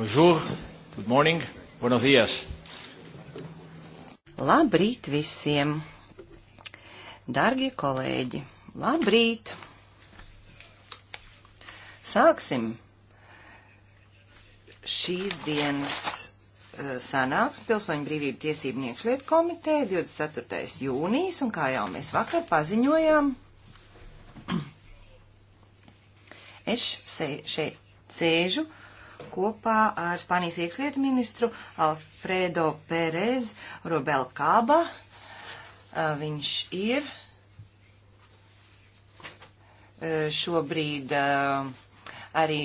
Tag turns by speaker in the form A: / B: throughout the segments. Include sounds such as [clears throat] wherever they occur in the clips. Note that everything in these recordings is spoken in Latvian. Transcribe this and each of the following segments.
A: Bonjour, good morning, buenos dias. Labrīt visiem! Dargie kolēģi, labrīt! Sāksim šīs dienas eh, sanāks Pilsoņu brīvību tiesību un iekšlietu komiteja 24. jūnijas, un kā jau mēs vakar paziņojām, [clears throat] es šeit sēžu. Še, kopā ar Spānijas iekšlietu ministru Alfredo Perez Rubelkaba. Viņš ir šobrīd arī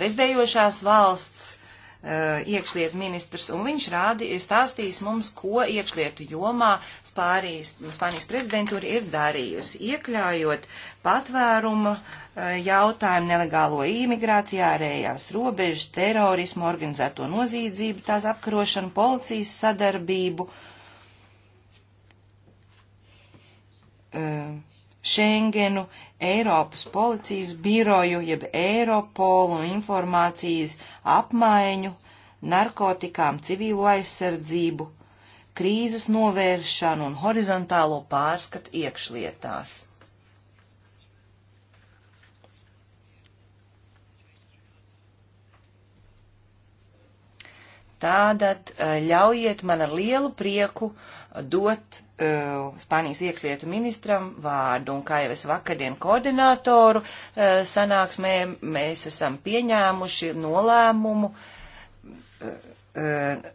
A: prezidējošās valsts Eh, iekšlietu ministrs, un viņš rādi, stāstīs mums, ko iekšlietu jomā Spārijas, Spānijas prezidentūra ir darījusi, iekļaujot patvērumu eh, jautājumu nelegālo imigrāciju, ārējās robežas, terorismu, organizēto noziedzību, tās apkarošanu, policijas sadarbību. Šengenu, eh, Eiropas policijas biroju, jeb Eiropolu un informācijas apmaiņu, narkotikām, civīlo aizsardzību, krīzes novēršanu un horizontālo pārskatu iekšlietās. Tātad eh, ļaujiet man ar lielu prieku uh, dot uh, Spānijas iekšlietu ministram vārdu. Un kā jau es vakardien koordinātoru uh, sanāksmē, mēs esam pieņēmuši nolēmumu uh, uh,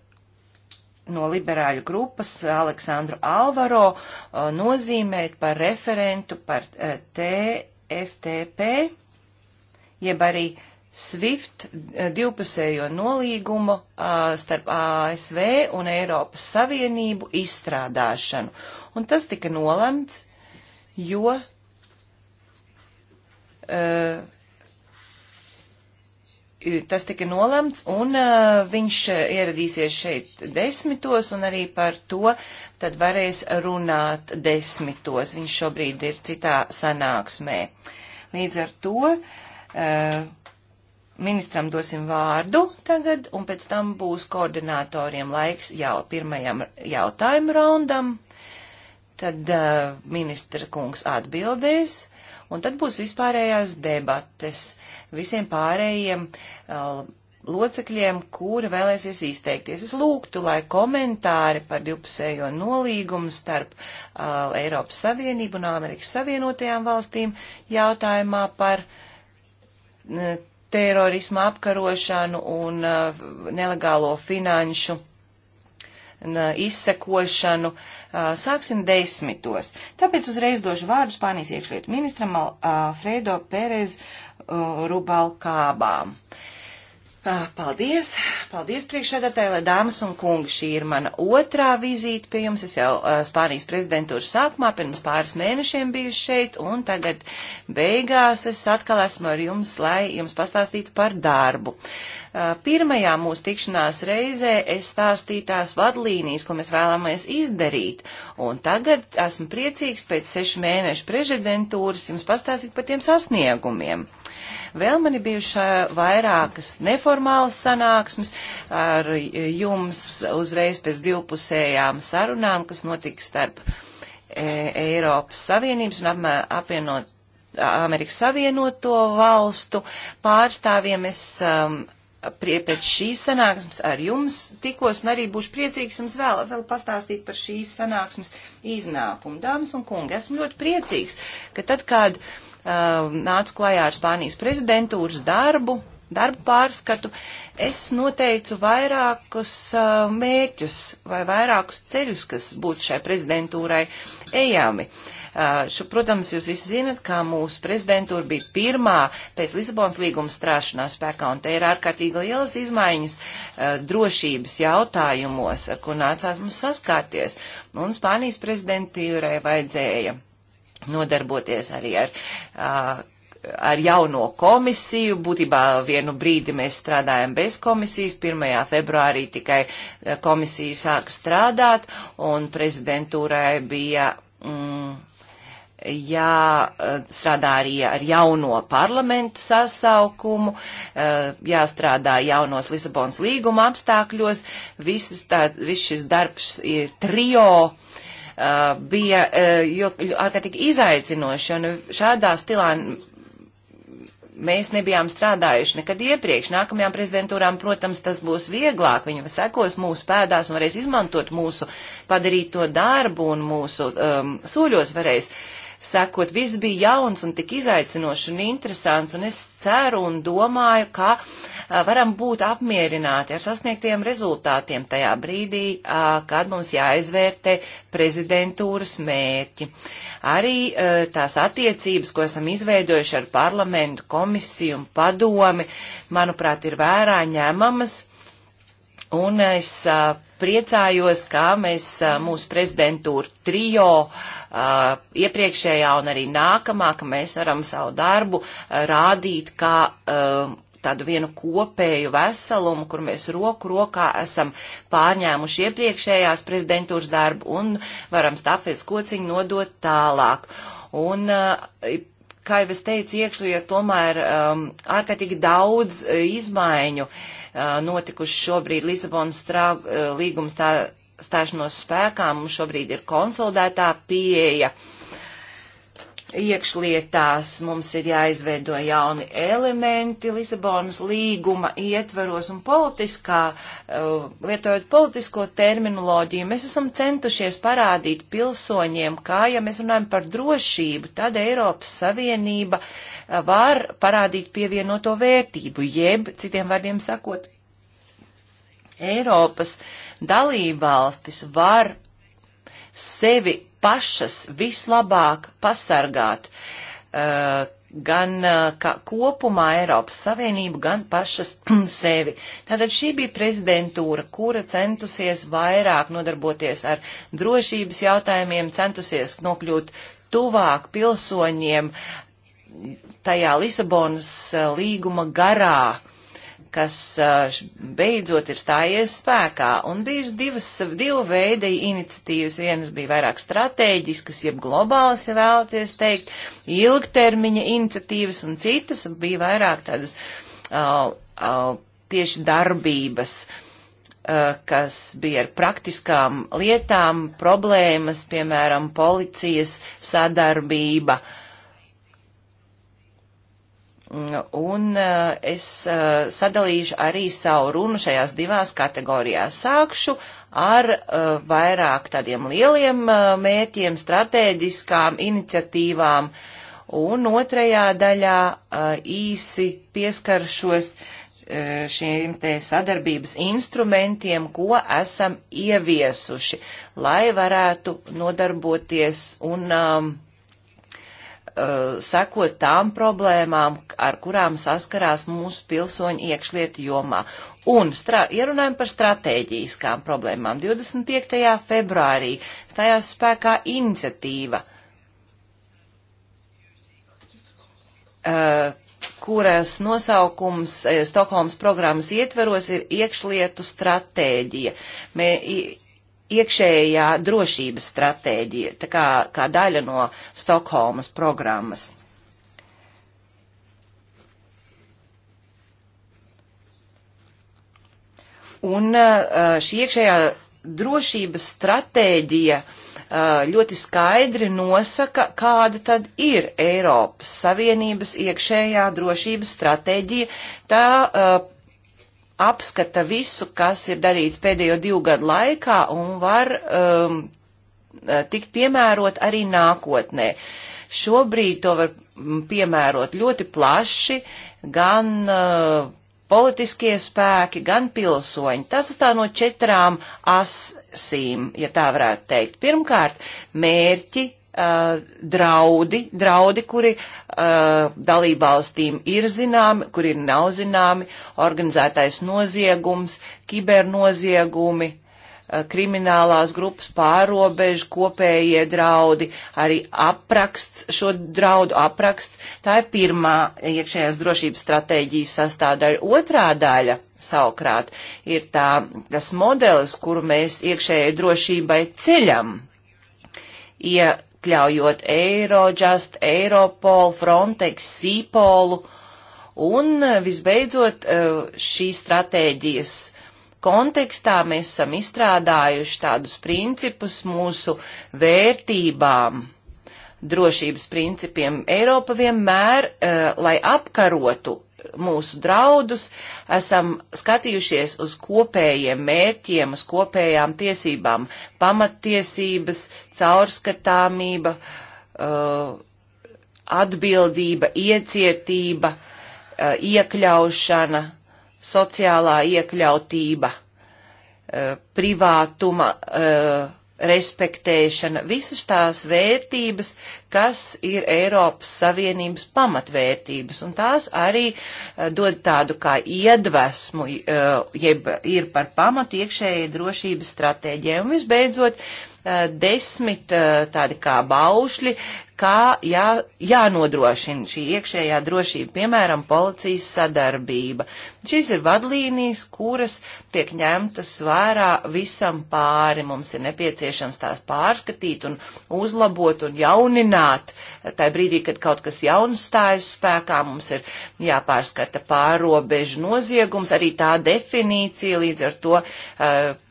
A: no liberāļu grupas Aleksandru Alvaro uh, nozīmēt par referentu par uh, TFTP, jeb arī uh, SWIFT eh, divpusējo nolīgumu eh, a, starp ASV un Eiropas Savienību izstrādāšanu. Un tas tika nolemts, jo a, eh, tas tika nolemts un a, viņš ieradīsies šeit desmitos un arī par to tad varēs runāt desmitos. Viņš šobrīd ir citā sanāksmē. Līdz ar to. Uh, Ministram dosim vārdu tagad, un pēc tam būs koordinātoriem laiks jau pirmajam jautājumu raundam. Tad uh, ministra kungs atbildēs, un tad būs vispārējās debates visiem pārējiem uh, locekļiem, kuri vēlēsies izteikties. Es lūgtu, lai komentāri par divpusējo nolīgumu starp uh, Eiropas Savienību un Amerikas Savienotajām valstīm jautājumā par uh, terorismu apkarošanu un uh, nelegālo finanšu un, uh, izsekošanu. Uh, sāksim desmitos. Tāpēc uzreiz došu vārdu Spānijas iekšlietu ministram uh, Alfredo Pérez Rubalkābām. Uh, Paldies! Paldies priekšsēdētāji, lai dāmas un kungi, šī ir mana otrā vizīte pie jums. Es jau uh, Spānijas prezidentūras sākumā pirms pāris mēnešiem biju šeit, un tagad beigās es atkal esmu ar jums, lai jums pastāstītu par darbu. Uh, pirmajā mūsu tikšanās reizē es stāstīju tās vadlīnijas, ko mēs vēlamies izdarīt, un tagad esmu priecīgs pēc sešu mēnešu prezidentūras jums pastāstīt par tiem sasniegumiem. Uh, Vēl man ir bijušas vairākas neformālas sanāksmes ar jums uzreiz pēc divpusējām sarunām, kas notika starp Eiropas Savienības un apvienot Amerikas Savienoto valstu pārstāvjiem. Es, um, prie, pēc šīs sanāksmes ar jums tikos un arī būšu priecīgs jums vēl, vēl pastāstīt par šīs sanāksmes iznākumu. Dāmas un kungi, esmu ļoti priecīgs, ka tad, kad uh, Um, nācu klajā ar Spānijas prezidentūras darbu, darbu pārskatu, es noteicu vairākus uh, mērķus vai vairākus ceļus, kas būtu šai prezidentūrai ejami. Uh, šo, protams, jūs visi zinat, ka mūsu prezidentūra bija pirmā pēc Lisabonas līguma strāšanās spēkā, un te ir ārkārtīgi lielas izmaiņas uh, drošības jautājumos, ar ko nācās mums saskārties. Un Spānijas prezidentūrai vajadzēja nodarboties arī ar. Uh, ar jauno komisiju. Būtībā vienu brīdi mēs strādājam bez komisijas. 1. februārī tikai komisija sāka strādāt un prezidentūrai bija. Mm, Jā, strādā arī ar jauno parlamentu sasaukumu, jāstrādā jaunos Lisabonas līguma apstākļos. Viss vis šis darbs ir trio uh, Uh, bija uh, ārkārtīgi izaicinoši, un šādā stilā mēs nebijām strādājuši nekad iepriekš. Nākamajām prezidentūrām, protams, tas būs vieglāk. Viņi sekos mūsu pēdās un varēs izmantot mūsu padarīto darbu un mūsu um, soļos varēs sekot. Viss bija jauns un tik izaicinošs un interesants, un es ceru un domāju, ka a, varam būt apmierināti ar sasniegtiem rezultātiem tajā brīdī, a, kad mums jāizvērtē prezidentūras mērķi. Arī a, tās attiecības, ko esam izveidojuši ar parlamentu, komisiju un padomi, manuprāt, ir vērā ņemamas. Un es priecājos, ka mēs mūsu prezidentūru trijo iepriekšējā un arī nākamā, ka mēs varam savu darbu rādīt kā tādu vienu kopēju veselumu, kur mēs roku rokā esam pārņēmuši iepriekšējās prezidentūras darbu un varam stafets kociņu nodot tālāk. Un kā jau es teicu, iekšliet tomēr um, ārkārtīgi daudz uh, izmaiņu. Uh, notikušas šobrīd Lisabonas līgums tā stāšanos spēkā. Mums šobrīd ir konsolidētā pieeja. Uh, iekšlietās mums ir jāizveido jauni elementi Lisabonas līguma ietvaros un politiskā, uh, lietojot politisko terminoloģiju, mēs esam centušies parādīt pilsoņiem, kā, ja mēs runājam par drošību, tad Eiropas Savienība uh, var parādīt pievienoto vērtību, jeb, citiem vārdiem sakot, Eiropas dalībvalstis var sevi pašas vislabāk pasargāt uh, gan uh, kopumā Eiropas Savienību, gan pašas [clears throat] sevi. Tātad šī bija prezidentūra, kura centusies vairāk nodarboties ar drošības jautājumiem, centusies nokļūt tuvāk pilsoņiem tajā Lisabonas eh, līguma garā kas beidzot ir stājies spēkā. Un bija divas, divu veidu iniciatīvas. Vienas bija vairāk strateģiskas, jeb globālas, ja vēlaties teikt, ilgtermiņa iniciatīvas, un citas bija vairāk tādas uh, uh, tieši darbības, uh, kas bija ar praktiskām lietām, problēmas, piemēram, policijas sadarbība. Uh, Un e, es e, sadalīšu arī savu runu šajās divās kategorijās. Sākšu ar e, vairāk tādiem lieliem mērķiem, stratēģiskām iniciatīvām, un otrajā daļā īsi pieskaršos šiem te sadarbības instrumentiem, ko esam ieviesuši, lai varētu nodarboties un um, Uh, sekot tām problēmām, ar kurām saskarās mūsu pilsoņu iekšlietu jomā. Un ierunājam par stratēģiskām problēmām. 25. februārī stājās spēkā iniciatīva, uh, kuras nosaukums eh, Stokholmas programmas ietveros ir iekšlietu stratēģija. Mē, iekšējā drošības stratēģija, tā kā, kā daļa no Stokholmas programmas. Un uh, šī iekšējā drošības stratēģija uh, ļoti skaidri nosaka, kāda tad ir Eiropas Savienības iekšējā drošības stratēģija. Tā uh, apskata visu, kas ir darīts pēdējo divu gadu laikā un var um, eh, tikt piemērot arī nākotnē. Šobrīd to var mm, piemērot ļoti plaši, gan uh, politiskie spēki, gan pilsoņi. Tas sastāv no četrām asīm, ja tā varētu teikt. Pirmkārt, mērķi Uh, draudi, draudi, kuri uh, dalībvalstīm ir zināmi, kuri ir nav zināmi, organizētais noziegums, kibernoziegumi, uh, kriminālās grupas pārobežu kopējie draudi, arī apraksts, šo draudu apraksts. Tā ir pirmā iekšējās drošības stratēģijas sastāvdaļa. Otrā daļa savukrāt ir tā, tas modelis, kuru mēs iekšējai drošībai ceļam. Ja iekļaujot Eurojust, Europol, Frontex, Sīpolu un eh, visbeidzot eh, šīs stratēģijas kontekstā mēs esam izstrādājuši tādus principus mūsu vērtībām, drošības principiem Eiropa vienmēr, eh, lai apkarotu mūsu draudus, esam skatījušies uz kopējiem mērķiem, uz kopējām tiesībām - pamattiesības, caurskatāmība, uh, atbildība, iecietība, uh, iekļaušana, sociālā iekļautība, uh, privātuma respektēšana, visas tās vērtības, kas ir Eiropas Savienības pamatvērtības, un tās arī eh, dod tādu kā iedvesmu, eh, jeb ir par pamatu iekšējai drošības stratēģijai. Un visbeidzot, uh, Eh, desmit eh, tādi kā baušļi, kā jā, jānodrošina šī iekšējā drošība, piemēram, policijas sadarbība. Šīs ir vadlīnijas, kuras tiek ņemtas vērā visam pāri. Mums ir nepieciešams tās pārskatīt un uzlabot un jaunināt. Tā brīdī, kad kaut kas jauns stājas spēkā, mums ir jāpārskata pārobežu noziegums, arī tā definīcija līdz ar to. Uh,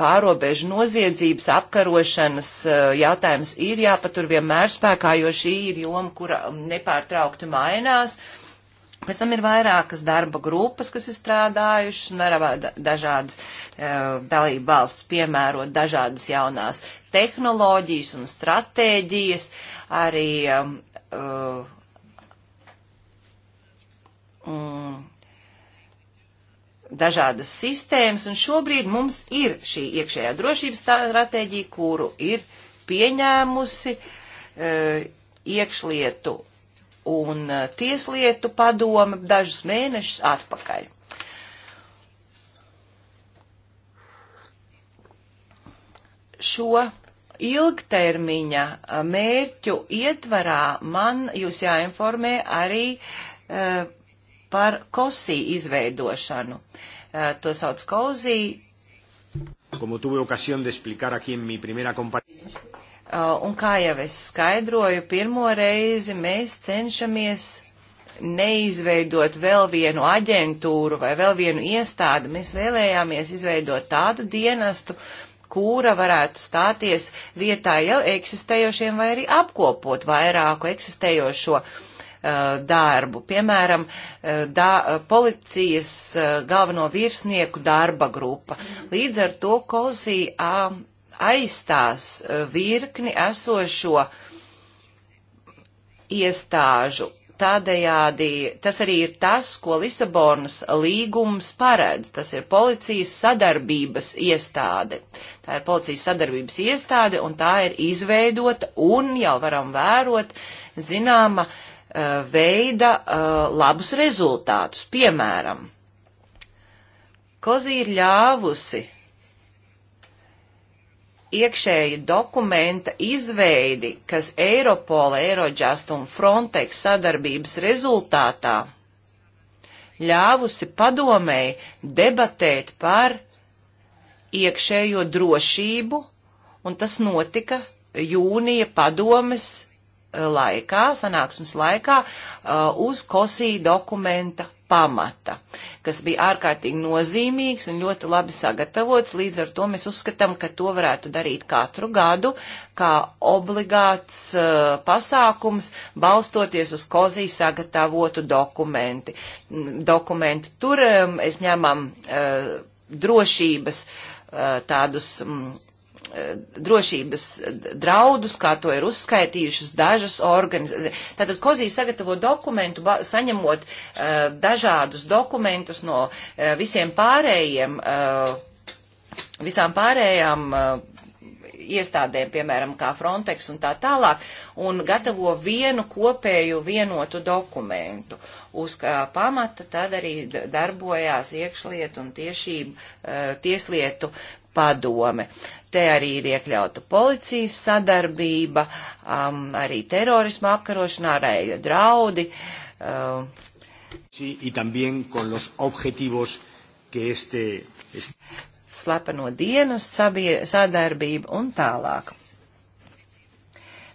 A: pārobežu noziedzības apkarošanas e, jautājums ir jāpatur vienmēr spēkā, jo šī ir joma, kura nepārtraukti mainās. Pēc tam ir vairākas darba grupas, kas ir strādājušas, un dažādas e, dalība valsts piemērot dažādas jaunās tehnoloģijas un stratēģijas, arī uh, um, e, dažādas sistēmas, un šobrīd mums ir šī iekšējā drošības stratēģija, kuru ir pieņēmusi uh, iekšlietu un uh, tieslietu padome dažus mēnešus atpakaļ. Šo ilgtermiņa e, mērķu ietvarā man jūs jāinformē arī uh, par kosī izveidošanu. Uh, to sauc kozī.
B: Uh,
A: eh, un kā jau es skaidroju, pirmo reizi mēs cenšamies neizveidot vēl vienu aģentūru vai vēl vienu iestādi. Mēs vēlējāmies izveidot tādu dienestu, kura varētu stāties vietā jau eksistējošiem vai arī apkopot vairāku eksistējošo uh, Uh, darbu. Piemēram, uh, da, uh, policijas galveno virsnieku darba grupa. Līdz ar to Kozī um, aizstās virkni esošo iestāžu. Tādējādi tas arī ir tas, ko Lisabonas līgums paredz. Tas ir policijas sadarbības iestāde. Tā ir policijas sadarbības iestāde un tā ir izveidota un jau varam vērot zināma uh, Uh, veida uh, labus rezultātus. Piemēram, Kozī ir ļāvusi iekšēji dokumenta izveidi, kas Eiropola, Eirodžast un Frontex sadarbības rezultātā ļāvusi padomēji debatēt par iekšējo drošību, un tas notika jūnija padomes laikā, sanāksmes laikā, uh, uz kosī dokumenta pamata, kas bija ārkārtīgi nozīmīgs un ļoti labi sagatavots. Līdz ar to mēs uzskatām, ka to varētu darīt katru gadu, kā obligāts uh, pasākums, balstoties uz kozī sagatavotu dokumenti. dokumentu. Tur um, es ņemam uh, drošības uh, tādus. Um, Eh, drošības draudus, kā to ir uzskaitījušas dažas organizācijas. Tātad Kozī sagatavo dokumentu, ba, saņemot uh, dažādus dokumentus no uh, visiem pārējiem, uh, visām pārējām iestādēm, piemēram, kā Frontex un tā tālāk, un gatavo vienu kopēju vienotu dokumentu, uz kā pamata tad arī darbojās iekšlietu un tiešību, tieslietu padome. Te arī ir iekļauta policijas sadarbība, um, arī terorisma apkarošanā, ārēja draudi. Um,
C: sí, y también con los objetivos que este,
A: este... Slepeno dienas sabie, sadarbība un tālāk.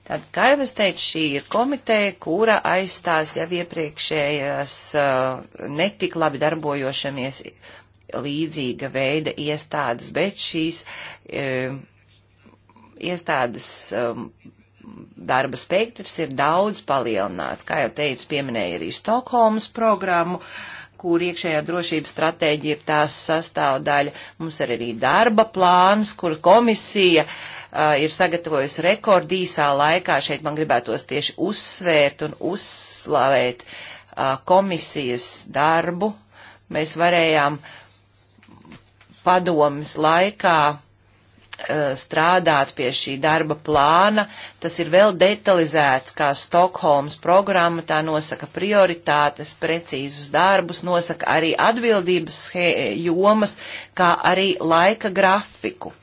A: Tad, kā jau es teicu, šī ir komiteja, kura aizstās jau iepriekšējās uh, netik labi darbojošamies līdzīga veida iestādes, bet šīs e, iestādes e, darba spektrs ir daudz palielināts. Kā jau teicu, pieminēja arī Stokholmas programmu kur iekšējā drošības stratēģija ir tās sastāvdaļa. Mums ir arī darba plāns, kur komisija uh, ir sagatavojusi rekordīsā laikā. Šeit man gribētos tieši uzsvērt un uzslavēt uh, komisijas darbu. Mēs varējām uh, padomas laikā eh, strādāt pie šī darba plāna. Tas ir vēl detalizēts, kā Stokholmas programma, tā nosaka prioritātes, precīzus darbus, nosaka arī atbildības jomas, kā arī laika grafiku.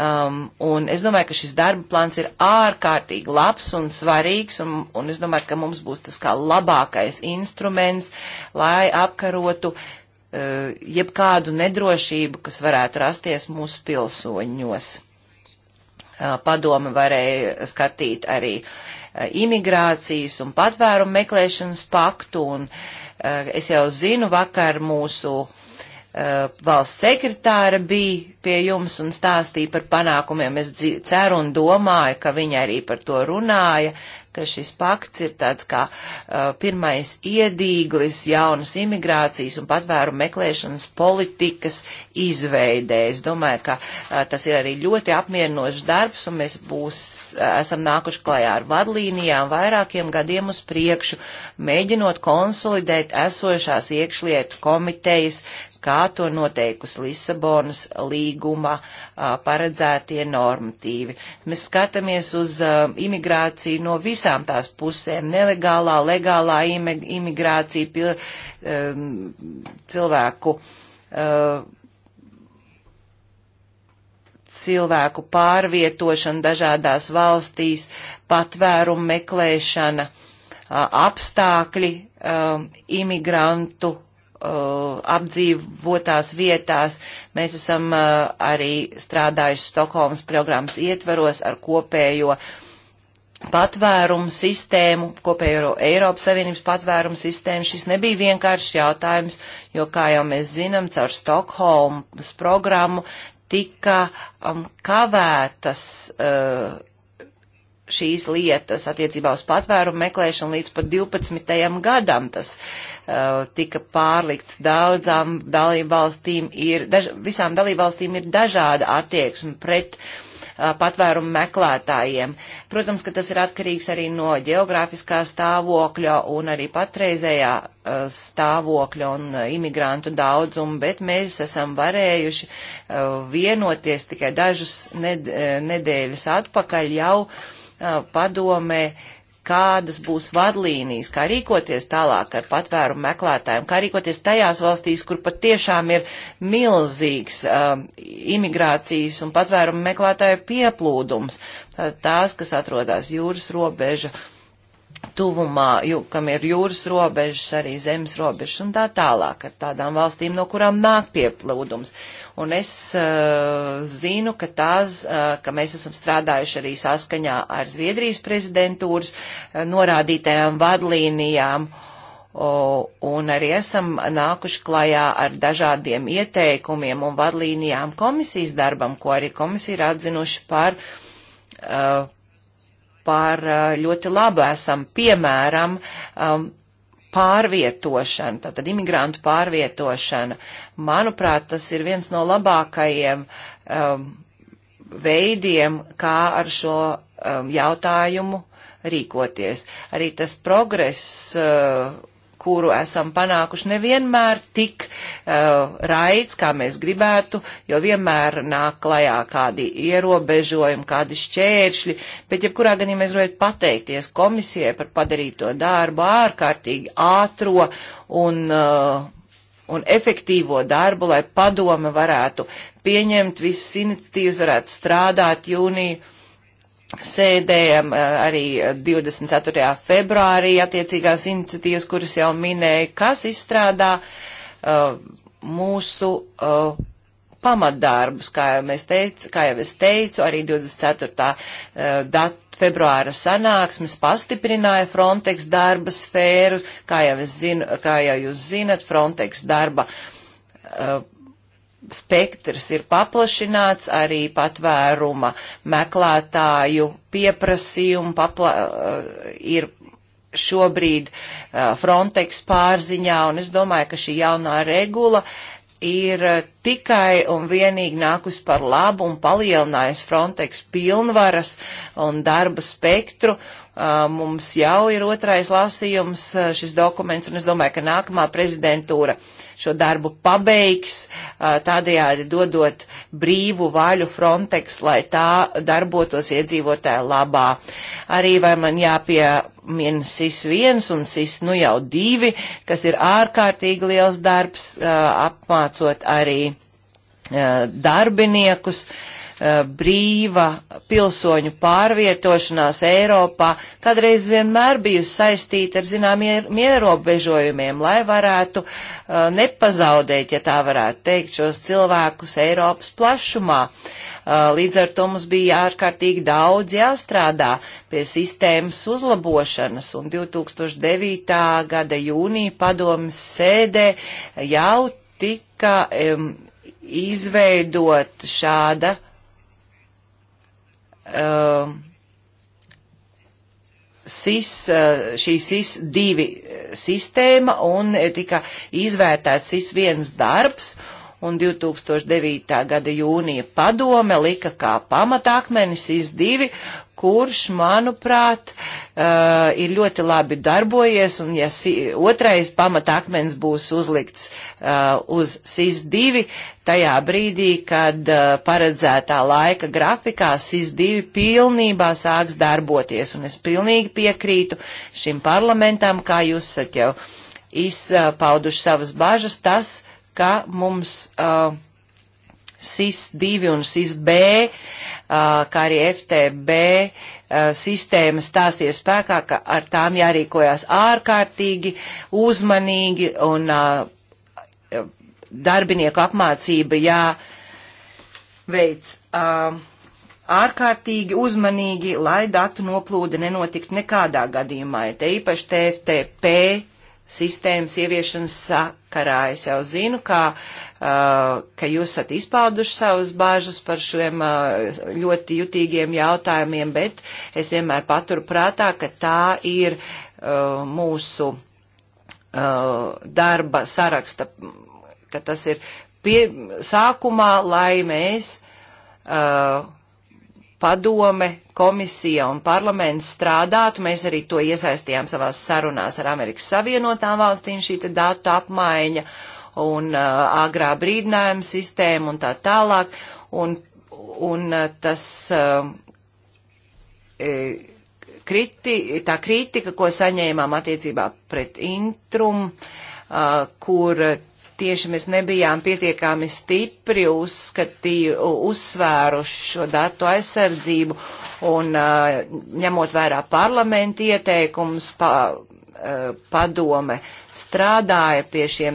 A: Um, un es domāju, ka šis darba plāns ir ārkārtīgi labs un svarīgs, un, un es domāju, ka mums būs tas kā labākais instruments, lai apkarotu uh, Eh, jebkādu nedrošību, kas varētu rasties mūsu pilsoņos. Eh, padome varēja skatīt arī eh, imigrācijas un patvērumu meklēšanas paktu, un es jau zinu, vakar mūsu valsts sekretāra bija pie jums un stāstīja par panākumiem. Es ceru un domāju, ka viņa arī par to runāja ka šis pakts ir tāds kā uh, pirmais iedīglis jaunas imigrācijas un patvēru meklēšanas politikas izveidē. Es domāju, ka uh, tas ir arī ļoti apmierinošs darbs un mēs būs, uh, esam nākuši klajā ar vadlīnijām vairākiem gadiem uz priekšu, mēģinot konsolidēt esošās iekšlietu komitejas kā to noteikusi Lisabonas līguma a, paredzētie normatīvi. Mēs skatāmies uz a, imigrāciju no visām tās pusēm - nelegālā, legālā imigrācija, pil, a, cilvēku, cilvēku pārvietošana dažādās valstīs, patvērumu meklēšana, apstākļi imigrantu Uh, apdzīvotās vietās. Mēs esam uh, arī strādājuši Stokholmas programmas ietvaros ar kopējo patvērumu sistēmu, kopējo Eiropas Savienības patvērumu sistēmu. Šis nebija vienkāršs jautājums, jo, kā jau mēs zinām, caur Stokholmas programmu tika um, kavētas uh, šīs lietas attiecībā uz patvērumu meklēšanu līdz pat 12. gadam. Tas uh, tika pārlikts daudzām dalībvalstīm, ir, daž, visām dalībvalstīm ir dažāda attieksme pret uh, patvērumu meklētājiem. Protams, ka tas ir atkarīgs arī no geogrāfiskā stāvokļa un arī patreizējā uh, stāvokļa un uh, imigrantu daudzuma, bet mēs esam varējuši uh, vienoties tikai dažus ned uh, nedēļas atpakaļ jau uh, padomē, kādas būs vadlīnijas, kā rīkoties tālāk ar patvērumu meklētājiem, kā rīkoties tajās valstīs, kur patiešām ir milzīgs um, imigrācijas un patvērumu meklētāju pieplūdums, tās, kas atrodas jūras robeža. Uh, tuvumā, jū, kam ir jūras robežas, arī zemes robežas un tā tālāk ar tādām valstīm, no kurām nāk pieplūdums. Un es uh, zinu, ka tās, uh, ka mēs esam strādājuši arī saskaņā ar Zviedrijas prezidentūras uh, norādītajām vadlīnijām. O, un arī esam nākuši klajā ar dažādiem ieteikumiem un vadlīnijām komisijas darbam, ko arī komisija ir atzinuši par uh, par eh, ļoti labu esam piemēram um, pārvietošana, tātad imigrantu pārvietošana. Manuprāt, tas ir viens no labākajiem um, veidiem, kā ar šo um, jautājumu rīkoties. Arī tas progress, uh, kuru esam panākuši, nevienmēr tik uh, raids, kā mēs gribētu, jo vienmēr nāk klajā kādi ierobežojumi, kādi šķēršļi, bet jebkurā gadījumā es gribētu pateikties komisijai par padarīto darbu ārkārtīgi ātro un. Uh, un efektīvo darbu, lai padome varētu pieņemt visas iniciatīvas, varētu strādāt jūniju sēdējam eh, arī 24. februārī attiecīgās iniciatīvas, kuras jau minēja, kas izstrādā eh, mūsu eh, pamatdarbus, kā jau, teicu, kā jau es teicu, arī 24. datu februāra sanāksmes pastiprināja Frontex darba sfēru, kā jau, zinu, kā jau jūs zinat, Frontex darba uh, spektrs ir paplašināts, arī patvēruma meklētāju pieprasījumu papla, eh, ir šobrīd eh, Frontex pārziņā, un es domāju, ka šī jaunā regula ir eh, tikai un vienīgi nākus par labu un palielinājusi Frontex pilnvaras un darba spektru, uh, Mums jau ir otrais lasījums šis dokuments, un es domāju, ka nākamā prezidentūra šo darbu pabeigs, tādējādi dodot brīvu vaļu Frontex, lai tā darbotos iedzīvotāju labā. Arī vai man jāpiemin SIS 1 un SIS nu jau 2, kas ir ārkārtīgi liels darbs, apmācot arī darbiniekus. Uh, Uh, brīva pilsoņu pārvietošanās Eiropā kādreiz vienmēr bijusi saistīta ar zināmiem ierobežojumiem, lai varētu uh, nepazaudēt, ja tā varētu teikt, šos cilvēkus Eiropas plašumā. Uh, līdz ar to mums bija ārkārtīgi daudz jāstrādā pie sistēmas uzlabošanas, un 2009. gada jūnija padomas sēdē jau tika um, izveidot šāda uh, Um, uh, SIS, šī SIS divi uh, sistēma un uh, tika izvērtēts SIS viens darbs. Un 2009. gada jūnija padome lika kā pamatākmenis SIS divi, kurš, manuprāt, uh, ir ļoti labi darbojies, un ja si otrais pamatakmens būs uzlikts uh, uz SIS-2, tajā brīdī, kad uh, paredzētā laika grafikā SIS-2 pilnībā sāks darboties, un es pilnīgi piekrītu šim parlamentam, kā jūs esat jau izpauduši savas bažas, tas, ka mums. Uh, SIS-2 un SIS-B, uh, kā arī FTB uh, sistēmas stāsties spēkā, ka ar tām jārīkojās ārkārtīgi, uzmanīgi un uh, darbinieku apmācība jāveic ārkārtīgi uzmanīgi, lai datu noplūde nenotikt nekādā gadījumā. Te īpaši TFTP sistēmas ieviešanas sakarā. Es jau zinu, ka, uh, ka jūs esat izpauduši savus bāžas par šiem uh, ļoti jutīgiem jautājumiem, bet es vienmēr paturu prātā, ka tā ir uh, mūsu uh, darba saraksta, ka tas ir pie, sākumā, lai mēs uh, padome, komisija un parlaments strādātu. Mēs arī to iesaistījām savās sarunās ar Amerikas Savienotām valstīm šī datu apmaiņa un uh, agrā brīdinājuma sistēma un tā tālāk. Un, un uh, tas uh, e, kriti, tā kritika, ko saņēmām attiecībā pret intrumu, uh, kur tieši mēs nebijām pietiekami stipri uzskatīju, uzsvēruši šo datu aizsardzību un uh, ņemot vērā parlamenta ieteikumus, pa, uh, padome strādāja pie šiem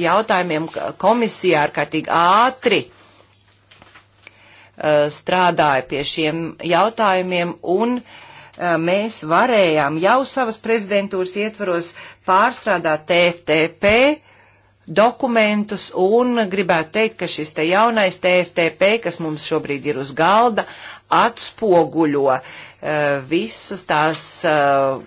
A: jautājumiem komisijā ārkārtīgi ātri uh, strādāja pie šiem jautājumiem un mēs varējām jau savas prezidentūras ietvaros pārstrādāt TFTP, dokumentus un gribētu teikt, ka šis te jaunais TFTP, kas mums šobrīd ir uz galda, atspoguļo uh, eh, visus tās uh,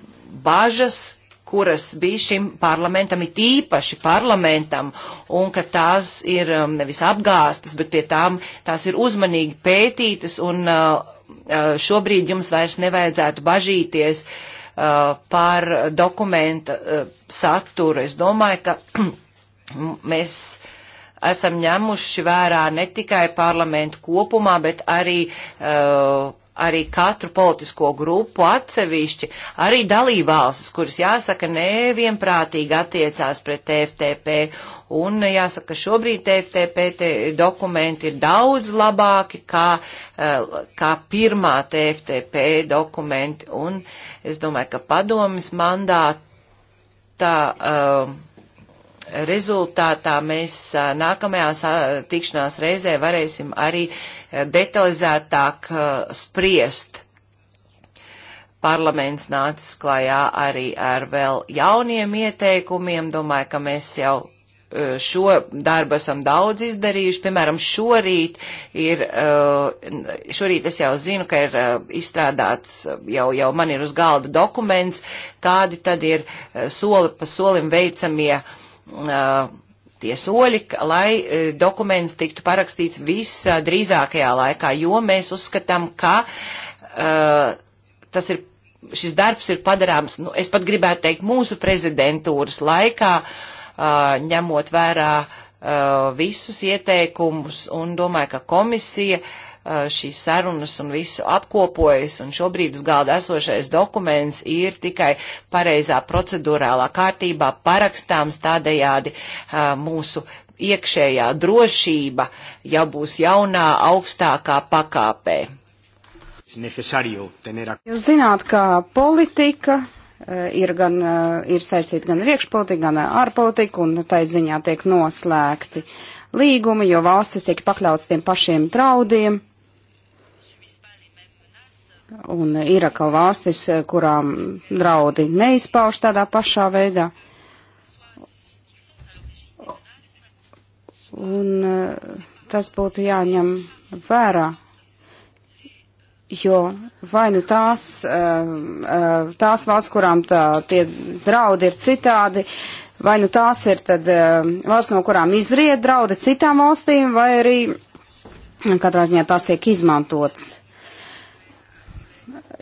A: bažas, kuras bija šim parlamentam, it īpaši parlamentam, un ka tās ir um, nevis apgāstas, bet pie tām tās ir uzmanīgi pētītas, un uh, šobrīd jums vairs nevajadzētu bažīties uh, par dokumenta uh, saturu. Es domāju, ka [clears throat] Mēs esam ņemuši vērā ne tikai parlamentu kopumā, bet arī uh, arī katru politisko grupu atsevišķi, arī dalībvalstis, kuras jāsaka nevienprātīgi attiecās pret TFTP. Un jāsaka, šobrīd TFTP te dokumenti ir daudz labāki kā, uh, kā pirmā TFTP dokumenti. Un es domāju, ka padomis mandātā. Uh, rezultātā mēs nākamajā tikšanās reizē varēsim arī detalizētāk spriest. Parlaments nācis klajā arī ar vēl jauniem ieteikumiem. Domāju, ka mēs jau šo darbu esam daudz izdarījuši. Piemēram, šorīt ir, šorīt es jau zinu, ka ir izstrādāts, jau, jau man ir uz galda dokuments, kādi tad ir soli pa solim veicamie uh, tie soļi, lai dokuments tiktu parakstīts visdrīzākajā laikā, jo mēs uzskatām, ka tas ir šis darbs ir padarāms, nu, es pat gribētu teikt, mūsu prezidentūras laikā, uh, ņemot vērā uh, visus ieteikumus un domāju, ka komisija uh, Eh, šīs sarunas un visu apkopojas, un šobrīd uz galda esošais dokuments ir tikai pareizā procedurālā kārtībā parakstāms tādējādi eh, mūsu iekšējā drošība jau būs jaunā augstākā pakāpē. Jūs
C: zināt, ka politika eh, ir, gan, ir saistīta gan ar iekšpolitiku, gan ar ārpolitiku, un nu, tai ziņā tiek noslēgti līgumi, jo valstis tiek pakļauts tiem pašiem draudiem un Iraka valstis, kurām draudi neizpauž tādā pašā veidā. Un eh, tas būtu jāņem vērā, jo vai nu tās, eh, eh, tās valsts, kurām tā, tie draudi ir citādi, vai nu tās ir tad valsts, no kurām izriet draudi citām valstīm, vai arī katrā ziņā tās tiek izmantotas.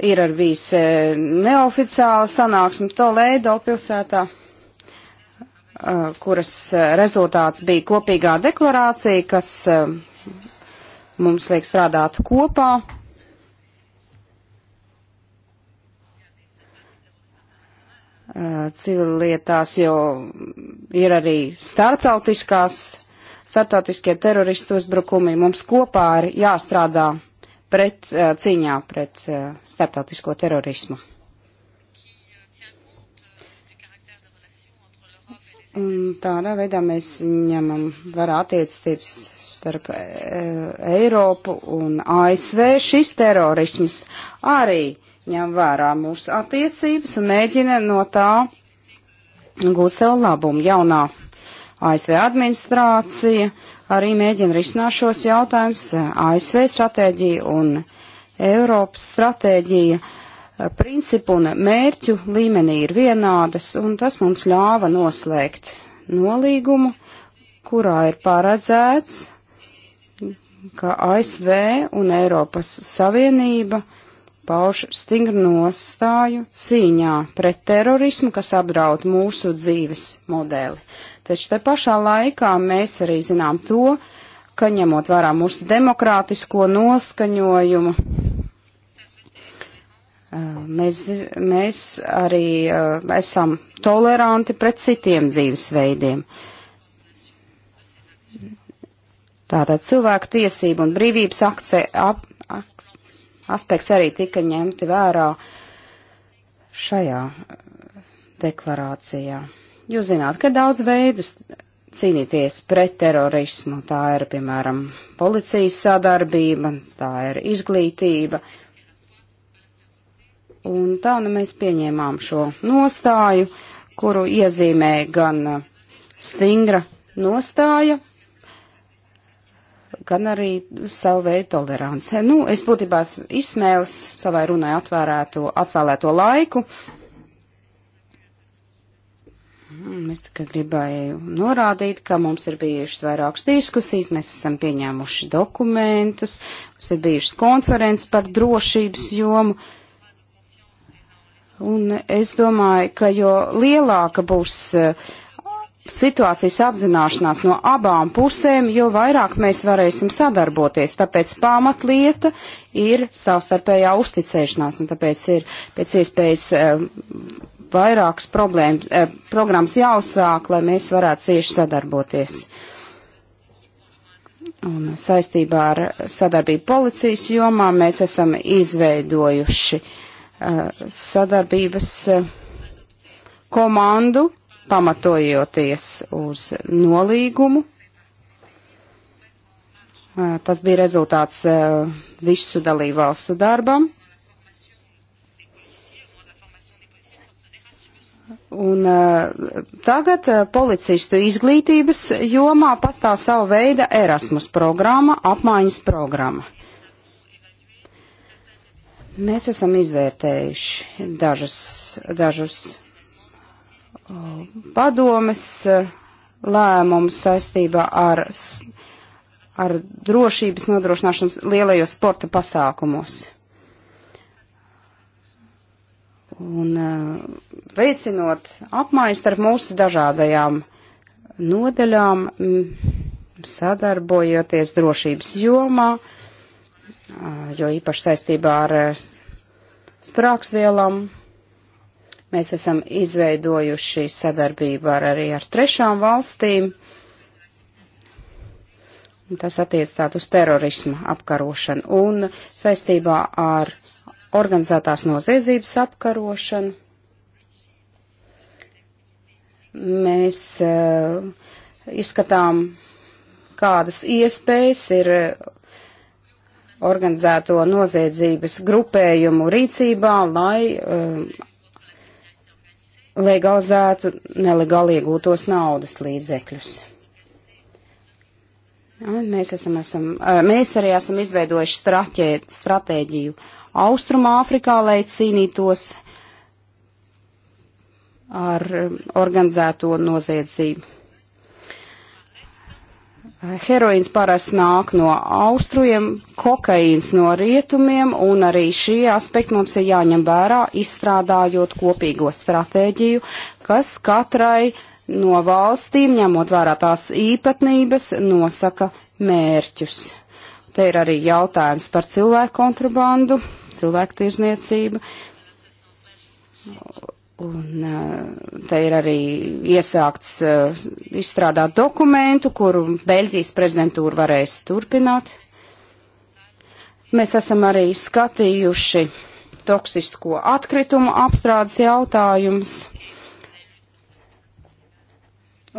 C: Ir arī bijis e, neoficiāla sanāksme Toledo pilsētā, e, kuras e, rezultāts bija kopīgā deklarācija, kas mums liek strādāt kopā. Civilietās, jo ir arī starptautiskās starptautiskie teroristu uzbrukumi. Mums kopā ir jāstrādā pret, cīņā pret starptautisko terorismu. Un tādā veidā mēs ņemam vērā attiecības starp e, Eiropu un ASV. Šis terorisms arī ņem vērā mūsu attiecības un mēģina no tā gūt sev labumu. Jaunā ASV administrācija arī mēģina risināt šos jautājumus. ASV stratēģija un Eiropas stratēģija principu un mērķu līmenī ir vienādas, un tas mums ļāva noslēgt nolīgumu, kurā ir paredzēts, ka ASV un Eiropas Savienība pauž stingru nostāju cīņā pret terorismu, kas apdraud mūsu dzīves modeli. Taču te pašā laikā mēs arī zinām to, ka ņemot vērā mūsu demokrātisko noskaņojumu, mēs, mēs arī esam toleranti pret citiem dzīvesveidiem. Tātad cilvēku tiesību un brīvības akce, ap, ak, aspekts arī tika ņemti vērā šajā deklarācijā. Jūs zināt, ka daudz veidus cīnīties pret terorismu. Tā ir, piemēram, policijas sadarbība, tā ir izglītība. Un tā nu mēs pieņēmām šo nostāju, kuru iezīmē gan uh, stingra nostāja, gan arī savu veidu tolerance. Nu, es būtībā izsmēles savai runai atvērēto, atvēlēto laiku, Mm, es tikai gribēju norādīt, ka mums ir bijušas vairākas diskusijas, mēs esam pieņēmuši dokumentus, mums ir bijušas konferences par drošības jomu. Un es domāju, ka jo lielāka būs eh, situācijas apzināšanās no abām pusēm, jo vairāk mēs varēsim sadarboties. Tāpēc pamatlieta ir savstarpējā uzticēšanās, un tāpēc ir pēc iespējas eh, vairākas problēmas, eh, programmas jāuzsāk, lai mēs varētu cieši sadarboties. Un saistībā ar sadarbību policijas jomā mēs esam izveidojuši eh, sadarbības eh, komandu, pamatojoties uz nolīgumu. Eh, tas bija rezultāts eh, visu dalībvalstu darbam. Un uh, tagad uh, policistu izglītības jomā pastāv savu veidu Erasmus programma, apmaiņas programma. Mēs esam izvērtējuši dažas, dažus uh, padomes uh, lēmumus saistībā ar, ar drošības nodrošināšanas lielajos sporta pasākumos. Un veicinot apmaiņas starp mūsu dažādajām nodaļām, mm, sadarbojoties drošības jomā, jo īpaši saistībā ar sprāksvielām, mēs esam izveidojuši sadarbību ar, arī ar trešām valstīm. Tas attiec tādu uz terorismu apkarošanu un saistībā ar organizētās noziedzības apkarošanu. Mēs uh, izskatām, kādas iespējas ir organizēto noziedzības grupējumu rīcībā, lai um, legalizētu nelegāli iegūtos naudas līdzekļus. Mēs, esam, esam, eh, mēs arī esam izveidojuši straķē, stratēģiju Austrumāfrikā, lai cīnītos ar organizēto noziedzību. Heroīns parasti nāk no austrumiem, kokaīns no rietumiem, un arī šie aspekti mums ir jāņem vērā, izstrādājot kopīgo stratēģiju, kas katrai no valstīm, ņemot vērā tās īpatnības, nosaka mērķus. Te ir arī jautājums par cilvēku kontrabandu, cilvēku tirzniecība. Un eh, te ir arī iesākts eh, izstrādāt dokumentu, kuru Beļģijas prezidentūra varēs turpināt. Mēs esam arī skatījuši toksisko atkritumu apstrādes jautājumus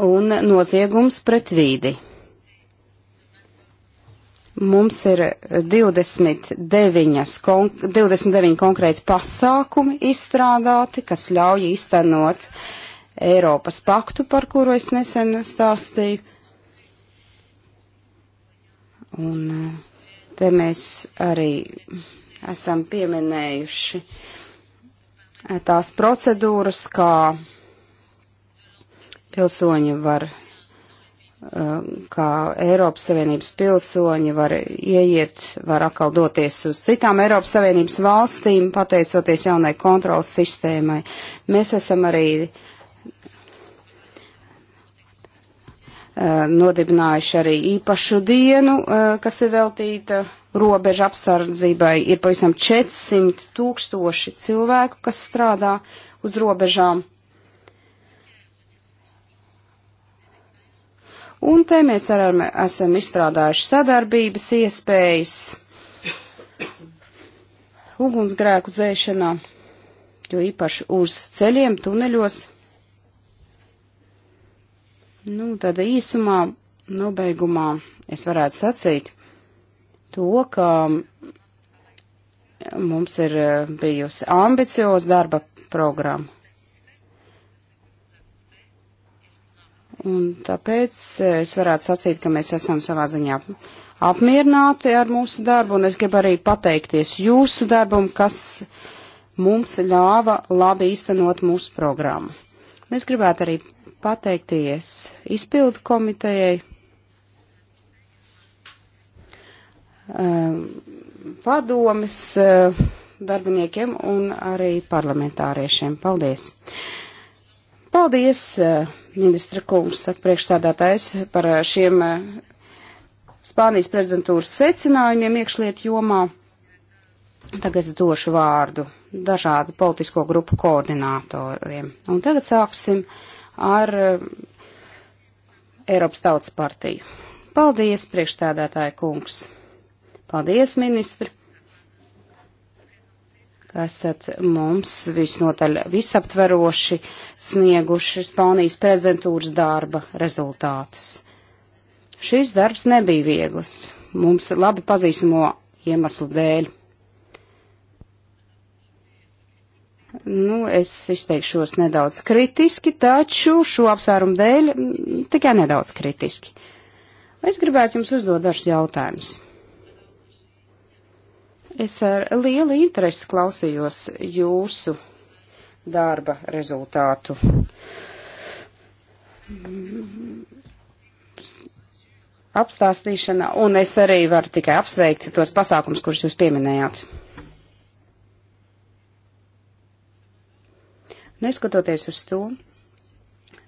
C: un noziegums pret vīdi. Mums ir 29, kon 29 konkrēti pasākumi izstrādāti, kas ļauj iztenot Eiropas paktu, par kuru es nesen stāstīju. Un eh, te mēs arī esam pieminējuši eh, tās procedūras, kā pilsoņi var Um, kā Eiropas Savienības pilsoņi var ieiet, var atkal doties uz citām Eiropas Savienības valstīm, pateicoties jaunai kontrolas sistēmai. Mēs esam arī uh, nodibinājuši arī īpašu dienu, uh, kas ir veltīta robeža apsardzībai. Ir pavisam 400 tūkstoši cilvēku, kas strādā uz robežām. Un te mēs arī esam izstrādājuši sadarbības iespējas ugunsgrēku dzēšanā, jo īpaši uz ceļiem, tuneļos. Nu, tad īsumā, nobeigumā es varētu sacīt to, ka mums ir eh, bijusi ambicioza darba programma. Un tāpēc es varētu sacīt, ka mēs esam savā ziņā apmierināti ar mūsu darbu, un es gribu arī pateikties jūsu darbam, kas mums ļāva labi īstenot mūsu programmu. Mēs gribētu arī pateikties izpildu komitejai, ehm, padomis eh, darbiniekiem un arī parlamentāriešiem. Paldies! Paldies! Eh, ministra kungs, priekšstādātais par šiem eh, Spānijas prezidentūras secinājumiem iekšlietu jomā. Tagad es došu vārdu dažādu politisko grupu koordinātoriem. Un tagad sāksim ar eh, Eiropas Tautas partiju. Paldies, priekšstādātāja kungs! Paldies, ministri! ka esat mums visnotaļ visaptveroši snieguši Spānijas prezidentūras darba rezultātus. Šis darbs nebija viegls, mums labi pazīstamo iemeslu dēļ. Nu, es izteikšos nedaudz kritiski, taču šo apsvērumu dēļ mm, tikai nedaudz kritiski. Es gribētu jums uzdot dažus jautājumus. Es ar lielu interesi klausījos jūsu darba rezultātu. Apstāstīšana, un es arī varu tikai apsveikt tos pasākums, kurus jūs pieminējāt. Neskatoties uz to,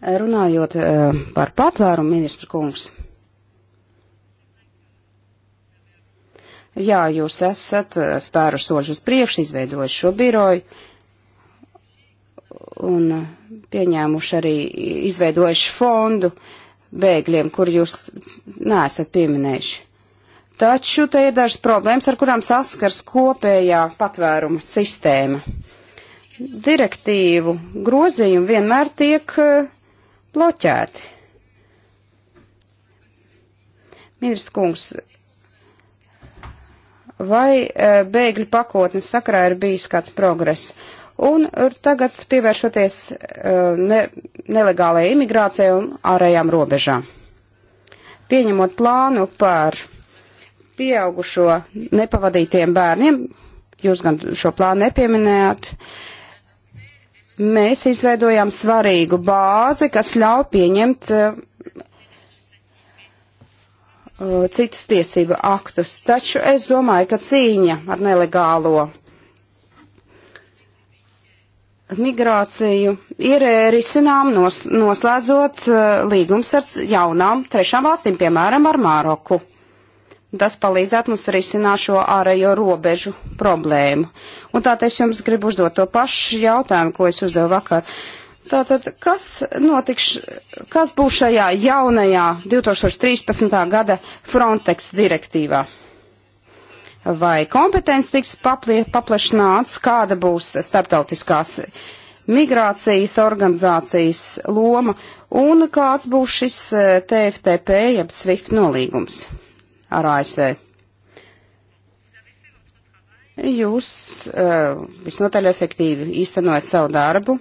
C: runājot eh, par patvērumu ministru kungs. jā, jūs esat eh, spēru soļus uz priekšu, izveidojuši šo biroju un eh, pieņēmuši arī, izveidojuši fondu bēgļiem, kur jūs neesat pieminējuši. Taču te ir dažas problēmas, ar kurām saskars kopējā patvēruma sistēma. Direktīvu grozījumi vienmēr tiek eh, bloķēti. Ministrs kungs, vai e, bēgļu pakotnes sakarā ir bijis kāds progress. Un tagad pievēršoties e, ne, nelegālajai imigrācijai un ārējām robežām. Pieņemot plānu par pieaugušo nepavadītiem bērniem, jūs gan šo plānu nepieminējāt, mēs izveidojām svarīgu bāzi, kas ļauj pieņemt e, Uh, citus tiesību aktus. Taču es domāju, ka cīņa ar nelegālo migrāciju ir risinām nos, noslēdzot uh, līgums ar jaunām trešām valstīm, piemēram, ar Māroku. Tas palīdzētu mums risināt šo ārējo robežu problēmu. Un tātad es jums gribu uzdot to pašu jautājumu, ko es uzdevu vakar. Tātad, kas notiks, kas būs šajā jaunajā 2013. gada Frontex direktīvā? Vai kompetence tiks paplie, paplašināts, kāda būs starptautiskās migrācijas organizācijas loma un kāds būs šis eh, TFTP jeb SWIFT nolīgums ar ASV? Jūs uh, visnotaļ efektīvi īstenojat savu darbu,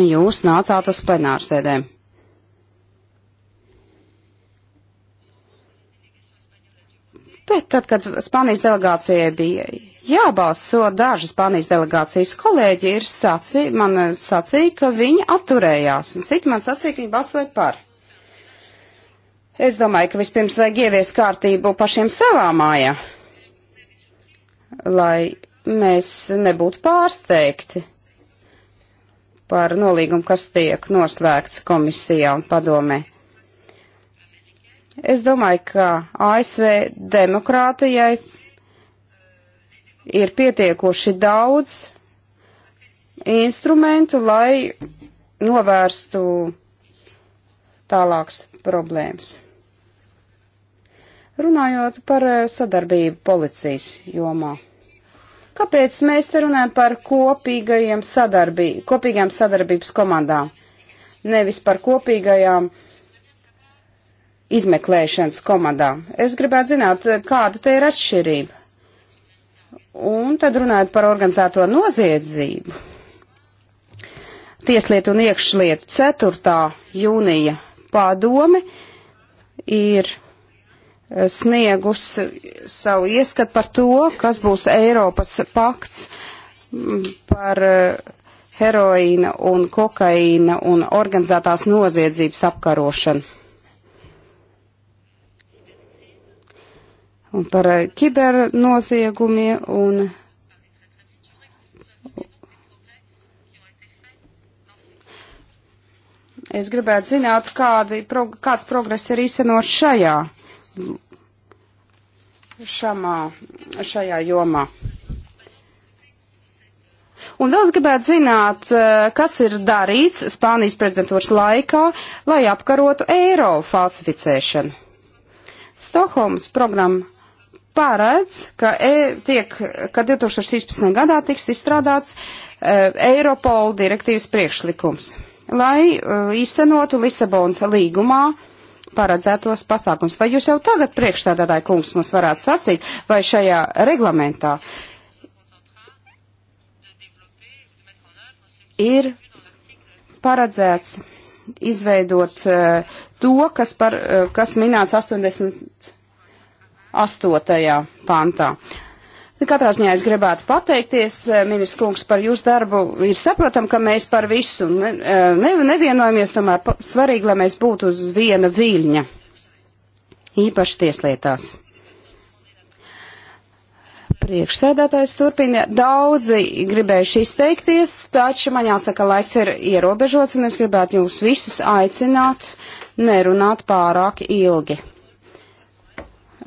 C: jūs nācāt uz plenārsēdēm. Bet tad, kad Spānijas delegācijai bija jābalso, daži Spānijas delegācijas kolēģi ir sacī, man sacīja, ka viņi atturējās, un citi man sacīja, ka viņi balsoja par. Es domāju, ka vispirms vajag ieviest kārtību pašiem savā mājā, lai mēs nebūtu pārsteigti par nolīgumu, kas tiek noslēgts komisijā un padomē. Es domāju, ka ASV demokrātijai ir pietiekoši daudz instrumentu, lai novērstu tālākas problēmas. Runājot par eh, sadarbību policijas jomā. Kāpēc mēs te runājam par kopīgajiem sadarbī, kopīgajām sadarbības komandām? Nevis par kopīgajām izmeklēšanas komandām. Es gribētu zināt, kāda te ir atšķirība. Un tad runājot par organizēto noziedzību. Tieslietu un iekšlietu 4. jūnija padome ir Eh, sniegus savu ieskatu par to, kas būs Eiropas pakts mm, par eh, heroīna un kokaīna un organizētās noziedzības apkarošanu. Un par eh, kibernoziegumiem un. Es gribētu zināt, kādi, kāds progress ir īstenot šajā šamā, šajā jomā. Un vēl es gribētu zināt, eh, kas ir darīts Spānijas prezidentūras laikā, lai apkarotu eiro falsificēšanu. Stokholmas programma paredz, ka, e, tiek, ka 2016. gadā tiks izstrādāts e, Eiropola direktīvas priekšlikums, lai e, īstenotu Lisabonas līgumā paredzētos pasākums. Vai jūs jau tagad priekšstādātāji kungs mums varētu sacīt, vai šajā reglamentā ir paredzēts izveidot uh, to, kas, par, uh, kas minēts 88. pantā. Nu, katrā ziņā es gribētu pateikties, eh, ministrs kungs, par jūsu darbu. Ir saprotam, ka mēs par visu ne, eh, ne, nevienojamies, tomēr svarīgi, lai mēs būtu uz viena viļņa, īpaši tieslietās. Priekšsēdētājs turpina. Daudzi gribējuši izteikties, taču man jāsaka, laiks ir ierobežots, un es gribētu jūs visus aicināt nerunāt pārāk ilgi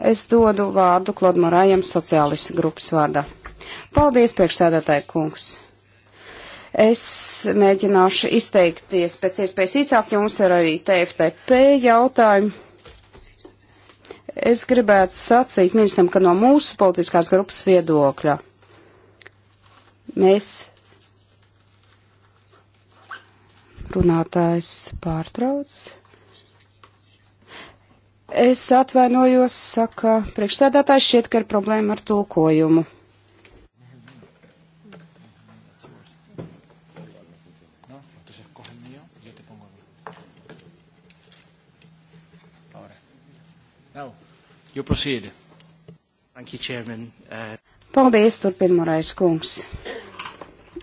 C: es dodu vārdu Klodmorājam sociālistu grupas vārdā. Paldies, priekšsēdētāji kungs! Es mēģināšu izteikties pēc iespējas īsāk, jo mums ir arī TFTP jautājumi. Es gribētu sacīt ministram, ka no mūsu politiskās grupas viedokļa mēs runātājs pārtrauc. Es atvainojos, saka priekšsēdētājs, šķiet, ka ir problēma ar tulkojumu.
A: Uh,
C: Paldies, turpina Morais kungs.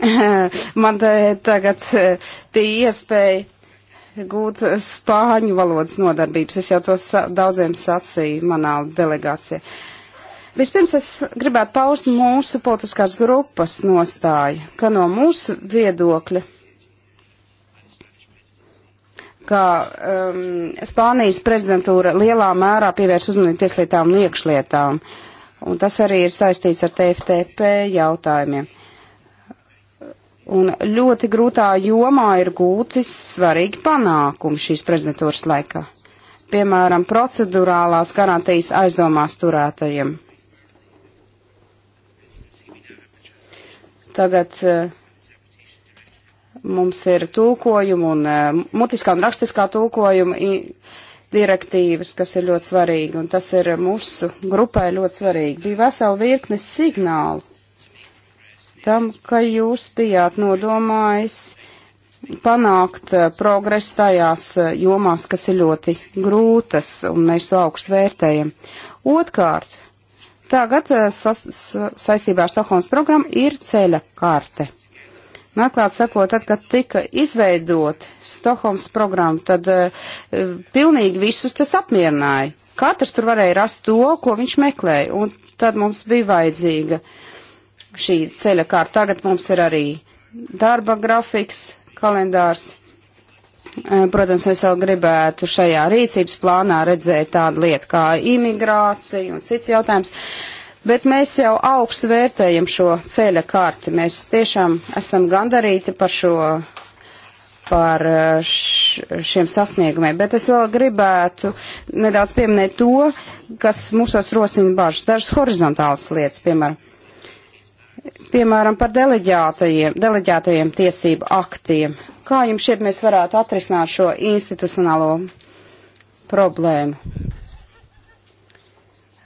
C: [laughs] Man tagad eh, bija iespēja gūt spāņu valodas nodarbības. Es jau to sa daudziem sacīju manā delegācijā. Vispirms es gribētu paust mūsu politiskās grupas nostāju, ka no mūsu viedokļa, ka um, Spānijas prezidentūra lielā mērā pievērs uzmanību tieslietām un iekšlietām, un tas arī ir saistīts ar TFTP jautājumiem. Uh, Un ļoti grūtā jomā ir gūti svarīgi panākumi šīs prezidentūras laikā. Piemēram, procedurālās garantijas aizdomās turētajiem. Tagad eh, mums ir tūkojuma un eh, mutiskā un rakstiskā tūkojuma direktīvas, kas ir ļoti svarīgi, un tas ir mūsu grupai ļoti svarīgi. Bija vesela virkne signālu tam, ka jūs bijāt nodomājis panākt eh, progresu tajās eh, jomās, kas ir ļoti grūtas, un mēs to augstu vērtējam. Otkārt, tagad eh, sas, saistībā ar Stokholmas programmu ir ceļa karte. Naklāt sakot, tad, kad tika izveidot Stokholmas programmu, tad uh, pilnīgi visus tas apmierināja. Katrs tur varēja rast to, ko viņš meklēja, un tad mums bija vajadzīga uh, šī ceļa kārta. Tagad mums ir arī darba grafiks, kalendārs. E, protams, es vēl gribētu šajā rīcības plānā redzēt tādu lietu kā imigrācija un cits jautājums, bet mēs jau augstu vērtējam šo ceļa karti. Mēs tiešām esam gandarīti par šo par e, šiem sasniegumiem, bet es vēl gribētu nedaudz pieminēt to, kas mūsos rosina bažas, dažas horizontālas lietas, piemēram piemēram, par deleģētajiem, deleģētajiem tiesību aktiem. Kā jums šeit mēs varētu atrisināt šo institucionālo problēmu?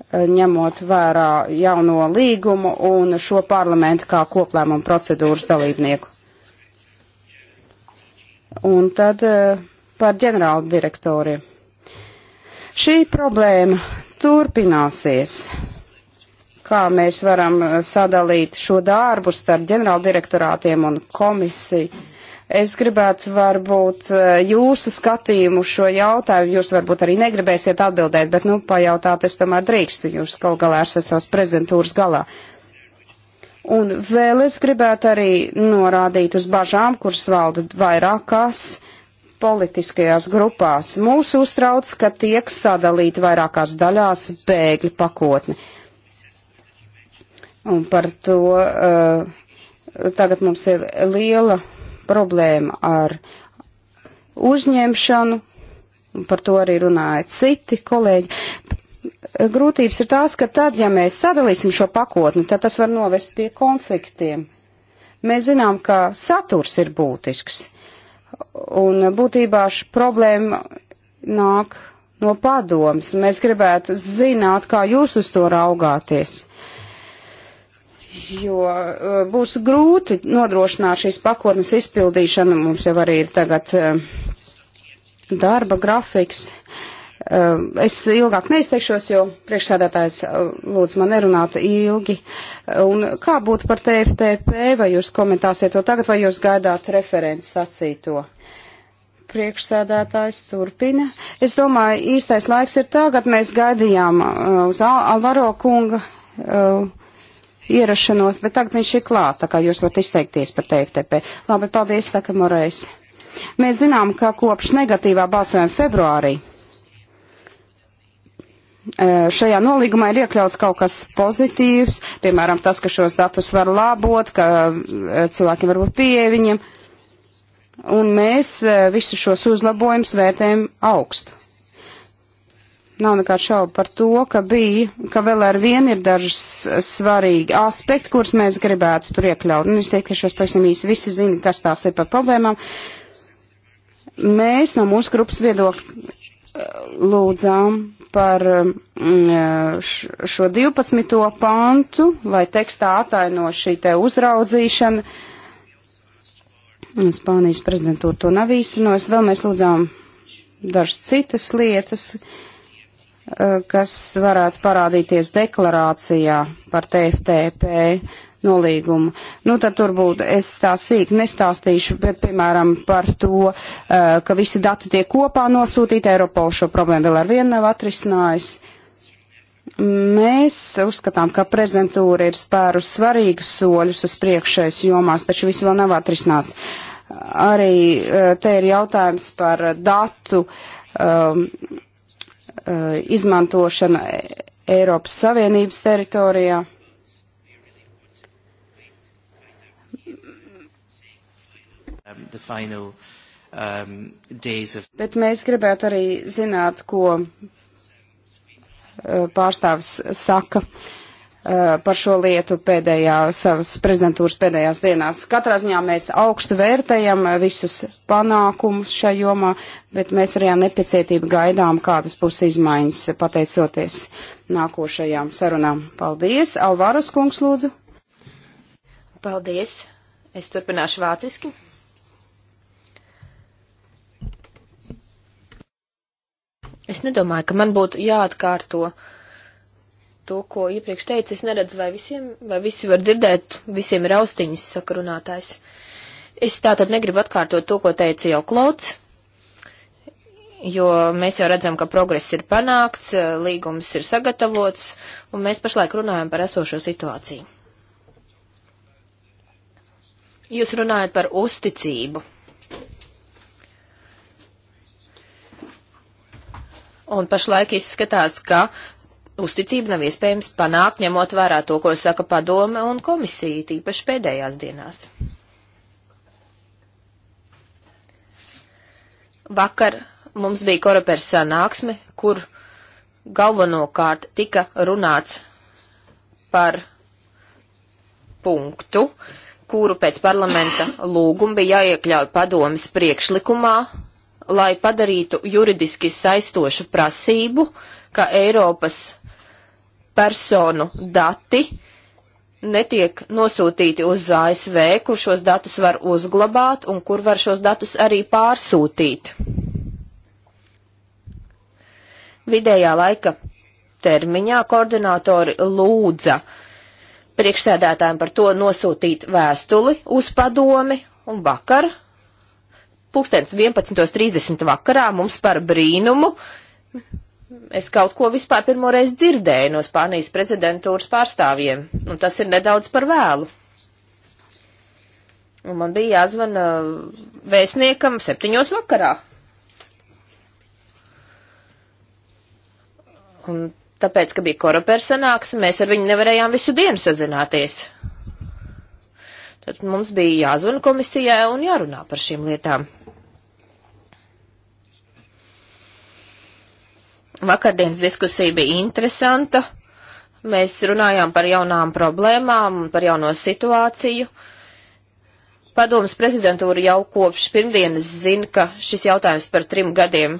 C: Eh, ņemot vērā jauno līgumu un šo parlamentu kā koplēmumu procedūras dalībnieku. Un tad eh, par ģenerālu direktoriem. Šī problēma turpināsies kā mēs varam uh, sadalīt šo darbu starp ģenerāldirektorātiem un komisiju. Es gribētu varbūt uh, jūsu skatījumu šo jautājumu, jūs varbūt arī negribēsiet atbildēt, bet, nu, pajautāt es tomēr drīkstu, jūs kaut galā esat savas prezentūras galā. Un vēl es gribētu arī norādīt uz bažām, kuras valda vairākās politiskajās grupās. Mūs uztrauc, ka tiek sadalīta vairākās daļās bēgļu pakotne Un par to uh, tagad mums ir liela problēma ar uzņemšanu, un par to arī runāja citi kolēģi. Grūtības ir tās, ka tad, ja mēs sadalīsim šo pakotni, tad tas var novest pie konfliktiem. Mēs zinām, ka saturs ir būtisks, un būtībā šī problēma nāk no padomas. Mēs gribētu zināt, kā jūs uz to raugāties jo e, būs grūti nodrošināt šīs pakotnes izpildīšanu. Mums jau arī ir tagad e, darba grafiks. E, es ilgāk neizteikšos, jo priekšsēdētājs lūdz man nerunāt ilgi. Un kā būtu par TFTP, vai jūs komentāsiet to tagad, vai jūs gaidāt referents sacīto? Priekšsēdētājs turpina. Es domāju, īstais laiks ir tagad. Mēs gaidījām uz Alvaro kunga. Uh, ierašanos, bet tagad viņš ir klāt, tā kā jūs varat izteikties par TFTP. Labi, paldies, saka Morais. Mēs zinām, ka kopš negatīvā balsojuma februārī e, šajā nolīgumā ir iekļauts kaut kas pozitīvs, piemēram, tas, ka šos datus var labot, ka e, cilvēkiem var būt pieeja viņiem, un mēs e, visus šos uzlabojumus vērtējam augstu. Nav nekā šaubu par to, ka bija, ka vēl ar vienu ir dažas svarīgi aspekti, kurus mēs gribētu tur iekļaut. Un es teikšos pavisam īsi, visi zina, kas tās ir par problēmām. Mēs no mūsu grupas viedokļa eh, lūdzām par mm, eh, šo 12. pantu, lai tekstā ataino šī te uzraudzīšana. Spānijas prezidentūra to nav īstenos. Vēl mēs lūdzām dažas citas lietas, Eh, kas varētu parādīties deklarācijā par TFTP nolīgumu. Nu, tad tur būtu, es tā sīk nestāstīšu, bet, piemēram, par to, eh, ka visi dati tiek kopā nosūtīti, Eiropola šo problēmu vēl ar vienu nav atrisinājis. Mēs uzskatām, ka prezidentūra ir spērus svarīgus soļus uz priekšējais jomās, taču viss vēl nav atrisināts. Arī eh, te ir jautājums par datu um, Eh, izmantošana e- Eiropas Savienības teritorijā.
A: Um, final, um, of...
C: Bet mēs gribētu arī zināt, ko eh, pārstāvis saka. Uh, Eh, par šo lietu pēdējā eh, savas prezidentūras pēdējās dienās. Katrā ziņā mēs augstu vērtējam eh, visus panākumus šai jomā, bet mēs arī ar nepacietību gaidām, kādas būs izmaiņas pateicoties nākošajām sarunām. Paldies! Alvaras kungs lūdzu!
B: Paldies! Es turpināšu vāciski. Es nedomāju, ka man būtu jāatkārto uh, to, ko iepriekš teicu, es neredzu, vai visiem, vai visi var dzirdēt, visiem ir austiņas, saka runātājs. Es tātad negribu atkārtot to, ko teica jau Klauds, jo mēs jau redzam, ka progress ir panākts, līgums ir sagatavots, un mēs pašlaik runājam par esošo situāciju. Jūs runājat par uzticību. Un pašlaik izskatās, ka uzticību nav iespējams panākt, ņemot vērā to, ko saka padome un komisija, tīpaši pēdējās dienās. Vakar mums bija korapers sanāksme, kur galvenokārt tika runāts par punktu, kuru pēc parlamenta lūguma bija jāiekļauj padomas priekšlikumā, lai padarītu juridiski saistošu prasību, ka Eiropas personu dati netiek nosūtīti uz ASV, kur šos datus var uzglabāt un kur var šos datus arī pārsūtīt. Vidējā laika termiņā koordinātori lūdza priekšsēdētājiem par to nosūtīt vēstuli uz padomi un vakar. Pūkstens 11.30 vakarā mums par brīnumu Es kaut ko vispār pirmoreiz dzirdēju no Spānijas prezidentūras pārstāvjiem, un tas ir nedaudz par vēlu. Un man bija jāzvana vēstniekam septiņos vakarā. Un tāpēc, ka bija koropersanāks, mēs ar viņu nevarējām visu dienu sazināties. Tad mums bija jāzvana komisijai un jārunā par šīm lietām. Vakardienas diskusija bija interesanta. Mēs runājām par jaunām problēmām, par jauno situāciju. Padomas prezidentūra jau kopš pirmdienas zina, ka šis jautājums par trim gadiem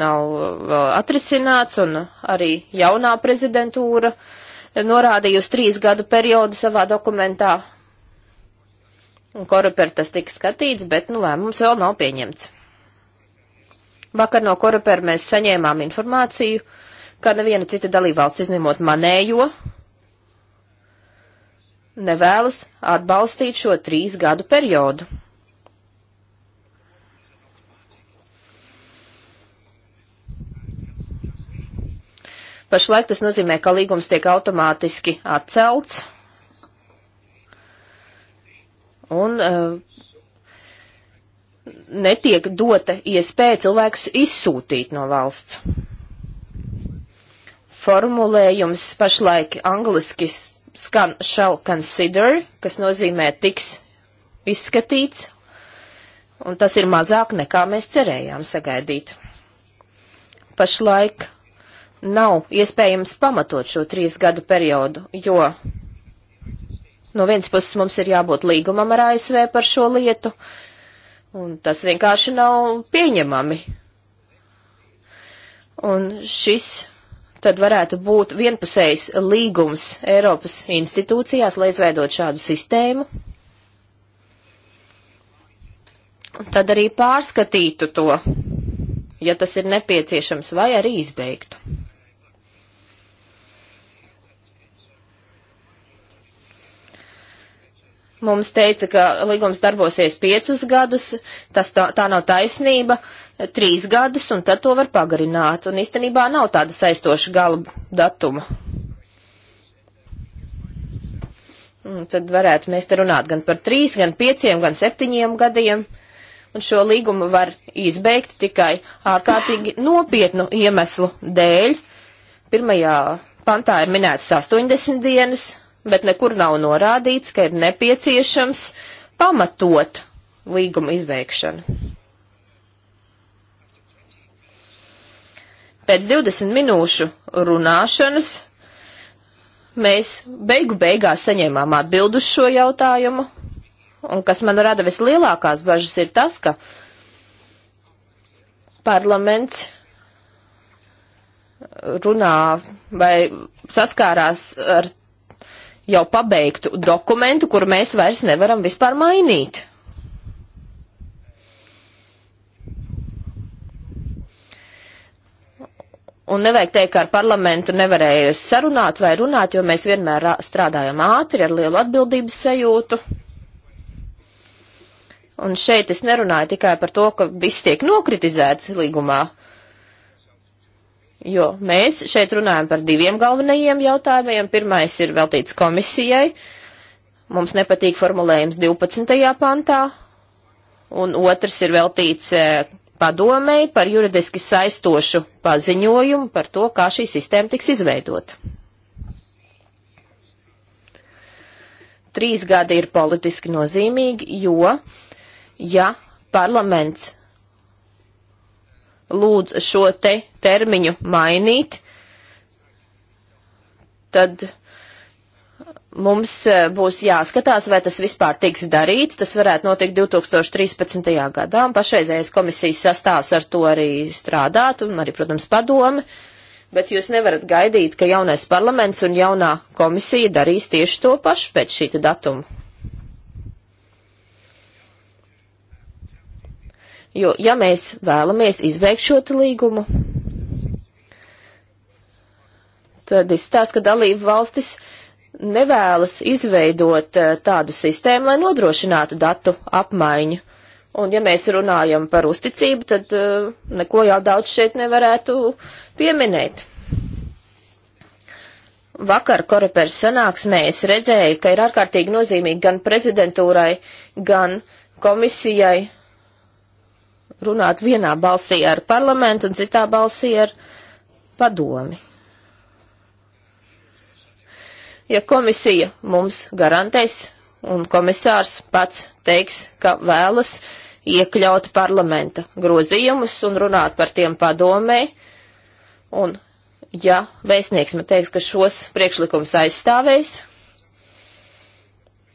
B: nav vēl uh, atrisināts, un arī jaunā prezidentūra norādīja uz trīs gadu periodu savā dokumentā. Un koruper tas tika skatīts, bet, nu, lēmums vēl nav pieņemts. Vakar no Korupera mēs saņēmām informāciju, ka neviena cita dalībvalsts, izņemot manējo, nevēlas atbalstīt šo trīs gadu periodu. Pašlaik tas nozīmē, ka līgums tiek automātiski atcelts. Un uh, netiek dota iespēja cilvēkus izsūtīt no valsts. Formulējums pašlaik angliski skan shall consider, kas nozīmē tiks izskatīts, un tas ir mazāk nekā mēs cerējām sagaidīt. Pašlaik nav iespējams pamatot šo trīs gadu periodu, jo no vienas puses mums ir jābūt līgumam ar ASV par šo lietu, Un tas vienkārši nav pieņemami. Un šis tad varētu būt vienpusējs līgums Eiropas institūcijās, lai izveidot šādu sistēmu. Un tad arī pārskatītu to, ja tas ir nepieciešams, vai arī izbeigtu. Mums teica, ka līgums darbosies piecus gadus, tas tā, tā nav taisnība, trīs gadus, un tad to var pagarināt. Un īstenībā nav tāda saistoša gala datuma. Un tad varētu mēs te runāt gan par trīs, gan pieciem, gan septiņiem gadiem. Un šo līgumu var izbeigt tikai ārkārtīgi nopietnu iemeslu dēļ. Pirmajā pantā ir minētas 80 dienas, bet nekur nav norādīts, ka ir nepieciešams pamatot līguma izbeigšanu. Pēc 20 minūšu runāšanas mēs beigu beigās saņēmām atbildu uz šo jautājumu, un kas man rada vislielākās bažas ir tas, ka parlaments runā vai saskārās ar jau pabeigtu dokumentu, kur mēs vairs nevaram vispār mainīt. Un nevajag teikt, ka ar parlamentu nevarēja sarunāt vai runāt, jo mēs vienmēr strādājam ātri ar lielu atbildības sajūtu. Un šeit es nerunāju tikai par to, ka viss tiek nokritizēts līgumā, uh, jo mēs šeit runājam par diviem galvenajiem jautājumiem. Pirmais ir veltīts komisijai. Mums nepatīk formulējums 12. pantā, un otrs ir veltīts e, padomēji par juridiski saistošu paziņojumu par to, kā šī sistēma tiks izveidota. Trīs gadi ir politiski nozīmīgi, jo, ja parlaments lūdz šo te termiņu mainīt, tad mums eh, būs jāskatās, vai tas vispār tiks darīts. Tas varētu notikt 2013. gadā, un pašreizējais komisijas sastāvs ar to arī strādāt, un arī, protams, padome. Bet jūs nevarat gaidīt, ka jaunais parlaments un jaunā komisija darīs tieši to pašu pēc šīta datuma. Jo, ja mēs vēlamies izbeigt šo līgumu, tad izstāsta, ka dalību valstis nevēlas izveidot eh, tādu sistēmu, lai nodrošinātu datu apmaiņu. Un, ja mēs runājam par uzticību, tad uh, neko jau daudz šeit nevarētu pieminēt. Vakar korepers sanāksmē es redzēju, ka ir ārkārtīgi nozīmīgi gan prezidentūrai, gan komisijai runāt vienā balsī ar parlamentu un citā balsī ar padomi. Ja komisija mums garantēs un komisārs pats teiks, ka vēlas iekļaut parlamenta grozījumus un runāt par tiem padomē, un ja vēstnieks man teiks, ka šos priekšlikums aizstāvēs,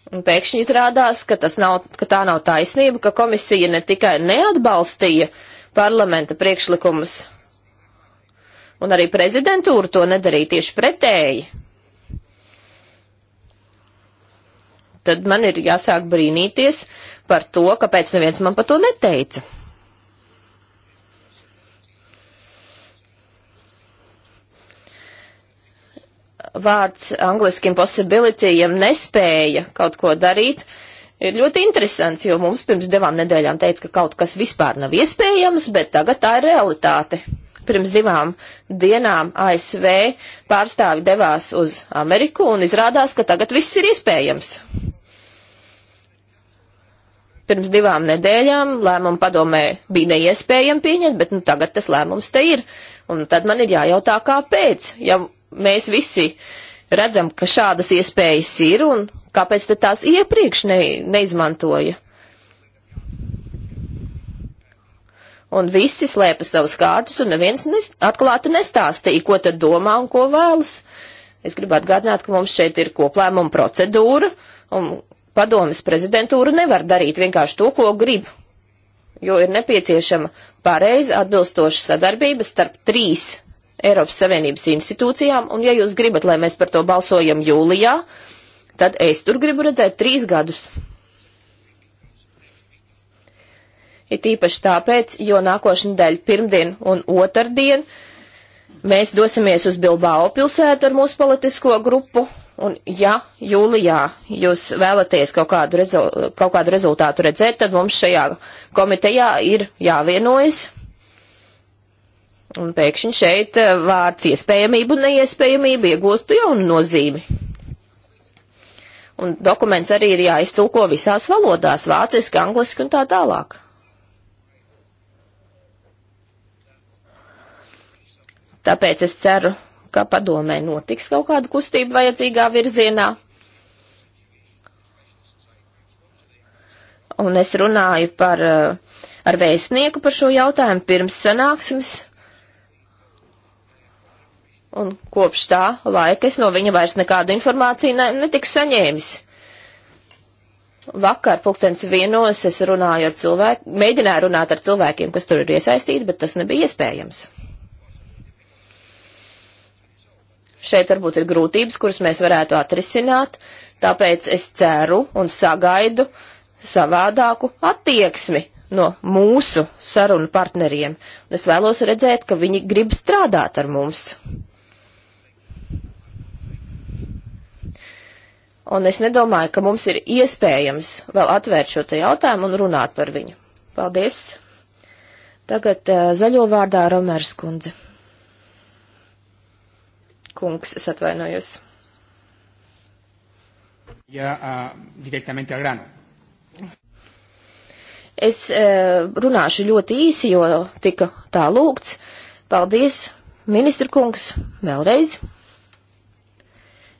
B: Un pēkšņi izrādās, ka, nav, ka tā nav taisnība, ka komisija ne tikai neatbalstīja parlamenta priekšlikumus, un arī prezidentūra to nedarīja tieši pretēji. Tad man ir jāsāk brīnīties par to, kāpēc neviens man par to neteica. vārds angliskiem possibilityiem nespēja kaut ko darīt, ir ļoti interesants, jo mums pirms divām nedēļām teica, ka kaut kas vispār nav iespējams, bet tagad tā ir realitāte. Pirms divām dienām ASV pārstāvi devās uz Ameriku un izrādās, ka tagad viss ir iespējams. Pirms divām nedēļām lēmumu padomē bija neiespējami pieņemt, bet nu, tagad tas lēmums te ir. Un tad man ir jājautā, kāpēc. Ja mēs visi redzam, ka šādas iespējas ir un kāpēc tad tās iepriekš ne, neizmantoja? Un visi slēpa savus kārtas un neviens nes, atklāti nestāstīja, ko tad domā un ko vēlas. Es gribu atgādināt, ka mums šeit ir koplēmuma procedūra un padomas prezidentūra nevar darīt vienkārši to, ko grib, jo ir nepieciešama pareiza atbilstoša sadarbība starp trīs Eiropas Savienības institūcijām, un ja jūs gribat, lai mēs par to balsojam jūlijā, tad es tur gribu redzēt trīs gadus. It īpaši tāpēc, jo nākošnedēļ pirmdien un otrdien mēs dosimies uz Bilbao pilsētu ar mūsu politisko grupu, un ja jūlijā jūs vēlaties kaut kādu, rezu, kaut kādu rezultātu redzēt, tad mums šajā komitejā ir jāvienojas Un pēkšņi šeit eh, vārds iespējamība un neiespējamība iegūstu jaunu nozīmi. Un dokuments arī ir jāiztūko visās valodās - vāciski, angliski un tā tālāk. Tāpēc es ceru, ka padomē notiks kaut kāda kustība vajadzīgā virzienā. Un es runāju par, eh, ar vēstnieku par šo jautājumu pirms sanāksmes. Un kopš tā laika es no viņa vairs nekādu informāciju ne, netiku saņēmis. Vakar pulkstens vienos es runāju ar cilvēku, mēģināju runāt ar cilvēkiem, kas tur ir iesaistīti, bet tas nebija iespējams. Šeit varbūt ir grūtības, kuras mēs varētu atrisināt, tāpēc es ceru un sagaidu savādāku attieksmi no mūsu sarunu partneriem. Un es vēlos redzēt, ka viņi grib strādāt ar mums. Un es nedomāju, ka mums ir iespējams vēl atvērt šo te jautājumu un runāt par viņu. Paldies! Tagad uh, zaļo vārdā Romērs kundze. Kungs, es atvainojos.
C: Ja, uh, direktamente al grano.
B: Es e, runāšu ļoti īsi, jo tika tā lūgts. Paldies, ministra kungs, vēlreiz.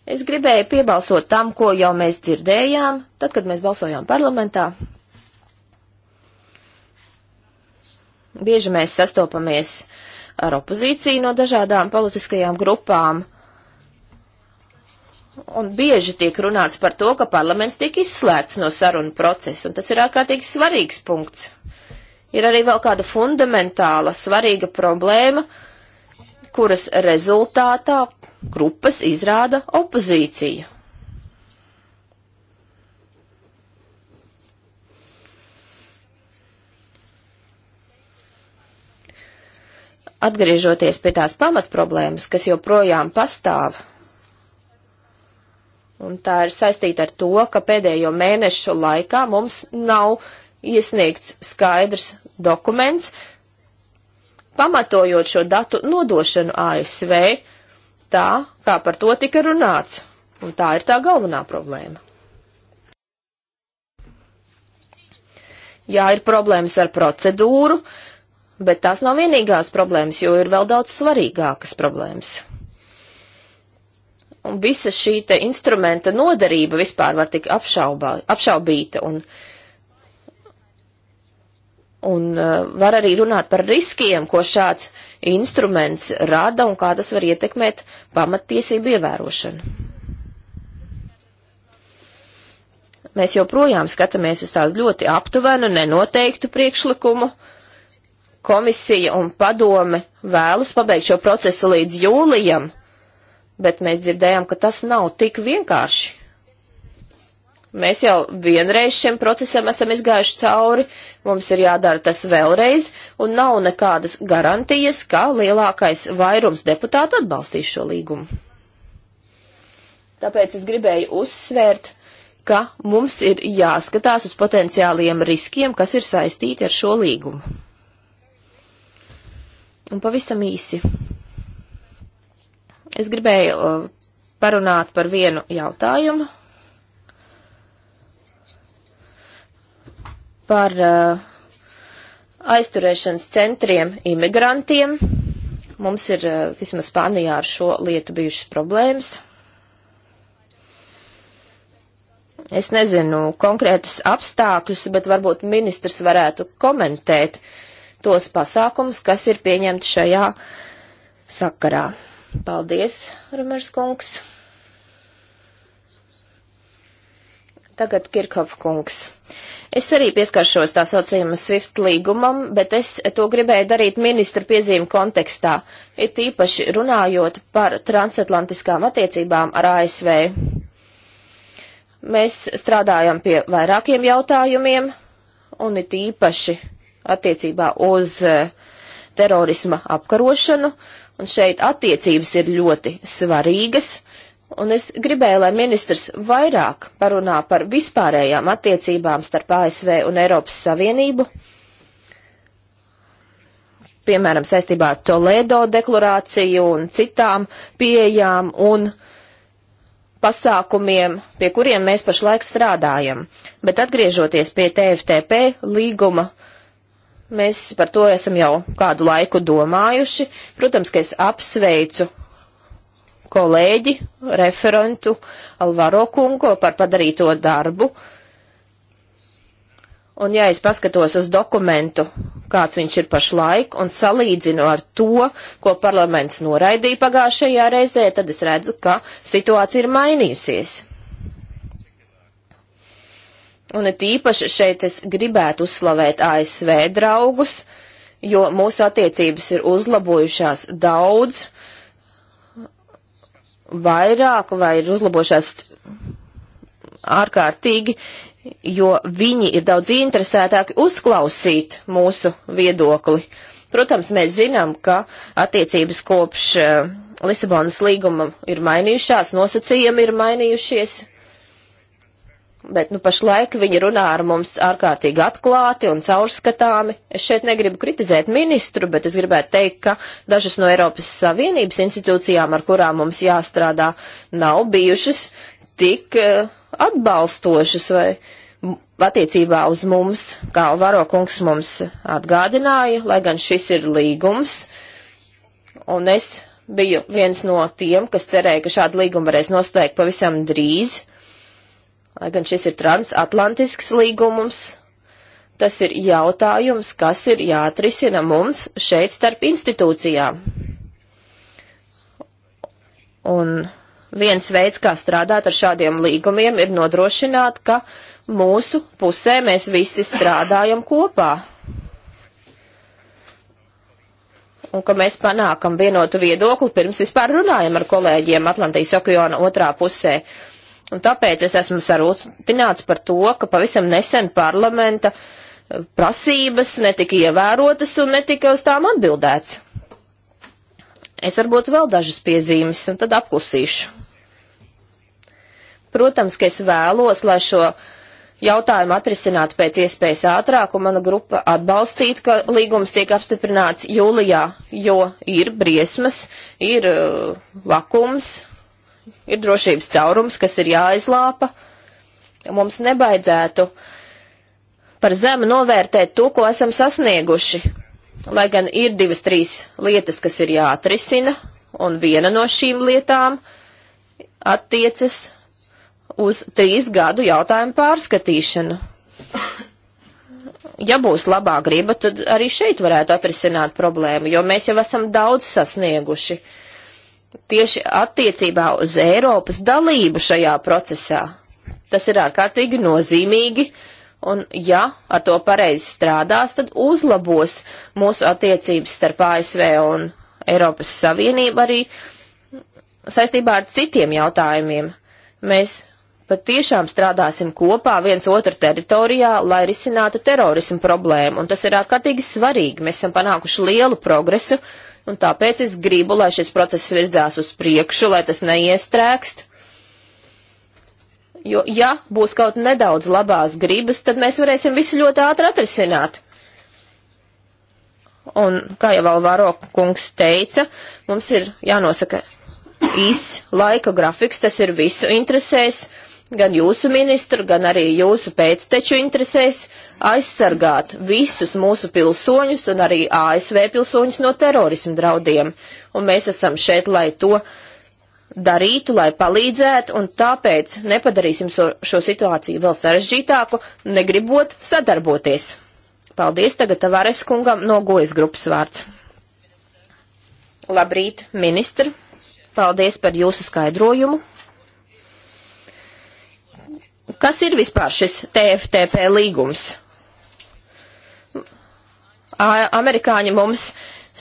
B: Es gribēju piebalsot tam, ko jau mēs dzirdējām, tad, kad mēs balsojām parlamentā. Bieži mēs sastopamies ar opozīciju no dažādām politiskajām grupām, un bieži tiek runāts par to, ka parlaments tiek izslēgts no sarunu procesa, un tas ir ārkārtīgi svarīgs punkts. Ir arī vēl kāda fundamentāla, svarīga problēma, uh, kuras rezultātā grupas izrāda opozīciju. Atgriežoties pie tās pamatproblēmas, kas joprojām pastāv, un tā ir saistīta ar to, ka pēdējo mēnešu laikā mums nav iesniegts skaidrs dokuments, pamatojot šo datu nodošanu ASV, tā kā par to tika runāts. Un tā ir tā galvenā problēma. Jā, ir problēmas ar procedūru, bet tās nav vienīgās problēmas, jo ir vēl daudz svarīgākas problēmas. Un visa šī te instrumenta noderība vispār var tik apšaubā, apšaubīta, un Un uh, var arī runāt par riskiem, ko šāds instruments rada un kā tas var ietekmēt pamattiesību ievērošanu. Mēs joprojām skatāmies uz tādu ļoti aptuvenu, nenoteiktu priekšlikumu. Komisija un padome vēlas pabeigt šo procesu līdz jūlijam, bet mēs dzirdējām, ka tas nav tik vienkārši. Mēs jau vienreiz šim procesam esam izgājuši cauri, mums ir jādara tas vēlreiz, un nav nekādas garantijas, ka lielākais vairums deputātu atbalstīs šo līgumu. Tāpēc es gribēju uzsvērt, ka mums ir jāskatās uz potenciāliem riskiem, kas ir saistīti ar šo līgumu. Un pavisam īsi. Es gribēju uh, parunāt par vienu jautājumu par uh, aizturēšanas centriem imigrantiem. Mums ir uh, vismaz Spānijā ar šo lietu bijušas problēmas. Es nezinu konkrētus apstākļus, bet varbūt ministrs varētu komentēt tos pasākumus, kas ir pieņemti šajā sakarā. Paldies, Rumers kungs. Tagad Kirkhopa kungs. Es arī pieskaršos tā saucējuma SWIFT līgumam, bet es to gribēju darīt ministra piezīmu kontekstā, it īpaši runājot par transatlantiskām attiecībām ar ASV. Mēs strādājam pie vairākiem jautājumiem, un it īpaši attiecībā uz e, terorisma apkarošanu, un šeit attiecības ir ļoti svarīgas un es gribēju, lai ministrs vairāk parunā par vispārējām attiecībām starp ASV un Eiropas Savienību, piemēram, saistībā ar Toledo deklarāciju un citām pieejām un pasākumiem, pie kuriem mēs pašlaik strādājam. Bet atgriežoties pie TFTP līguma, mēs par to esam jau kādu laiku domājuši. Protams, ka es apsveicu kolēģi, referentu Alvaro kungo par padarīto darbu. Un ja es paskatos uz dokumentu, kāds viņš ir pašlaik, un salīdzinu ar to, ko parlaments noraidīja pagājušajā reizē, tad es redzu, ka situācija ir mainījusies. Un it īpaši šeit es gribētu uzslavēt ASV draugus, jo mūsu attiecības ir uzlabojušās daudz, uh, vairāk vai ir uzlabošās ārkārtīgi, jo viņi ir daudz interesētāki uzklausīt mūsu viedokli. Protams, mēs zinām, ka attiecības kopš eh, Lisabonas līguma ir mainījušās, nosacījumi ir mainījušies. Bet nu, pašlaik viņi runā ar mums ārkārtīgi atklāti un caurskatāmi. Es šeit negribu kritizēt ministru, bet es gribētu teikt, ka dažas no Eiropas Savienības institūcijām, ar kurām mums jāstrādā, nav bijušas tik eh, atbalstošas vai attiecībā uz mums, kā Alvaro kungs mums atgādināja, lai gan šis ir līgums. Un es biju viens no tiem, kas cerēja, ka šādu līgumu varēs noslēgt pavisam drīz Lai gan šis ir transatlantisks līgumums, tas ir jautājums, kas ir jāatrisina mums šeit starp institūcijām. Un viens veids, kā strādāt ar šādiem līgumiem, ir nodrošināt, ka mūsu pusē mēs visi strādājam kopā. Un ka mēs panākam vienotu viedokli pirms vispār runājam ar kolēģiem Atlantijas okeāna otrā pusē. Uh, Un tāpēc es esmu sarūtināts par to, ka pavisam nesen parlamenta eh, prasības netika ievērotas un netika uz tām atbildēts. Es varbūt vēl dažas piezīmes un tad apklusīšu. Protams, ka es vēlos, lai šo jautājumu atrisinātu pēc iespējas ātrāk, un mana grupa atbalstītu, ka līgums tiek apstiprināts jūlijā, jo ir briesmas, ir eh, vakums, ir drošības caurums, kas ir jāizlāpa. Mums nebaidzētu par zemu novērtēt to, ko esam sasnieguši. Lai gan ir divas, trīs lietas, kas ir jāatrisina, un viena no šīm lietām attiecas uz trīs gadu jautājumu pārskatīšanu. Ja būs labā griba, tad arī šeit varētu atrisināt problēmu, jo mēs jau esam daudz sasnieguši. Uh, tieši attiecībā uz Eiropas dalību šajā procesā. Tas ir ārkārtīgi nozīmīgi, un ja ar to pareizi strādās, tad uzlabos mūsu attiecības starp ASV un Eiropas Savienību arī saistībā ar citiem jautājumiem. Mēs patiešām strādāsim kopā viens otru teritorijā, lai risinātu terorismu problēmu, un tas ir ārkārtīgi svarīgi. Mēs esam panākuši lielu progresu. Uh, Un tāpēc es gribu, lai šis process virdzās uz priekšu, lai tas neiestrēgst. Jo, ja būs kaut nedaudz labās gribas, tad mēs varēsim visu ļoti ātri atrisināt. Un, kā jau Alvaro kungs teica, mums ir jānosaka īs laika grafiks, tas ir visu interesēs gan jūsu ministru, gan arī jūsu pēcteču interesēs aizsargāt visus mūsu pilsoņus un arī ASV pilsoņus no terorismu draudiem. Un mēs esam šeit, lai to darītu, lai palīdzētu, un tāpēc nepadarīsim so, šo situāciju vēl sarežģītāku, negribot sadarboties. Paldies tagad Tavares kungam no Gojas grupas vārds. Labrīt, ministri! Paldies par jūsu skaidrojumu! Kas ir vispār šis TFTP līgums? Amerikāņi mums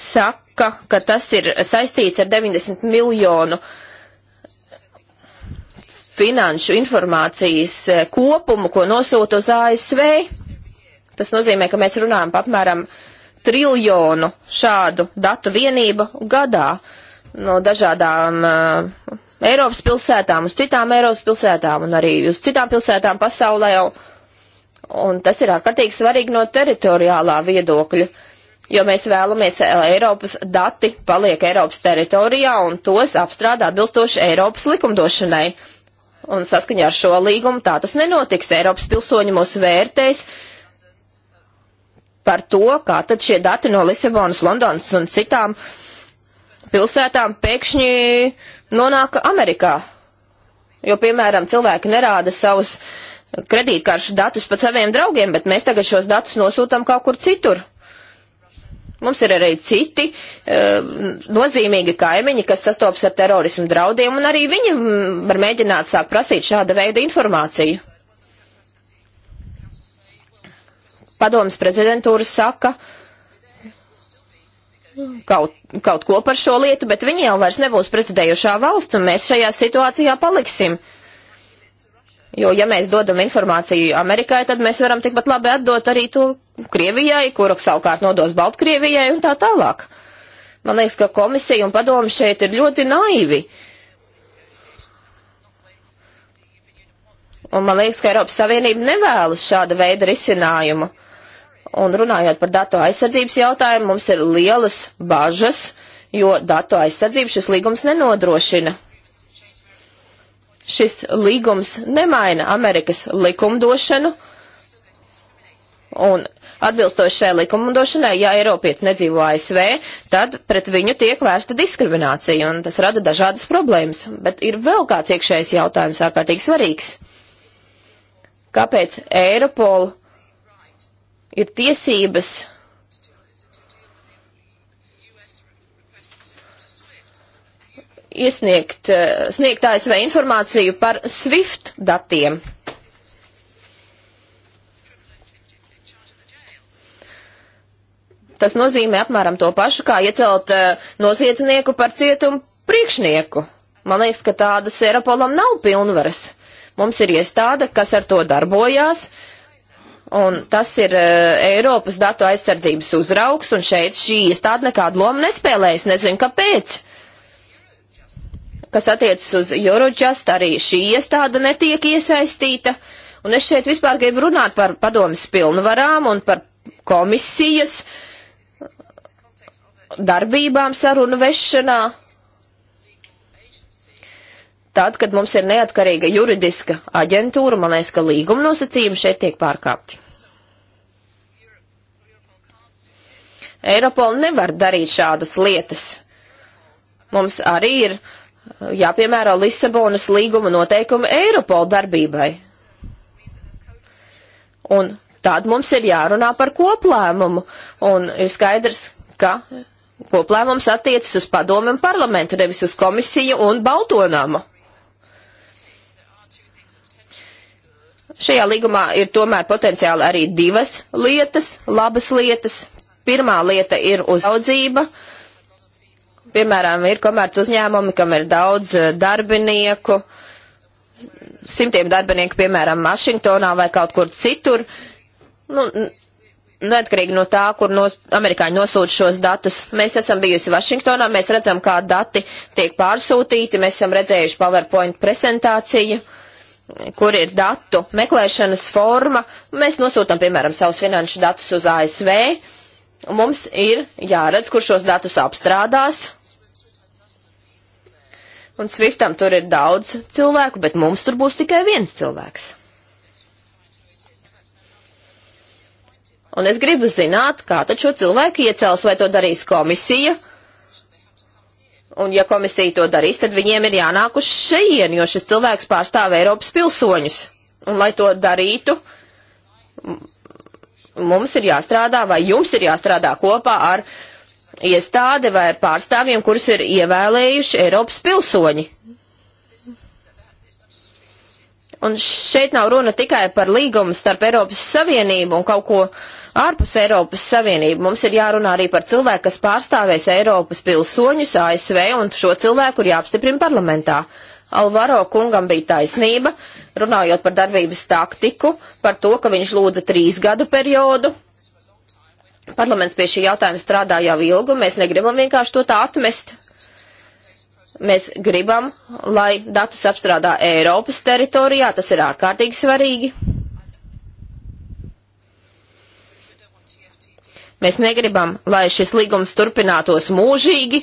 B: saka, ka tas ir saistīts ar 90 miljonu finanšu informācijas e, kopumu, ko nosūta uz ASV. Tas nozīmē, ka mēs runājam par apmēram triljonu šādu datu vienību gadā no dažādām uh, Eiropas pilsētām, uz citām Eiropas pilsētām un arī uz citām pilsētām pasaulē. Un tas ir ārkārtīgi svarīgi no teritoriālā viedokļa, jo mēs vēlamies, lai Eiropas dati paliek Eiropas teritorijā un tos apstrādā atbilstoši Eiropas likumdošanai. Un saskaņā ar šo līgumu tā tas nenotiks. Eiropas pilsoņi mūs vērtēs par to, kā tad šie dati no Lisabonas, Londonas un citām uh, pilsētām pēkšņi nonāk Amerikā. Jo, piemēram, cilvēki nerāda savus kredītkaršu datus pat saviem draugiem, bet mēs tagad šos datus nosūtām kaut kur citur. Mums ir arī citi uh, nozīmīgi kaimiņi, kas sastopas ar terorismu draudiem, un arī viņi mm, var mēģināt sākt prasīt šāda veida informāciju. Padomas prezidentūra saka, uh, kaut, kaut ko par šo lietu, bet viņi jau vairs nebūs prezidējušā valsts, un mēs šajā situācijā paliksim. Jo, ja mēs dodam informāciju Amerikai, tad mēs varam tikpat labi atdot arī to Krievijai, kuru savukārt nodos Baltkrievijai un tā tālāk. Man liekas, ka komisija un padomi šeit ir ļoti naivi. Un man liekas, ka Eiropas Savienība nevēlas šāda veida risinājumu. Un runājot par datu aizsardzības jautājumu, mums ir lielas bažas, jo datu aizsardzību šis līgums nenodrošina. Šis līgums nemaina Amerikas likumdošanu, un atbilstoši šai likumdošanai, ja Eiropietis nedzīvo ASV, tad pret viņu tiek vērsta diskriminācija, un tas rada dažādas problēmas. Bet ir vēl kāds iekšējais jautājums ārkārtīgi svarīgs. Kāpēc Eiropola ir tiesības iesniegt, eh, sniegt ASV informāciju par SWIFT datiem. Tas nozīmē apmēram to pašu, kā iecelt eh, noziedznieku par cietumu priekšnieku. Man liekas, ka tādas Eiropolam nav pilnvaras. Mums ir iestāde, kas ar to darbojās, uh, Un tas ir uh, Eiropas datu aizsardzības uzraugs, un šeit šī iestāde nekādu lomu nespēlējas. Nezinu, kāpēc. Kas attiecas uz Eurojust, arī šī iestāde netiek iesaistīta. Un es šeit vispār gribu runāt par padomas pilnvarām un par komisijas darbībām sarunu vešanā tad, kad mums ir neatkarīga juridiska aģentūra, man liekas, ka līguma nosacījumi šeit tiek pārkāpti. Eiropola nevar darīt šādas lietas. Mums arī ir jāpiemēro Lisabonas līguma noteikumi Eiropola darbībai. Un tad mums ir jārunā par koplēmumu, un ir skaidrs, ka koplēmums attiecas uz padomu un parlamentu, nevis uz komisiju un Baltonamu. Šajā līgumā ir tomēr potenciāli arī divas lietas, labas lietas. Pirmā lieta ir uzraudzība. Piemēram, ir komerc uzņēmumi, kam ir daudz eh, darbinieku, simtiem darbinieku, piemēram, Vašingtonā vai kaut kur citur. Nu, neatkarīgi no tā, kur nos, amerikāņi nosūta šos datus. Mēs esam bijusi Vašingtonā, mēs redzam, kā dati tiek pārsūtīti, mēs esam redzējuši PowerPoint prezentāciju. Uh, kur ir datu meklēšanas forma. Mēs nosūtām, piemēram, savus finanšu datus uz ASV. Mums ir jāredz, kur šos datus apstrādās. Un Swiftam tur ir daudz cilvēku, bet mums tur būs tikai viens cilvēks. Un es gribu zināt, kā tad šo cilvēku iecels, vai to darīs komisija, Un ja komisija to darīs, tad viņiem ir jānāk uz šejien, jo šis cilvēks pārstāv Eiropas pilsoņus. Un lai to darītu, mums ir jāstrādā vai jums ir jāstrādā kopā ar iestādi vai ar pārstāvjiem, kurus ir ievēlējuši Eiropas pilsoņi. Un šeit nav runa tikai par līgumu starp Eiropas Savienību un kaut ko ārpus Eiropas Savienību. Mums ir jārunā arī par cilvēku, kas pārstāvēs Eiropas pilsoņus ASV, un šo cilvēku ir jāapstiprina parlamentā. Alvaro kungam bija taisnība, runājot par darbības taktiku, par to, ka viņš lūdza trīs gadu periodu. Parlaments pie šī jautājuma strādā jau ilgu, mēs negribam vienkārši to tā atmest. Mēs gribam, lai datus apstrādā Eiropas teritorijā, tas ir ārkārtīgi svarīgi. Mēs negribam, lai šis līgums turpinātos mūžīgi.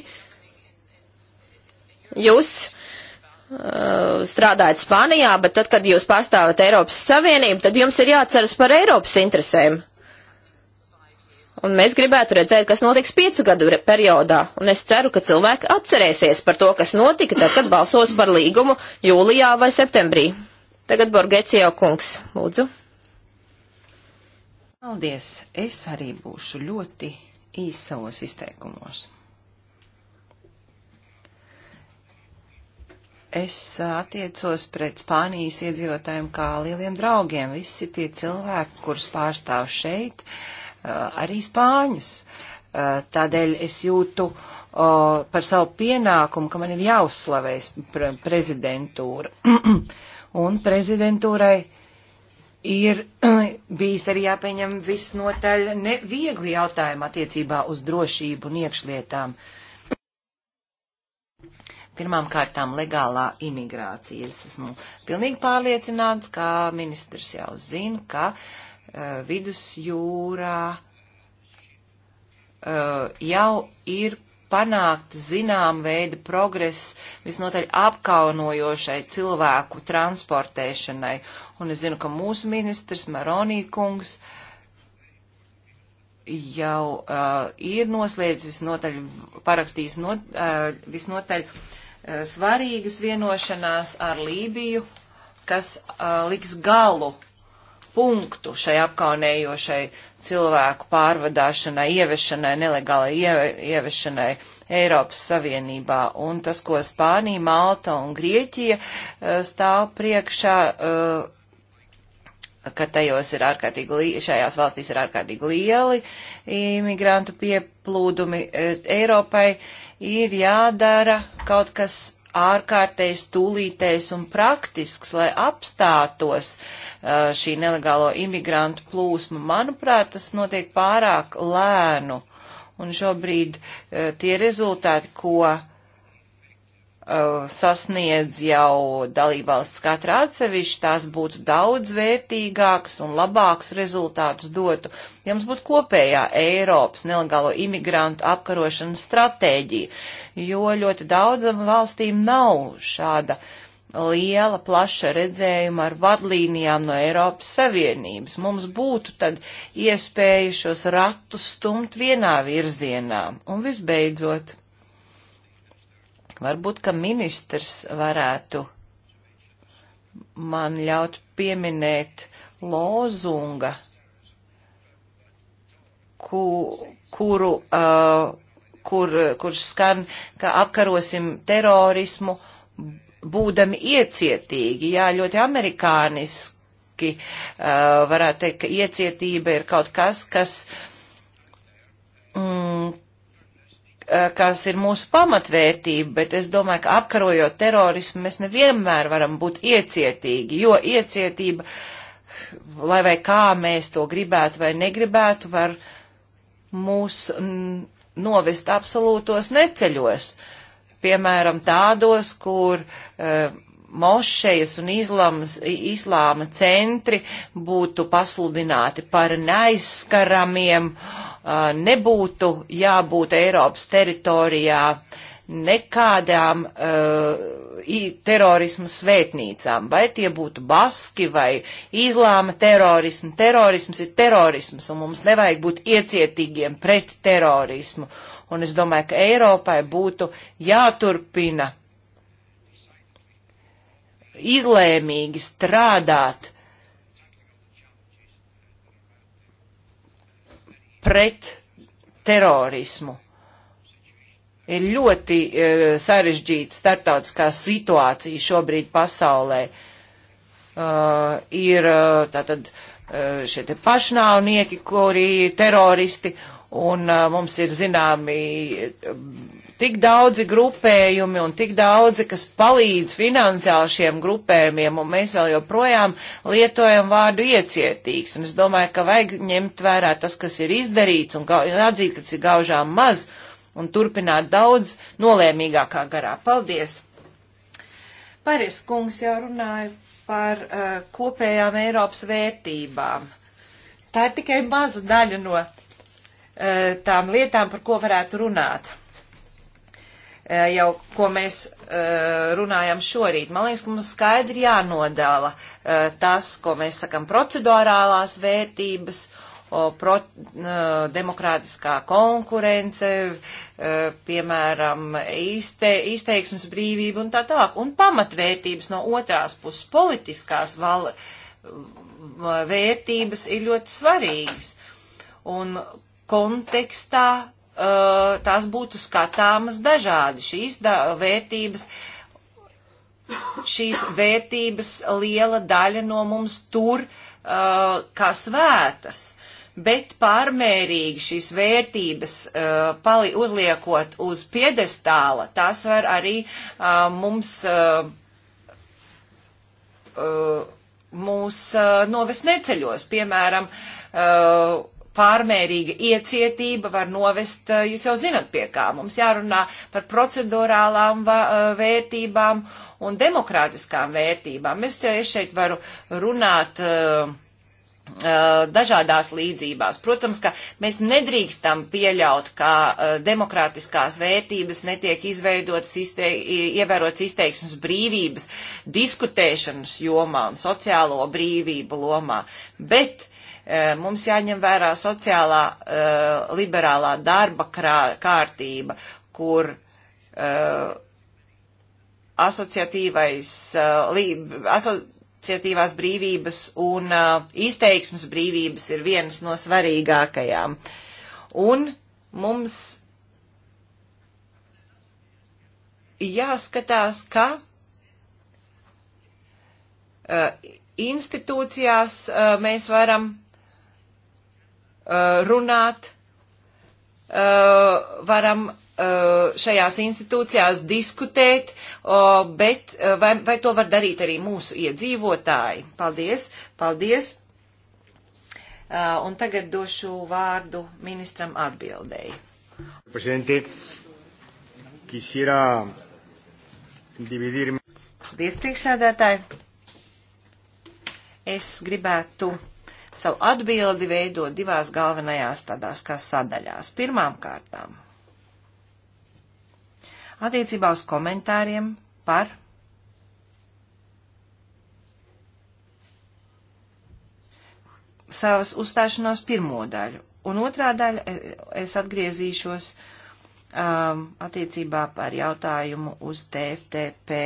B: Jūs uh, strādājat Spānijā, bet tad, kad jūs pārstāvat Eiropas Savienību, tad jums ir jāatceras par Eiropas interesēm. Un mēs gribētu redzēt, kas notiks piecu gadu periodā. Un es ceru, ka cilvēki atcerēsies par to, kas notika tad, kad balsos par līgumu jūlijā vai septembrī. Tagad Borgecijo kungs, lūdzu.
A: Paldies! Es arī būšu ļoti īs savos izteikumos. es attiecos pret Spānijas iedzīvotājiem kā lieliem draugiem. Visi tie cilvēki, kurus pārstāv šeit, uh, Eh, arī spāņus. Eh, tādēļ es jūtu par savu pienākumu, ka man ir jāuzslavēs pre prezidentūra. [clears throat] Un prezidentūrai ir [clears throat] bijis arī jāpieņem visnotaļ neviegli jautājumi attiecībā uz drošību un iekšlietām. Pirmām kārtām legālā imigrācija. Es esmu pilnīgi pārliecināts, ka ministrs jau zina, ka uh, Eh, vidusjūrā eh, jau ir panākt zinām veida progress visnotaļ apkaunojošai cilvēku transportēšanai. Un es zinu, ka mūsu ministrs Maronī kungs jau uh, ir noslēdzis visnotaļ, parakstījis not, uh, visnotaļ uh, svarīgas vienošanās ar Lībiju, kas uh, liks galu punktu šai apkaunējošai cilvēku pārvadāšanai, ievešanai, nelegālai ieve, ievešanai Eiropas Savienībā. Un tas, ko Spānija, Malta un Grieķija eh, stāv priekšā, eh, ka tajos ir ārkārtīgi, šajās valstīs ir ārkārtīgi lieli imigrantu pieplūdumi eh, Eiropai, ir jādara kaut kas ārkārtējs, tūlītējs un praktisks, lai apstātos uh, šī nelegālo imigrantu plūsma. Manuprāt, tas notiek pārāk lēnu. Un šobrīd uh, tie rezultāti, ko Uh, sasniedz jau dalībvalsts katra atsevišķi, tās būtu daudz vērtīgākas un labākus rezultātus dotu, ja mums būtu kopējā Eiropas nelegālo imigrantu apkarošanas stratēģija, jo ļoti daudzam valstīm nav šāda liela, plaša redzējuma ar vadlīnijām no Eiropas Savienības. Mums būtu tad iespēja šos ratus stumt vienā virzienā. Un visbeidzot. Varbūt, ka ministrs varētu man ļaut pieminēt lozunga, ku, kuru, uh, kur, kurš skan, ka apkarosim terorismu, būdami iecietīgi. Jā, ļoti amerikāniski uh, varētu teikt, ka iecietība ir kaut kas, kas. Mm, Eh, kas ir mūsu pamatvērtība, bet es domāju, ka apkarojot terorismu, mēs nevienmēr varam būt iecietīgi, jo iecietība, lai vai kā mēs to gribētu vai negribētu, var mūs novest absolūtos neceļos, piemēram, tādos, kur uh, mošejas un islams, islāma centri būtu pasludināti par neaizskaramiem Uh, nebūtu jābūt Eiropas teritorijā nekādām uh, terorismu svētnīcām, vai tie būtu baski vai izlāma terorismu. Terorisms ir terorisms, un mums nevajag būt iecietīgiem pret terorismu. Un es domāju, ka Eiropai būtu jāturpina izlēmīgi strādāt pret terorismu. Ir ļoti e, sarežģīta starptautiskā situācija šobrīd pasaulē. Uh, ir e, tātad uh, šie te pašnāvnieki, kuri ir teroristi, un uh, mums ir zināmi tik daudzi grupējumi un tik daudzi, kas palīdz finansiāli šiem grupējumiem, un mēs vēl joprojām lietojam vārdu iecietīgs. Un es domāju, ka vajag ņemt vērā tas, kas ir izdarīts, un atzīt, ka tas ir gaužām maz, un turpināt daudz nolēmīgākā garā. Paldies! Paris kungs jau runāja par uh, kopējām Eiropas vērtībām. Tā ir tikai maza daļa no uh, tām lietām, par ko varētu runāt. Eh, jau, ko mēs eh, runājam šorīt. Man liekas, ka mums skaidri jānodala eh, tas, ko mēs sakam procedurālās vērtības, pro, demokrātiskā konkurence, piemēram, izte, izteiksmes brīvība un tā tālāk. Un pamatvērtības no otrās puses politiskās val, vērtības ir ļoti svarīgas. Un kontekstā Uh, tās būtu skatāmas dažādi. Šīs da vērtības, šīs vērtības liela daļa no mums tur uh, kā svētas, bet pārmērīgi šīs vērtības uh, pali, uzliekot uz piedestāla, tās var arī uh, mums. Uh, uh, mūs uh, novest neceļos, piemēram, uh, pārmērīga iecietība var novest, eh, jūs jau zinat, pie kā mums jārunā par procedurālām eh, vērtībām un demokrātiskām vērtībām. Es, es šeit varu runāt eh, dažādās līdzībās. Protams, ka mēs nedrīkstam pieļaut, ka demokrātiskās vērtības netiek izveidotas, izte, ievērotas izteiksmes brīvības, diskutēšanas jomā un sociālo brīvību lomā. Bet uh, Eh, mums jāņem vērā sociālā eh, liberālā darba krā, kārtība, kur eh, asociatīvais, asociatīvās brīvības un izteiksmes brīvības ir vienas no svarīgākajām. Un mums jāskatās, ka uh, institūcijās uh, mēs varam Uh, runāt, uh, varam uh, šajās institūcijās diskutēt, bet vai, vai to var darīt arī mūsu iedzīvotāji? Paldies, paldies. Un tagad došu vārdu ministram atbildēji. Presidente, quisiera dividirme. Paldies, priekšādātāji. Es gribētu savu atbildi veido divās galvenajās tādās kā sadaļās. Pirmām kārtām attiecībā uz komentāriem par savas uzstāšanos pirmo daļu. Un otrā daļa e, es atgriezīšos um, attiecībā par jautājumu uz TFTP.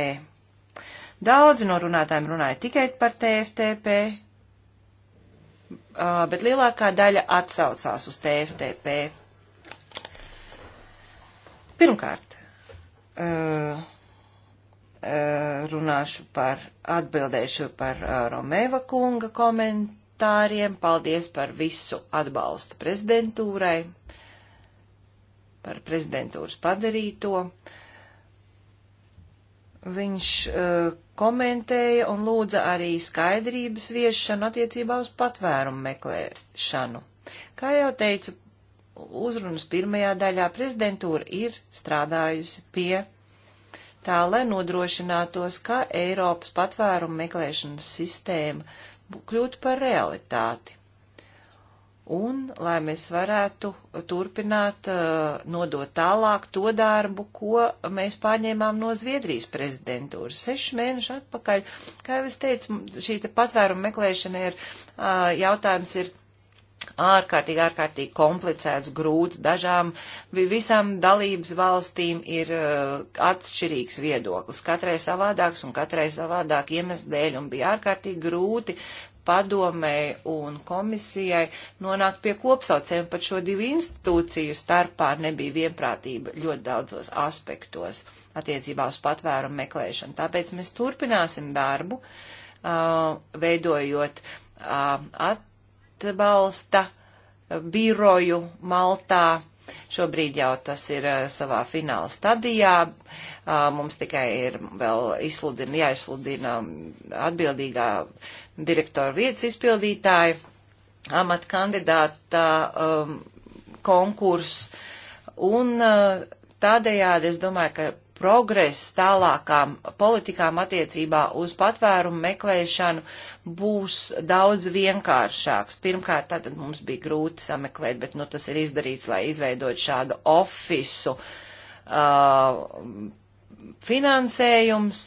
A: Daudzi no runātājiem runāja tikai par TFTP, Uh, bet lielākā daļa atsaucās uz TFTP. Pirmkārt, uh, uh, runāšu par, atbildēšu par Romeva kunga komentāriem. Paldies par visu atbalstu prezidentūrai, par prezidentūras padarīto. Viņš uh, komentēja un lūdza arī skaidrības viešanu attiecībā uz patvērumu meklēšanu. Kā jau teicu, uzrunas pirmajā daļā prezidentūra ir strādājusi pie tā, lai nodrošinātos, ka Eiropas patvērumu meklēšanas sistēma kļūtu par realitāti un lai mēs varētu turpināt uh, nodot tālāk to darbu, ko mēs pārņēmām no Zviedrijas prezidentūras. Sešu mēnešu atpakaļ, kā jau es teicu, šī te patvēruma meklēšana ir uh, jautājums ir ārkārtīgi, ārkārtīgi komplicēts, grūts. Dažām visām dalības valstīm ir uh, atšķirīgs viedoklis, katrai savādāks un katrai savādāk iemeslu dēļ, un bija ārkārtīgi grūti padomēji un komisijai nonākt pie kopsaucējiem pat šo divu institūciju starpā nebija vienprātība ļoti daudzos aspektos attiecībā uz patvērumu meklēšanu. Tāpēc mēs turpināsim darbu, veidojot atbalsta biroju Maltā Šobrīd jau tas ir eh, savā fināla stadijā. Ah, mums tikai ir vēl izsludina, jāizsludina mm, atbildīgā direktora vietas izpildītāja amata kandidāta um, konkurss. Un eh, tādējādi es domāju, ka progress tālākām politikām attiecībā uz patvērumu meklēšanu būs daudz vienkāršāks. Pirmkārt, tātad mums bija grūti sameklēt, bet nu, tas ir izdarīts, lai izveidot šādu ofisu uh, finansējums.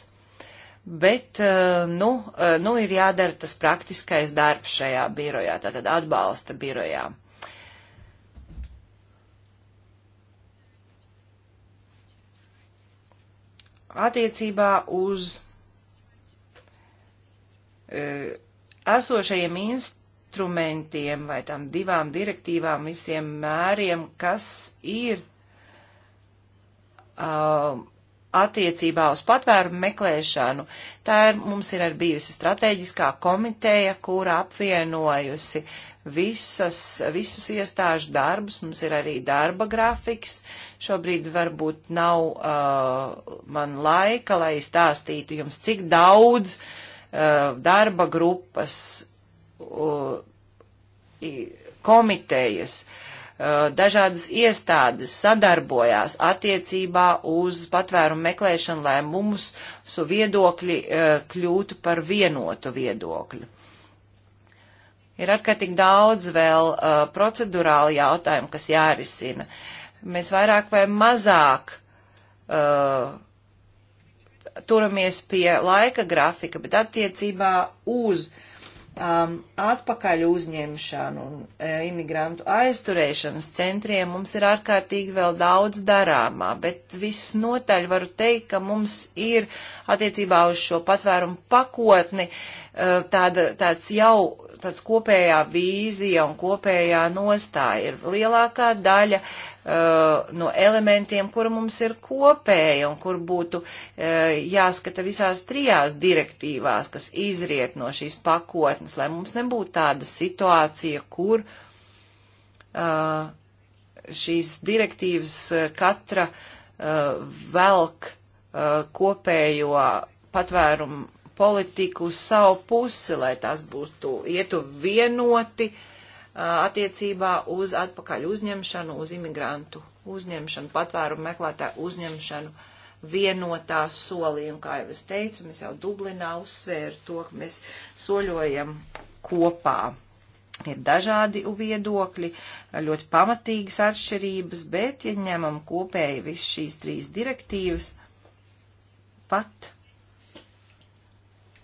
A: Bet, uh, nu, uh, nu, ir jādara tas praktiskais darbs šajā birojā, tātad atbalsta birojā. attiecībā uz e, esošajiem instrumentiem vai tam divām direktīvām, visiem mēriem, kas ir uh, attiecībā uz patvērumu meklēšanu. Tā ir, mums ir arī bijusi strateģiskā komiteja, kura apvienojusi uh, visas, visus iestāžu darbus, mums ir arī darba grafiks. Šobrīd varbūt nav uh, man laika, lai stāstītu jums, cik daudz uh, darba grupas, uh, komitejas, uh, dažādas iestādes sadarbojās attiecībā uz patvērumu meklēšanu, lai mums su viedokļi uh, kļūtu par vienotu viedokļu. Ir ārkārtīgi daudz vēl uh, procedurāli jautājumu, kas jārisina. Mēs vairāk vai mazāk uh, turamies pie laika grafika, bet attiecībā uz um, atpakaļ uzņemšanu un uh, imigrantu aizturēšanas centriem mums ir ārkārtīgi vēl daudz darāmā, bet visnotaļ varu teikt, ka mums ir attiecībā uz šo patvērumu pakotni uh, tāda, tāds jau tāds kopējā vīzija un kopējā nostāja ir lielākā daļa uh, no elementiem, kura mums ir kopēja un kur būtu uh, jāskata visās trijās direktīvās, kas izriet no šīs pakotnes, lai mums nebūtu tāda situācija, kur uh, šīs direktīvas uh, katra uh, velk uh, kopējo patvērumu politiku uz savu pusi, lai tas būtu ietu vienoti uh, attiecībā uz atpakaļ uzņemšanu, uz imigrantu uzņemšanu, patvērumu meklētāju uzņemšanu vienotā solī. Un kā jau es teicu, mēs jau Dublinā uzsvēru to, ka mēs soļojam kopā. Ir dažādi viedokļi, ļoti pamatīgas atšķirības, bet, ja ņemam kopēji visu šīs trīs direktīvas, pat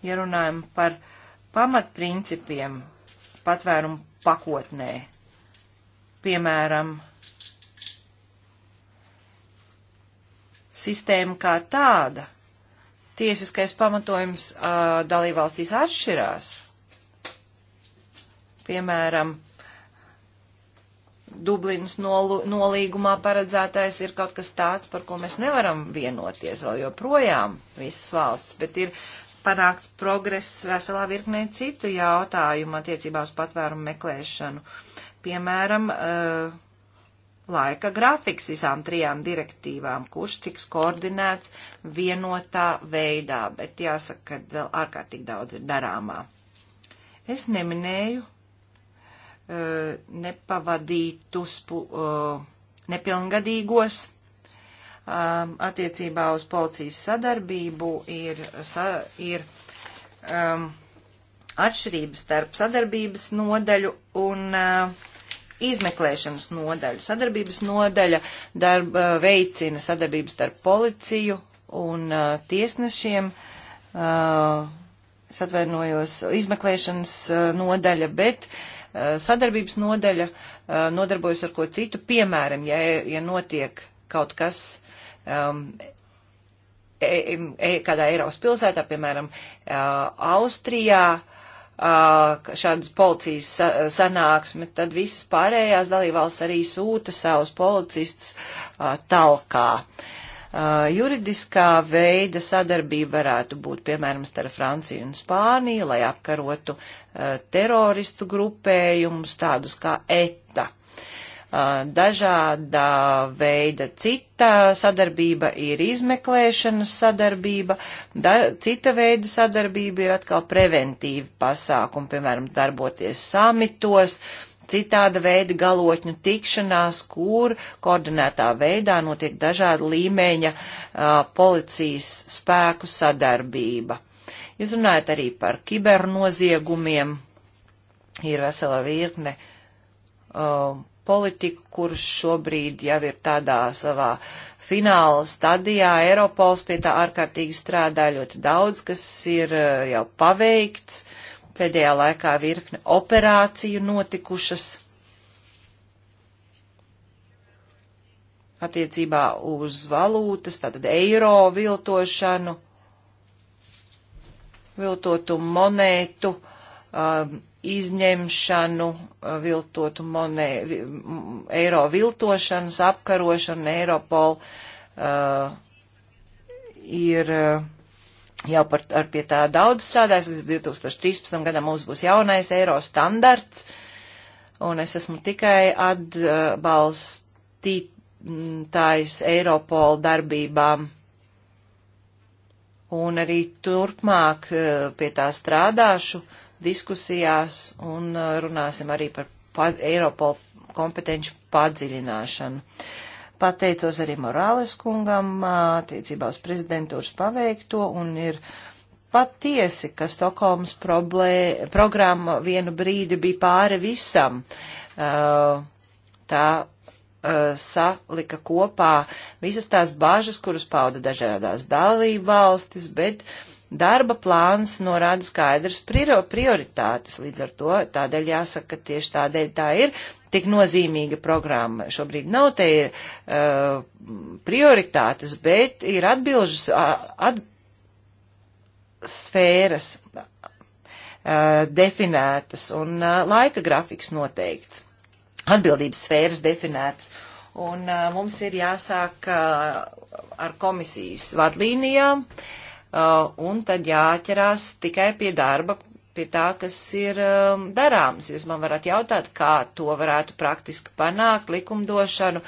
A: ja runājam par pamatprincipiem patvērumu pakotnē, piemēram, sistēma kā tāda, tiesiskais pamatojums uh, dalībvalstīs atšķirās. Piemēram, Dublinas nol nolīgumā paredzētais ir kaut kas tāds, par ko mēs nevaram vienoties vēl joprojām visas valsts, bet ir panākts progress veselā virknē citu jautājumu attiecībā uz patvērumu meklēšanu. Piemēram, eh, laika grafiks visām trijām direktīvām, kurš tiks koordinēts vienotā veidā, bet jāsaka, ka vēl ārkārtīgi daudz ir darāmā. Es neminēju eh, nepavadītus eh, nepilngadīgos um, attiecībā uz policijas sadarbību ir, sa, ir um, atšķirības starp sadarbības nodaļu un uh, izmeklēšanas nodaļu. Sadarbības nodaļa darba uh, veicina sadarbības starp policiju un uh, tiesnešiem. Uh, es atvainojos, izmeklēšanas uh, nodaļa, bet uh, sadarbības nodaļa uh, nodarbojas ar ko citu. Piemēram, ja, ja notiek kaut kas um, e, e, kādā Eiropas pilsētā, piemēram, uh, Austrijā, uh, šādas policijas sa sanāksme, tad visas pārējās dalībvalsts arī sūta savus policistus uh, talkā. Uh, juridiskā veida sadarbība varētu būt, piemēram, starp Franciju un Spāniju, lai apkarotu uh, teroristu grupējumus tādus kā ETA. Uh, Uh, dažāda veida cita sadarbība ir izmeklēšanas sadarbība, da, cita veida sadarbība ir atkal preventīva pasākuma, piemēram, darboties samitos, citāda veida galotņu tikšanās, kur koordinētā veidā notiek dažāda līmeņa uh, policijas spēku sadarbība. Jūs runājat arī par kibernoziegumiem, ir vesela virkne uh, politiku, kurš šobrīd jau ir tādā savā fināla stadijā. Eiropols pie tā ārkārtīgi strādā ļoti daudz, kas ir eh, jau paveikts. Pēdējā laikā virkne operāciju notikušas attiecībā uz valūtas, tātad eiro viltošanu, viltotu monētu. Um, izņemšanu, eh, viltotu monē, eiro viltošanas apkarošanu, Eiropol uh, ir eh, jau par, ar pie tā daudz strādājis, līdz 2013. gadam mums būs jaunais eiro standarts, un es esmu tikai atbalstītājs Eiropol darbībām un arī turpmāk pie tā strādāšu. Uh, diskusijās un uh, runāsim arī par pad, Eiropol kompetenci padziļināšanu. Pateicos arī Morāles kungam uh, attiecībā uz prezidentūras paveikto un ir patiesi, ka Stokholmas problē, programma vienu brīdi bija pāri visam. Uh, tā uh, salika kopā visas tās bāžas, kuras pauda dažādās dalība valstis, bet uh, Darba plāns norāda skaidrs prioritātes, līdz ar to tādēļ jāsaka, ka tieši tādēļ tā ir tik nozīmīga programma. Šobrīd nav te ir uh, prioritātes, bet ir atbilžas uh, at sfēras uh, definētas un uh, laika grafiks noteikts. Atbildības sfēras definētas. Un uh, mums ir jāsāk uh, ar komisijas vadlīnijām. Uh, Uh, un tad jāķerās tikai pie darba, pie tā, kas ir um, darāms. Jūs man varat jautāt, kā to varētu praktiski panākt, likumdošanu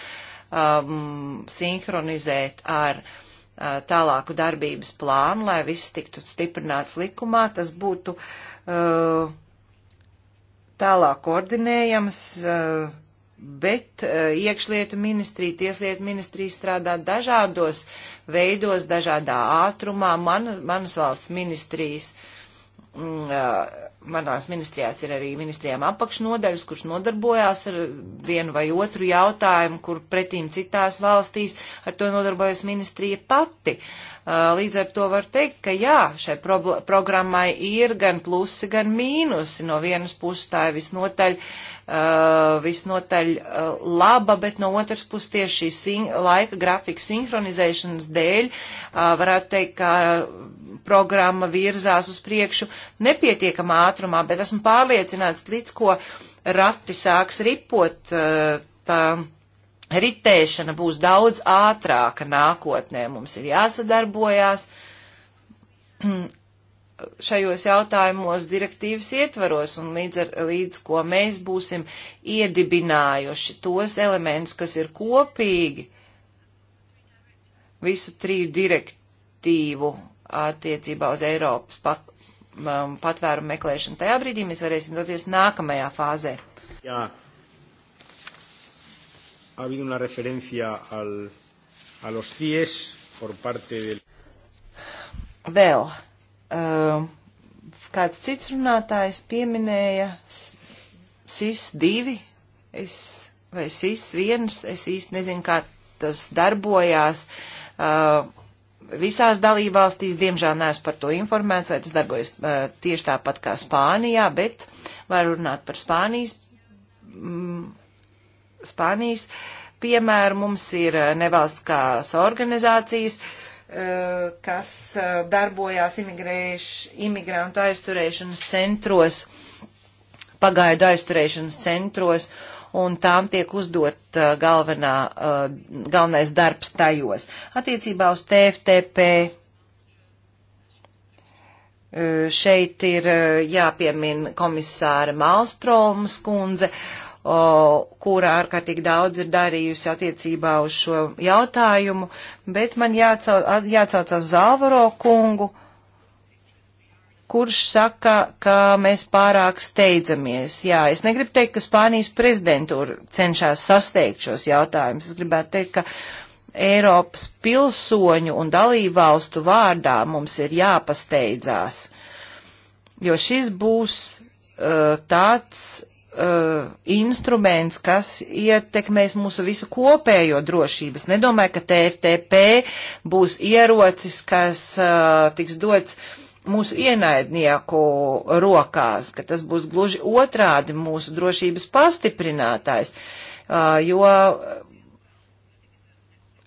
A: um, sinhronizēt ar uh, tālāku darbības plānu, lai viss tiktu stiprināts likumā. Tas būtu uh, tālāk koordinējams. Uh, bet e, iekšlietu ministrija, tieslietu ministrija strādā dažādos veidos, dažādā ātrumā. Man, manas valsts ministrijas, mm, e, manās ministrijās ir arī ministrijām apakšnodaļas, kurš nodarbojās ar vienu vai otru jautājumu, kur pretīm citās valstīs ar to nodarbojas ministrija pati. E, līdz ar to var teikt, ka jā, šai programmai ir gan plusi, gan mīnusi. No vienas puses tā ir visnotaļ uh, Uh, visnotaļ uh, laba, bet no otras puses tieši šī laika grafika sinhronizēšanas dēļ uh, varētu teikt, ka programma virzās uz priekšu nepietiekamā ātrumā, bet esmu pārliecināts, līdz ko rati sāks ripot, tā ritēšana būs daudz ātrāka nākotnē. Mums ir jāsadarbojās [clears throat] šajos jautājumos direktīvas ietvaros un līdz, ar, līdz ko mēs būsim iedibinājuši tos elementus, kas ir kopīgi visu triju direktīvu attiecībā uz Eiropas pat, um, patvērumu meklēšanu. Tajā brīdī mēs varēsim doties nākamajā fāzē.
B: Jā. Ha habido una referencia al, a los CIES por
A: parte del. Vēl Uh, kāds cits runātājs pieminēja SIS 2 es, vai SIS 1. Es īsti nezinu, kā tas darbojās. Uh, visās dalībvalstīs, diemžēl neesmu par to informēts, vai tas darbojas uh, tieši tāpat kā Spānijā, bet var runāt par Spānijas. Mm, Spānijas piemēru mums ir eh, nevalstiskās organizācijas, uh, Eh, kas eh, darbojās imigrantu aizturēšanas centros, pagaidu aizturēšanas centros, un tām tiek uzdot eh, galvenā, galvenais darbs tajos. Attiecībā uz TFTP šeit ir jāpiemin komisāra Malstromas kundze kura ārkārtīgi daudz ir darījusi attiecībā uz šo jautājumu, bet man jācaucās jācauc uz Alvaro kungu, kurš saka, ka mēs pārāk steidzamies. Jā, es negribu teikt, ka Spānijas prezidentūra cenšas sasteigt šos jautājumus. Es gribētu teikt, ka. Eiropas pilsoņu un dalībvalstu vārdā mums ir jāpasteidzās, jo šis būs uh, tāds uh, instruments, kas ietekmēs mūsu visu kopējo drošības. Nedomāju, ka TFTP būs ierocis, kas uh, tiks dots mūsu ienaidnieku rokās, ka tas būs gluži otrādi mūsu drošības pastiprinātājs, uh, jo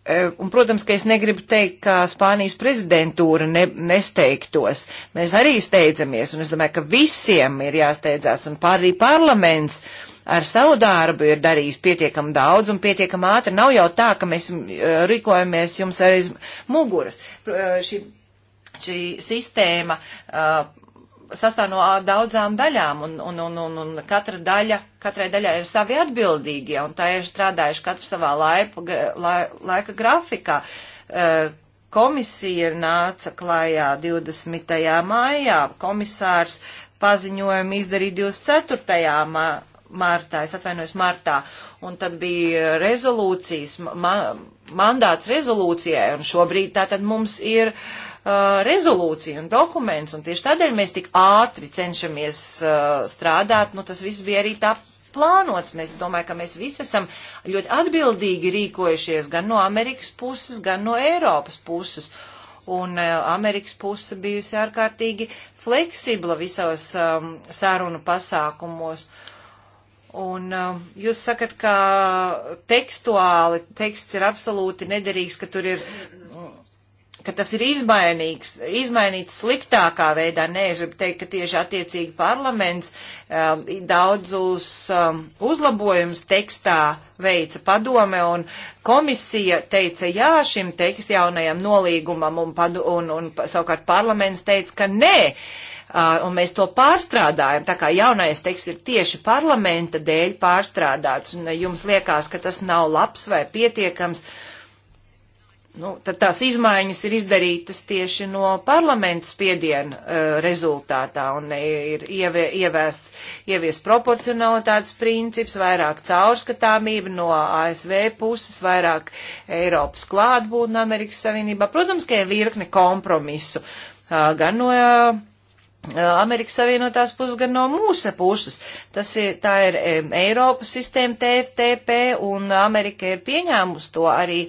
A: E, un, protams, ka es negribu teikt, ka Spānijas prezidentūra ne, nesteigtos. Mēs arī steidzamies, un es domāju, ka visiem ir jāsteidzās, un arī parlaments ar savu darbu ir darījis pietiekami daudz un pietiekami ātri. Nav jau tā, ka mēs e, rīkojamies jums arī aiz muguras. E, šī, šī sistēma. Uh, sastāv no daudzām daļām, un, un, un, un, un katra daļa, katrai daļai ir savi atbildīgie, un tā ir strādājuši katra savā laipa, la, laika grafikā. Komisija nāca klājā 20. maijā, komisārs paziņojumu izdarīja 24. Ma martā, es atvainojos martā, un tad bija rezolūcijas, ma mandāts rezolūcijai, un šobrīd tātad mums ir uh, Uh, rezolūcija un dokuments, un tieši tādēļ mēs tik ātri cenšamies uh, strādāt, nu tas viss bija arī tā plānots. Mēs domāju, ka mēs visi esam ļoti atbildīgi rīkojušies gan no Amerikas puses, gan no Eiropas puses. Un uh, Amerikas puse bijusi ārkārtīgi fleksibla visos um, sarunu pasākumos. Un uh, jūs sakat, ka tekstuāli teksts ir absolūti nederīgs, ka tur ir ka tas ir izmainīgs, izmainīts sliktākā veidā. Nē, es gribu teikt, ka tieši attiecīgi parlaments um, daudzus um, uzlabojumus tekstā veica padome un komisija teica jā šim tekst jaunajam nolīgumam un, padu, un, un savukārt parlaments teica, ka nē. Uh, un mēs to pārstrādājam, tā kā jaunais teksts ir tieši parlamenta dēļ pārstrādāts, un jums liekas, ka tas nav labs vai pietiekams, uh, nu, tad tās izmaiņas ir izdarītas tieši no parlamentu spiediena uh, rezultātā un ir ievie, ievēsts, ievies proporcionalitātes princips, vairāk caurskatāmība no ASV puses, vairāk Eiropas klātbūtne Amerikas Savienībā. Protams, ka ir virkne kompromisu uh, gan no. Uh, Amerikas Savienotās puses, gan no mūsu puses. Tas ir, tā ir Eiropas sistēma TFTP, un Amerika ir pieņēmusi to arī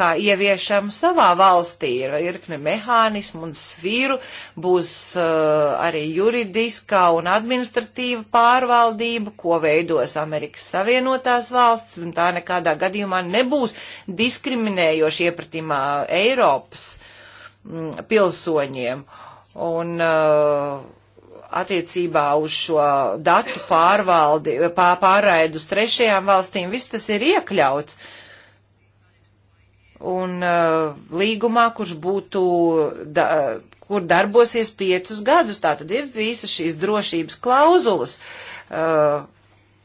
A: kā ieviešam savā valstī. Ir virkne mehānismu un svīru, būs arī juridiskā un administratīva pārvaldība, ko veidos Amerikas Savienotās valsts, un tā nekādā gadījumā nebūs diskriminējoši iepratimā Eiropas pilsoņiem. Uh, Un uh, attiecībā uz šo datu pārvaldi, pārraidu uz trešajām valstīm, viss tas ir iekļauts. Un uh, līgumā, kurš būtu, da, kur darbosies piecus gadus, tā tad ir visas šīs drošības klauzulas. Uh,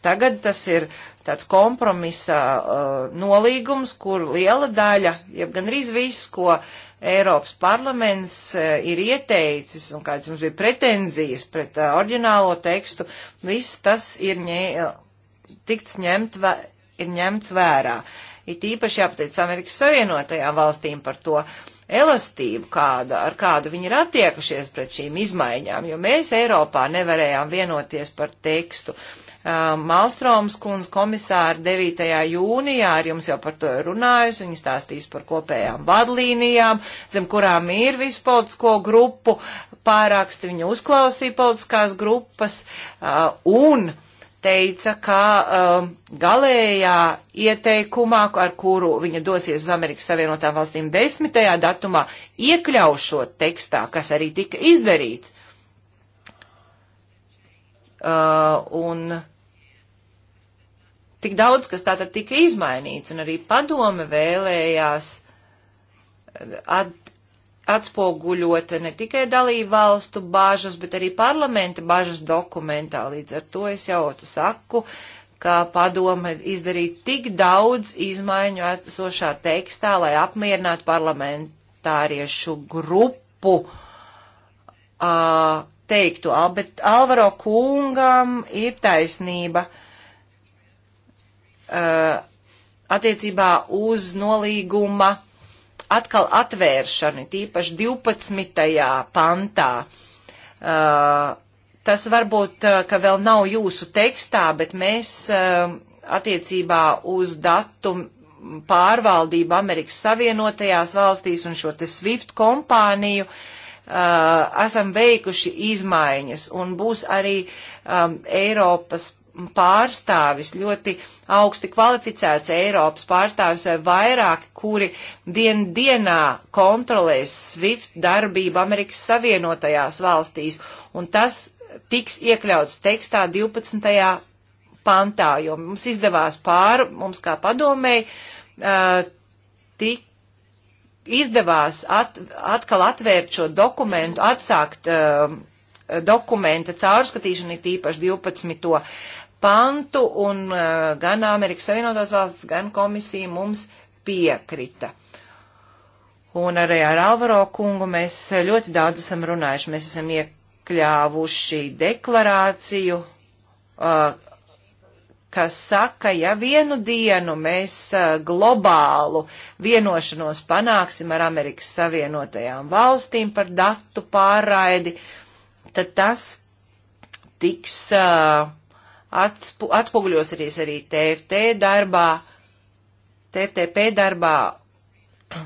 A: tagad tas ir tāds kompromisa uh, nolīgums, kur liela daļa, jeb gan arī viss, ko Eiropas parlaments eh, ir ieteicis un kādas mums bija pretenzijas pret uh, oriģinālo tekstu, viss tas ir ņē, eh, tikts ņemt, vē, ir ņemts vērā. It īpaši jāpateic Amerikas Savienotajām valstīm par to elastību, kāda, ar kādu viņi ir attiekušies pret šīm izmaiņām, jo mēs Eiropā nevarējām vienoties par tekstu. Um, Malstroms kundz komisāra 9. jūnijā ar jums jau par to ir runājusi, viņa stāstīs par kopējām vadlīnijām, zem kurām ir visu politisko grupu pārāksti, viņa uzklausīja politiskās grupas uh, un teica, ka um, galējā ieteikumā, ar kuru viņa dosies uz Amerikas Savienotām valstīm desmitajā datumā, iekļaušot tekstā, kas arī tika izdarīts. Uh, un tik daudz, kas tātad tika izmainīts, un arī padome vēlējās eh, at, atspoguļot ne tikai dalību valstu bāžas, bet arī parlamenta bāžas dokumentā. Līdz ar to es jau to saku, ka padome izdarīja tik daudz izmaiņu esošā tekstā, lai apmierinātu parlamentāriešu grupu. Uh, teiktu, bet Alvaro kungam ir taisnība. Uh, Uh, attiecībā uz nolīguma atkal atvēršanu, tīpaši 12. pantā. Uh, tas varbūt, uh, ka vēl nav jūsu tekstā, bet mēs attiecībā uz datu pārvaldību Amerikas Savienotajās valstīs un šo te SWIFT kompāniju esam veikuši izmaiņas un būs arī um, Eiropas pārstāvis, ļoti augsti kvalificēts Eiropas pārstāvis vai vairāki, kuri dien dienā kontrolēs SWIFT darbību Amerikas Savienotajās valstīs, un tas tiks iekļauts tekstā 12. pantā, jo mums izdevās pār, mums kā padomēji, uh, tik izdevās at, atkal atvērt šo dokumentu, atsākt uh, dokumenta caurskatīšanu, ir tīpaši 12 pantu, un eh, gan Amerikas Savienotās valsts, gan komisija mums piekrita. Un arī ar Alvaro kungu mēs ļoti daudz esam runājuši. Mēs esam iekļāvuši deklarāciju, eh, kas saka, ja vienu dienu mēs eh, globālu vienošanos panāksim ar Amerikas Savienotajām valstīm par datu pārraidi, tad tas tiks uh, atsp atspoguļosies arī TFT darbā, TFTP darbā. [clears throat]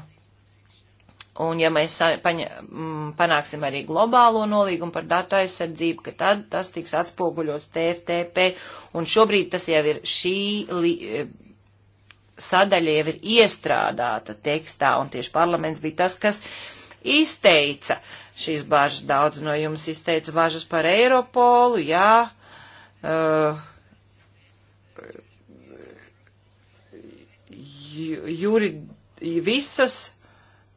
A: Un ja mēs paņa, m, mm, panāksim arī globālo nolīgumu par datu aizsardzību, ka tad tas tiks atspoguļos TFTP. Un šobrīd tas jau ir šī li, e, sadaļa jau ir iestrādāta tekstā, un tieši parlaments bija tas, kas izteica šīs bažas. Daudz no jums izteica bažas par Eiropolu, jā, uh, juri, visas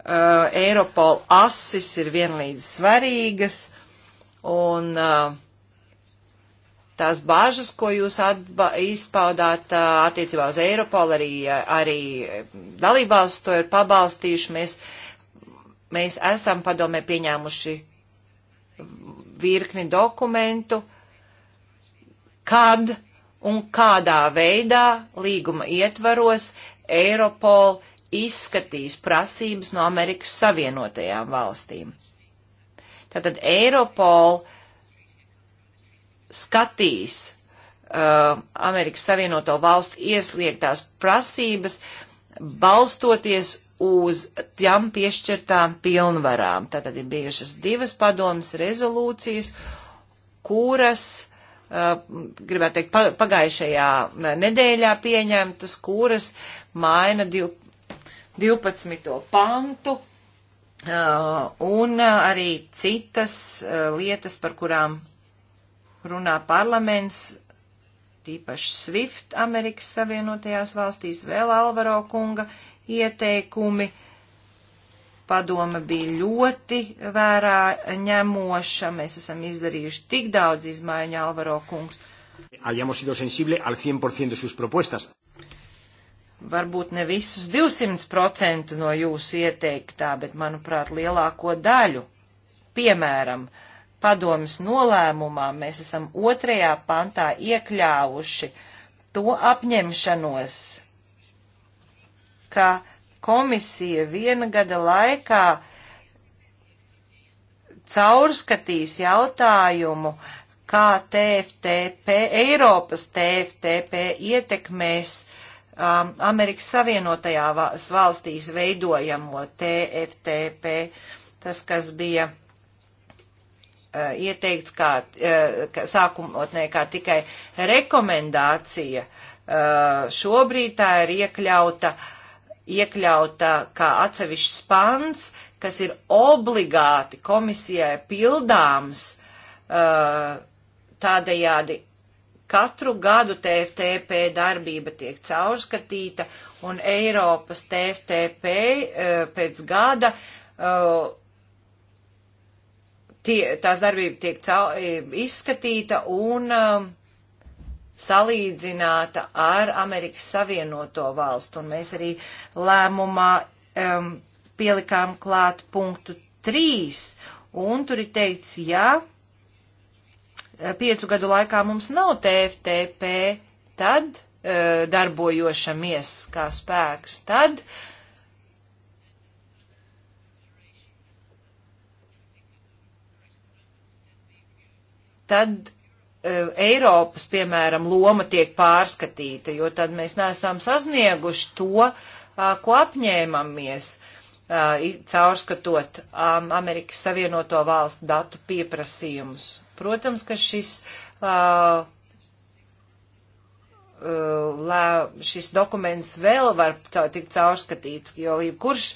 A: uh, Eiropola asis ir vienlīdz svarīgas, un uh, tās bāžas, ko jūs atba, izpaudāt uh, attiecībā uz Eiropolu, arī, arī dalībās to ir pabalstījuši. Mēs, mēs esam padomē pieņēmuši virkni dokumentu, uh, kad un kādā veidā līguma ietvaros Eiropol izskatīs prasības no Amerikas Savienotajām valstīm. Tātad Eiropol skatīs uh, Amerikas Savienoto valstu iesliegtās prasības, balstoties uz tām piešķirtām pilnvarām. Tātad ir bijušas divas padomas rezolūcijas, kuras Eh, gribētu teikt, pagājušajā nedēļā pieņemtas, kuras maina 12. pantu eh, un arī citas eh, lietas, par kurām runā parlaments, tīpaši SWIFT Amerikas Savienotajās valstīs, vēl Alvaro kunga ieteikumi. Uh, Padoma bija ļoti vērā ņemoša, mēs esam izdarījuši tik daudz izmaiņu, Alvaro kungs.
B: Habíamos sido sensible al 100% de sus propuestas.
A: Varbūt ne visus 200% no jūsu ieteiktā, bet, manuprāt, lielāko daļu. Piemēram, padomas nolēmumā mēs esam otrajā pantā iekļāvuši to apņemšanos, ka komisija viena gada laikā caurskatīs jautājumu, kā TFTP, Eiropas TFTP ietekmēs um, Amerikas Savienotajās valstīs veidojamo TFTP. Tas, kas bija uh, ieteikts kā, uh, kā sākumotnē kā tikai rekomendācija, uh, šobrīd tā ir iekļauta uh, iekļauta kā atsevišķs pants, kas ir obligāti komisijai pildāms uh, tādējādi katru gadu TFTP darbība tiek caurskatīta un Eiropas TFTP uh, pēc gada uh, tie, tās darbība tiek cau, izskatīta un um, salīdzināta ar Amerikas Savienoto valstu. Un mēs arī lēmumā um, pielikām klāt punktu 3, un tur ir teikts, ja eh, piecu gadu laikā mums nav TFTP, tad uh, darbojošamies kā spēks, tad uh, tad E, Eiropas, piemēram, loma tiek pārskatīta, jo tad mēs neesam sasnieguši to, ko apņēmamies, caurskatot Amerikas Savienoto valstu datu pieprasījumus. Protams, ka šis, e, šis dokuments vēl var tikt caurskatīts, jo jebkurš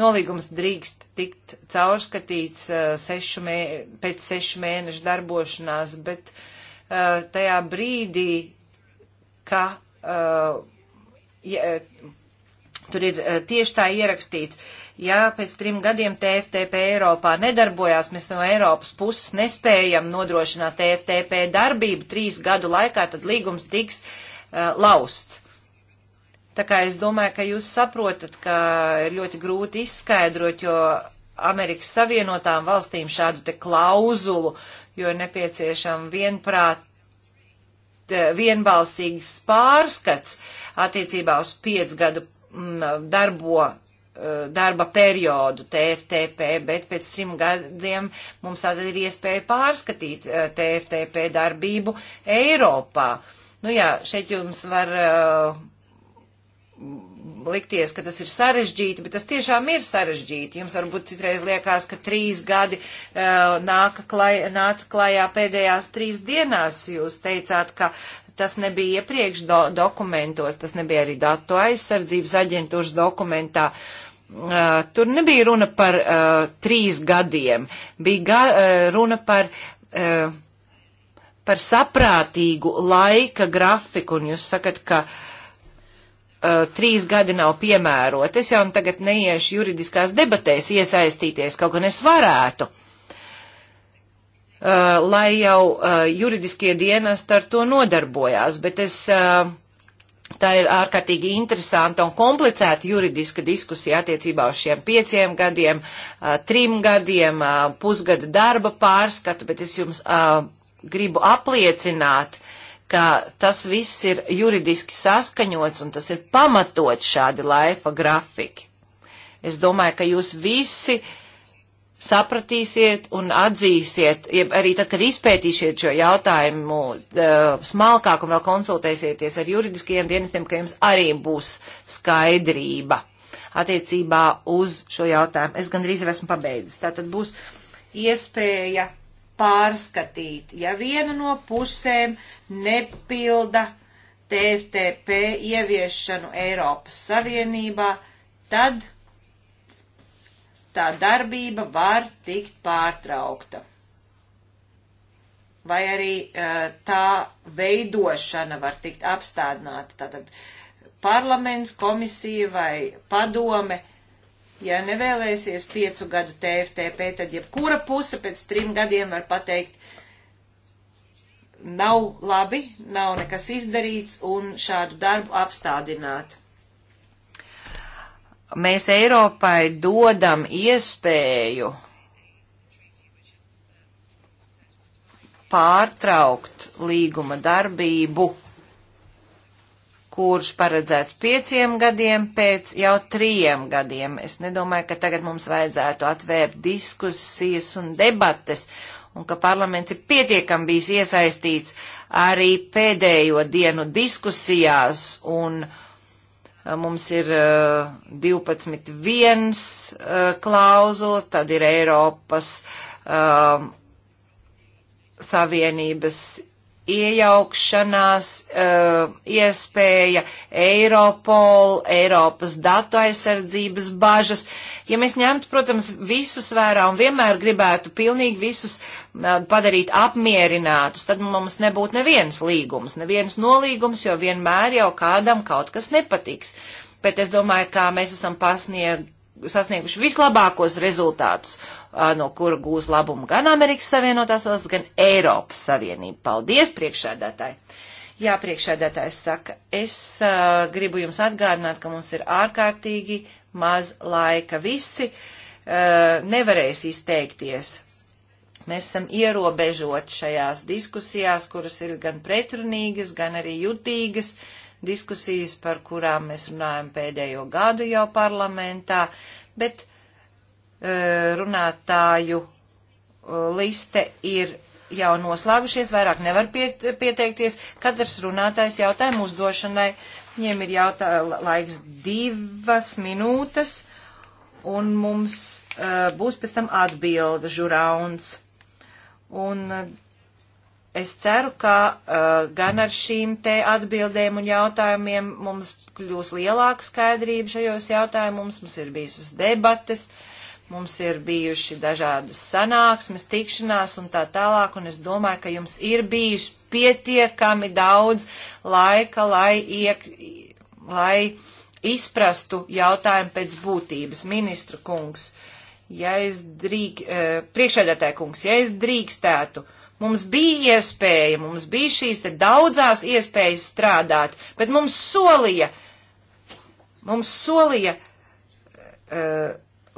A: nolīgums drīkst tikt caurskatīts sešu mē, pēc sešu mēnešu darbošanās, bet uh, Eh, tajā brīdī, ka eh, ja, tur ir eh, tieši tā ierakstīts. Ja pēc trim gadiem TFTP Eiropā nedarbojās, mēs no Eiropas puses nespējam nodrošināt TFTP darbību trīs gadu laikā, tad līgums tiks uh, lausts. Tā kā es domāju, ka jūs saprotat, ka ir ļoti grūti izskaidrot, jo Amerikas Savienotām valstīm šādu te klauzulu uh, jo ir nepieciešama vienprāt, eh, vienbalsīgs pārskats attiecībā uz piecgadu mm, darbo eh, darba periodu TFTP, bet pēc trim gadiem mums tātad ir iespēja pārskatīt eh, TFTP darbību Eiropā. Nu jā, šeit jums var uh, likties, ka tas ir sarežģīti, bet tas tiešām ir sarežģīti. Jums varbūt citreiz liekas, ka trīs gadi uh, eh, nāca klaj, nāca klajā pēdējās trīs dienās. Jūs teicāt, ka tas nebija iepriekš do, dokumentos, tas nebija arī datu aizsardzības aģentūras dokumentā. Uh, tur nebija runa par uh, trīs gadiem, bija ga, uh, runa par, uh, par saprātīgu laika grafiku, un jūs sakat, ka uh, uh, trīs gadi nav piemēroti. Es jau tagad neiešu juridiskās debatēs iesaistīties, kaut gan es varētu. Uh, lai jau uh, juridiskie dienesti ar to nodarbojās, bet es uh, Tā ir ārkārtīgi interesanta un komplicēta juridiska diskusija attiecībā uz šiem pieciem gadiem, trim gadiem, pusgada darba pārskatu, bet es jums gribu apliecināt, ka tas viss ir juridiski saskaņots un tas ir pamatot šādi laifa grafiki. Es domāju, ka jūs visi sapratīsiet un atzīsiet, ja arī tad, kad izpētīsiet šo jautājumu smalkāk un vēl konsultēsieties ar juridiskajiem dienestiem, ka jums arī būs skaidrība attiecībā uz šo jautājumu. Es gandrīz jau esmu pabeidzis. Tā tad būs iespēja pārskatīt, ja viena no pusēm nepilda TFTP ieviešanu Eiropas Savienībā, tad tā darbība var tikt pārtraukta. Vai arī eh, tā veidošana var tikt apstādināta. Tātad parlaments, komisija vai padome ja nevēlēsies piecu gadu TFTP, tad jebkura puse pēc trim gadiem var pateikt, nav labi, nav nekas izdarīts un šādu darbu apstādināt. Mēs Eiropai dodam iespēju pārtraukt līguma darbību kurš paredzēts pieciem gadiem, pēc jau trījiem gadiem. Es nedomāju, ka tagad mums vajadzētu atvērt diskusijas un debates, un ka parlaments ir pietiekami bijis iesaistīts arī pēdējo dienu diskusijās, un eh, mums ir uh, 12.1 uh, klauzula, tad ir Eiropas uh, Savienības iejaukšanās uh, iespēja, Eiropol, Eiropas datu aizsardzības bažas. Ja mēs ņemtu, protams, visus vērā un vienmēr gribētu pilnīgi visus uh, padarīt apmierinātus, tad mums nebūtu neviens līgums, neviens nolīgums, jo vienmēr jau kādam kaut kas nepatiks. Bet es domāju, kā mēs esam pasniegt sasnieguši vislabākos rezultātus, no kura gūs labumu gan Amerikas Savienotās valsts, gan Eiropas Savienība. Paldies, priekšēdētāji! Jā, priekšēdētājs saka, es uh, gribu jums atgādināt, ka mums ir ārkārtīgi maz laika. Visi uh, nevarēs izteikties. Mēs esam ierobežot šajās diskusijās, kuras ir gan pretrunīgas, gan arī jutīgas. Uh, diskusijas, par kurām mēs runājam pēdējo gadu jau parlamentā, bet e, runātāju e, liste ir jau noslēgušies, vairāk nevar piet, pieteikties. Katrs runātājs jautājumu uzdošanai, viņiem ir jautā, laiks divas minūtes, un mums uh, būs pēc tam atbilda žurauns. Un uh, es ceru, ka uh, gan ar šīm te atbildēm un jautājumiem mums kļūs lielāka skaidrība šajos jautājumos. Mums ir bijušas debates, mums ir bijuši dažādas sanāksmes, tikšanās un tā tālāk, un es domāju, ka jums ir bijuši pietiekami daudz laika, lai, iek, lai izprastu jautājumu pēc būtības, ministra kungs. Ja es drīk, uh, priekšēdētāja kungs, ja es drīkstētu uh, Mums bija iespēja, mums bija šīs te daudzās iespējas strādāt, bet mums solīja, mums solīja uh,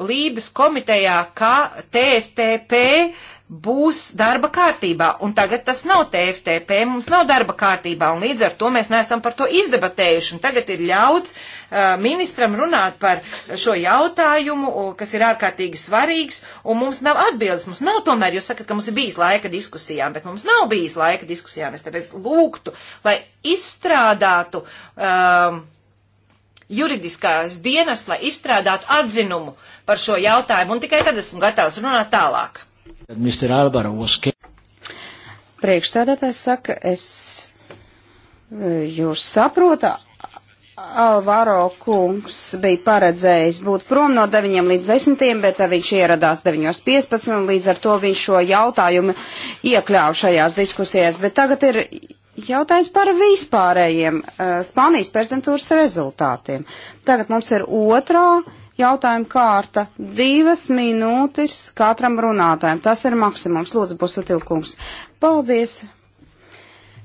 A: Lības komitejā, ka TFTP uh, būs darba kārtībā, un tagad tas nav TFTP, mums nav darba kārtībā, un līdz ar to mēs neesam par to izdebatējuši, un tagad ir ļauts uh, ministram runāt par šo jautājumu, kas ir ārkārtīgi svarīgs, un mums nav atbildes, mums nav tomēr, jūs sakat, ka mums ir bijis laika diskusijām, bet mums nav bijis laika diskusijām, es tāpēc lūgtu, lai izstrādātu um, juridiskās dienas, lai izstrādātu atzinumu par šo jautājumu, un tikai tad esmu gatavs runāt tālāk.
C: Priekšstādātājs saka, es e, jūs saprotu, Alvaro kungs bija paredzējis būt prom no 9 līdz 10, bet viņš ieradās 9.15 un līdz ar to viņš šo jautājumu iekļāva šajās diskusijās. Bet tagad ir jautājums par vispārējiem uh, Spānijas prezidentūras rezultātiem. Tagad mums ir otrā jautājumu kārta. Divas minūtes katram runātājam. Tas ir maksimums. Lūdzu, būs utilkums. Paldies.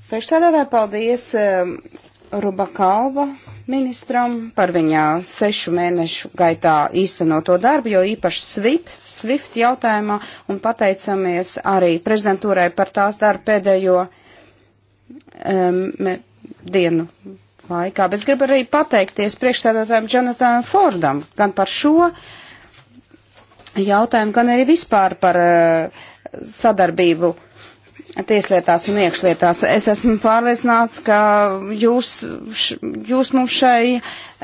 C: Priekšsēdētāji, paldies um, Ruba Kalva ministram par viņa sešu mēnešu gaitā īstenoto darbu, jo īpaši SWIP, SWIFT jautājumā, un pateicamies arī prezidentūrai par tās darbu pēdējo um, dienu laikā. Bet es gribu arī pateikties priekšstādātājiem Jonatanam Fordam gan par šo jautājumu, gan arī vispār par uh, sadarbību tieslietās un iekšlietās. Es esmu pārliecināts, ka jūs, š, jūs mums šai uh,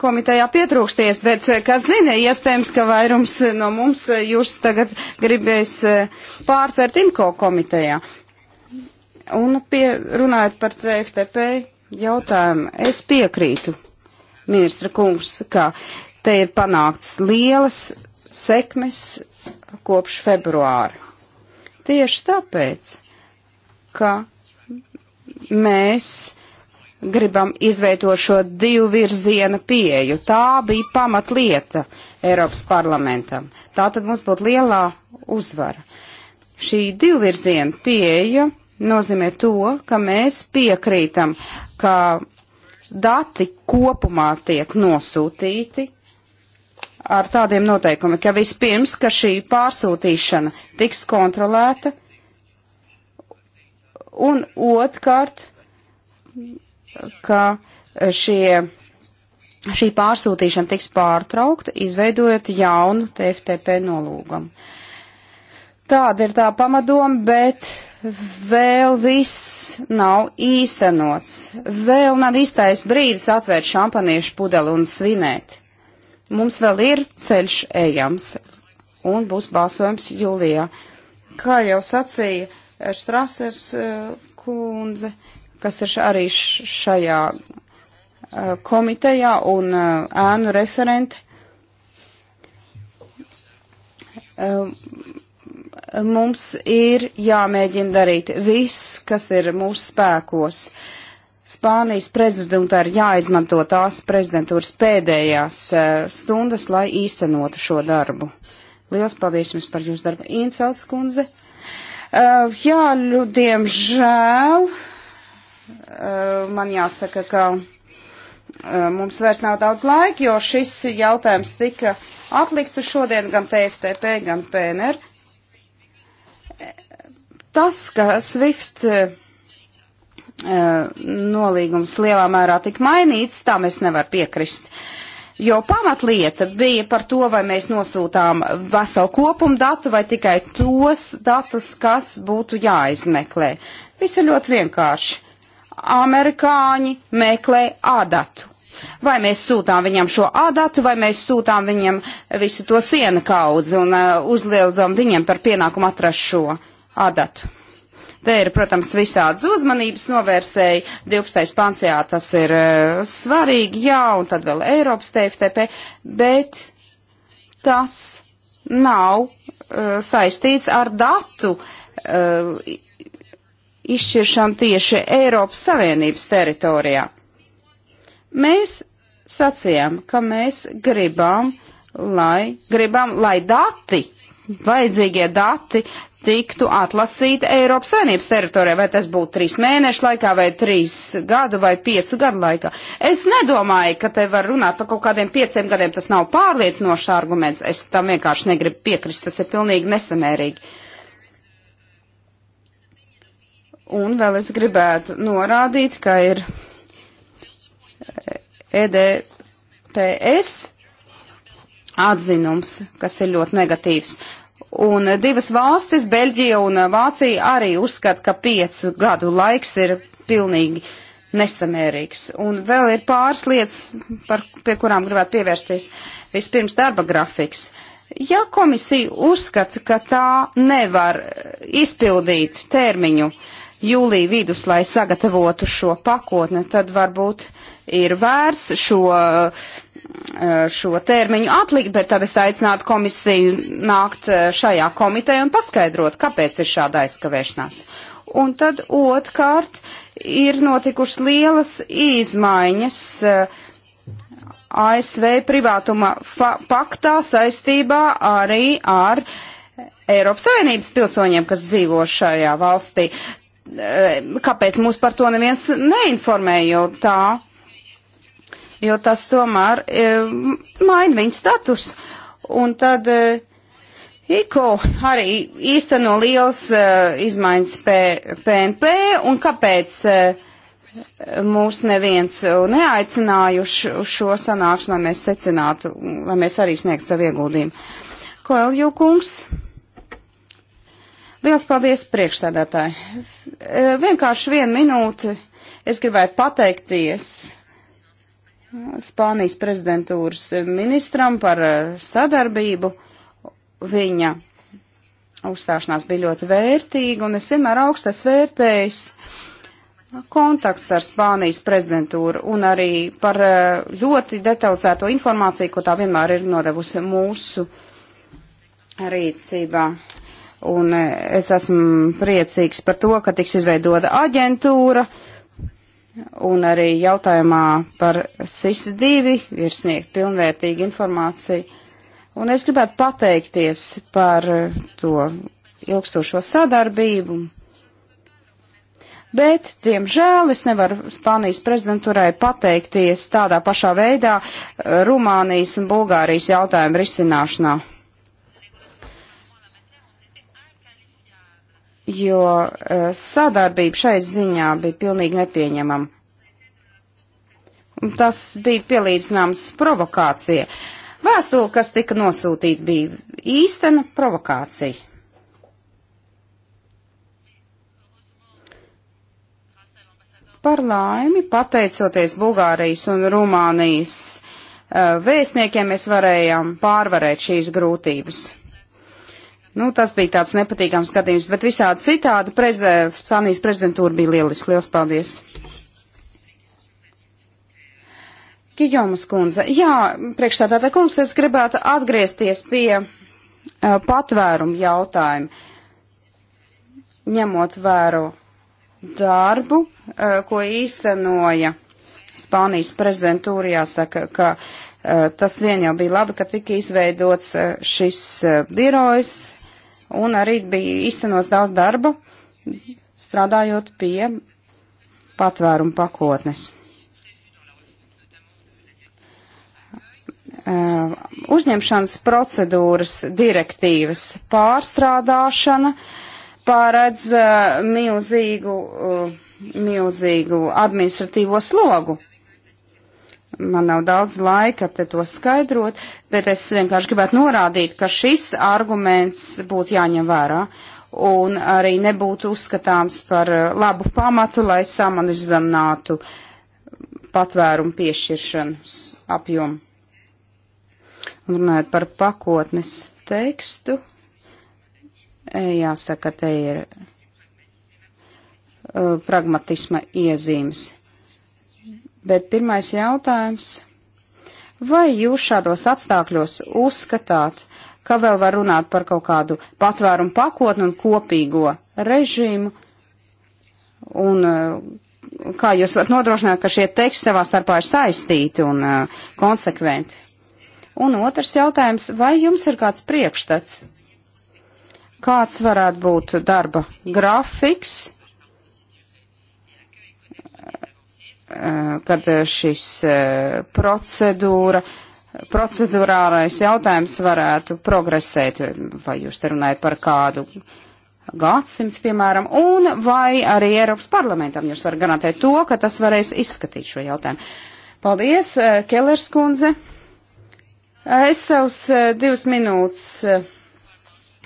C: komitejā pietrūksties, bet, eh, kas zina, iespējams, ka vairums no mums jūs tagad gribēs uh, pārtvert IMCO komitejā. Un pie, runājot par TFTP, jautājumu. Es piekrītu, ministra kungs, ka te ir panākts lielas sekmes kopš februāra. Tieši tāpēc, ka mēs gribam izveidot šo divu virziena pieju. Tā bija pamatlieta Eiropas parlamentam. Tā tad mums būtu lielā uzvara. Šī divu virziena pieeja nozīmē to, ka mēs piekrītam, ka dati kopumā tiek nosūtīti ar tādiem noteikumiem, ka vispirms, ka šī pārsūtīšana tiks kontrolēta, un otrkārt, ka šie, šī pārsūtīšana tiks pārtraukta, izveidojot jaunu TFTP nolūgumu. Tāda ir tā pamadoma, bet vēl viss nav īstenots. Vēl nav īstais brīdis atvērt šampaniešu pudeli un svinēt. Mums vēl ir ceļš ejams un būs balsojums jūlijā. Kā jau sacīja Štrasers eh, kundze, kas ir arī šajā eh, komitejā un eh, ēnu referente, mums ir jāmēģina darīt viss, kas ir mūsu spēkos. Spānijas prezidentā ir jāizmanto tās prezidentūras pēdējās eh, stundas, lai īstenotu šo darbu. Lielas paldies jums par jūsu darbu, Infelds kundze. Uh, jā, ļudiem žēl. Uh, eh, man jāsaka, ka uh, mums vairs nav daudz laika, jo šis jautājums tika atlikts uz šodien gan TFTP, gan PNR. Tas, ka SWIFT eh, eh, nolīgums lielā mērā tik mainīts, tā mēs nevar piekrist. Jo pamatlieta bija par to, vai mēs nosūtām veselu kopumu datu vai tikai tos datus, kas būtu jāizmeklē. Viss ir ļoti vienkārši. Amerikāņi meklē ādatu. Vai mēs sūtām viņam šo ādatu, vai mēs sūtām viņam visu to sienu kaudzi un uh, eh, uzliekam viņam par pienākumu atrast šo adatu. Te ir, protams, visādas uzmanības novērsēji, 12. pansijā tas ir uh, svarīgi, jā, un tad vēl Eiropas TFTP, bet tas nav uh, saistīts ar datu uh, izšķiršanu tieši Eiropas Savienības teritorijā. Mēs sacījām, ka mēs gribam, lai, gribam, lai dati, vajadzīgie dati tiktu atlasīta Eiropas Savienības teritorijā, vai tas būtu trīs mēnešu laikā, vai trīs gadu, vai piecu gadu laikā. Es nedomāju, ka te var runāt par kaut kādiem pieciem gadiem, tas nav pārliecinošs arguments, es tam vienkārši negribu piekrist, tas ir pilnīgi nesamērīgi. Un vēl es gribētu norādīt, ka ir EDPS atzinums, kas ir ļoti negatīvs. Un divas valstis, Beļģija un Vācija, arī uzskata, ka piecu gadu laiks ir pilnīgi nesamērīgs. Un vēl ir pāris lietas, par, pie kurām gribētu pievērsties. Vispirms darba grafiks. Ja komisija uzskata, ka tā nevar izpildīt termiņu jūlija vidus, lai sagatavotu šo pakotni, tad varbūt ir vērts šo uh, Eh, šo termiņu atlikt, bet tad es aicinātu komisiju nākt eh, šajā komiteja un paskaidrot, kāpēc ir šāda aizkavēšanās. Un tad otrkārt ir notikušas lielas izmaiņas eh, ASV privātuma paktā saistībā arī ar Eiropas Savienības pilsoņiem, kas dzīvo šajā valstī. Kāpēc mūs par to neviens neinformē, jo tā jo tas tomēr e, maina viņu status. Un tad e, IKO arī īsteno liels e, izmaiņas P, PNP, un kāpēc e, mūs neviens neaicinājuši uz šo sanāksmu, lai mēs secinātu, lai mēs arī sniegtu savu ieguldījumu. Koelju kungs. Liels paldies priekšstādātāji. E, vienkārši vienu minūti es gribētu pateikties Spānijas prezidentūras ministram par eh, sadarbību. Viņa uzstāšanās bija ļoti vērtīga, un es vienmēr augstas vērtējis kontakts ar Spānijas prezidentūru un arī par eh, ļoti detalizēto informāciju, ko tā vienmēr ir nodevusi mūsu rīcībā. Un eh, es esmu priecīgs par to, ka tiks izveidota aģentūra, uh, un arī jautājumā par SIS-2 ir sniegt pilnvērtīgu informāciju. Un es gribētu pateikties par to ilgstošo sadarbību. Bet, diemžēl, es nevaru Spānijas prezidentūrai pateikties tādā pašā veidā Rumānijas un Bulgārijas jautājumu risināšanā. jo eh, sadarbība šai ziņā bija pilnīgi nepieņemama. Tas bija pielīdzināms provokācija. Vēstule, kas tika nosūtīta, bija īstena provokācija. Par laimi, pateicoties Bulgārijas un Rumānijas eh, vēstniekiem, mēs varējām pārvarēt šīs grūtības. Nu, tas bija tāds nepatīkams skatījums, bet visādi citādi preze, Spānijas prezidentūra bija lieliski. Liels paldies! Kijomas kundze, jā, priekšstādātā kungs, es gribētu atgriezties pie uh, patvērumu jautājumu, ņemot vēru darbu, uh, ko īstenoja Spānijas prezidentūra, jāsaka, ka uh, tas vien jau bija labi, ka tika izveidots uh, šis uh, birojs, un arī bija iztenos daudz darbu, strādājot pie patvērumu pakotnes. Uh, uzņemšanas procedūras direktīvas pārstrādāšana pārēdz uh, milzīgu, uh, milzīgu administratīvo slogu man nav daudz laika te to skaidrot, bet es vienkārši gribētu norādīt, ka šis arguments būtu jāņem vērā un arī nebūtu uzskatāms par labu pamatu, lai samanizdanātu patvērumu piešķiršanas apjomu. Runājot par pakotnes tekstu, jāsaka, te ir uh, pragmatisma iezīmes Bet pirmais jautājums. Vai jūs šādos apstākļos uzskatāt, ka vēl var runāt par kaut kādu patvērumu pakotni un kopīgo režīmu? Un eh, kā jūs varat nodrošināt, ka šie teksti savā starpā ir saistīti un uh, konsekventi? Un otrs jautājums, vai jums ir kāds priekšstats? Kāds varētu būt darba grafiks? Eh, kad eh, šis eh, procedūra, procedurārais jautājums varētu progresēt, vai jūs te runājat par kādu gadsimtu, piemēram, un vai arī Eiropas parlamentam jūs varat garantēt to, ka tas varēs izskatīt šo jautājumu. Paldies, Kellers kundze. Es savus divas minūtes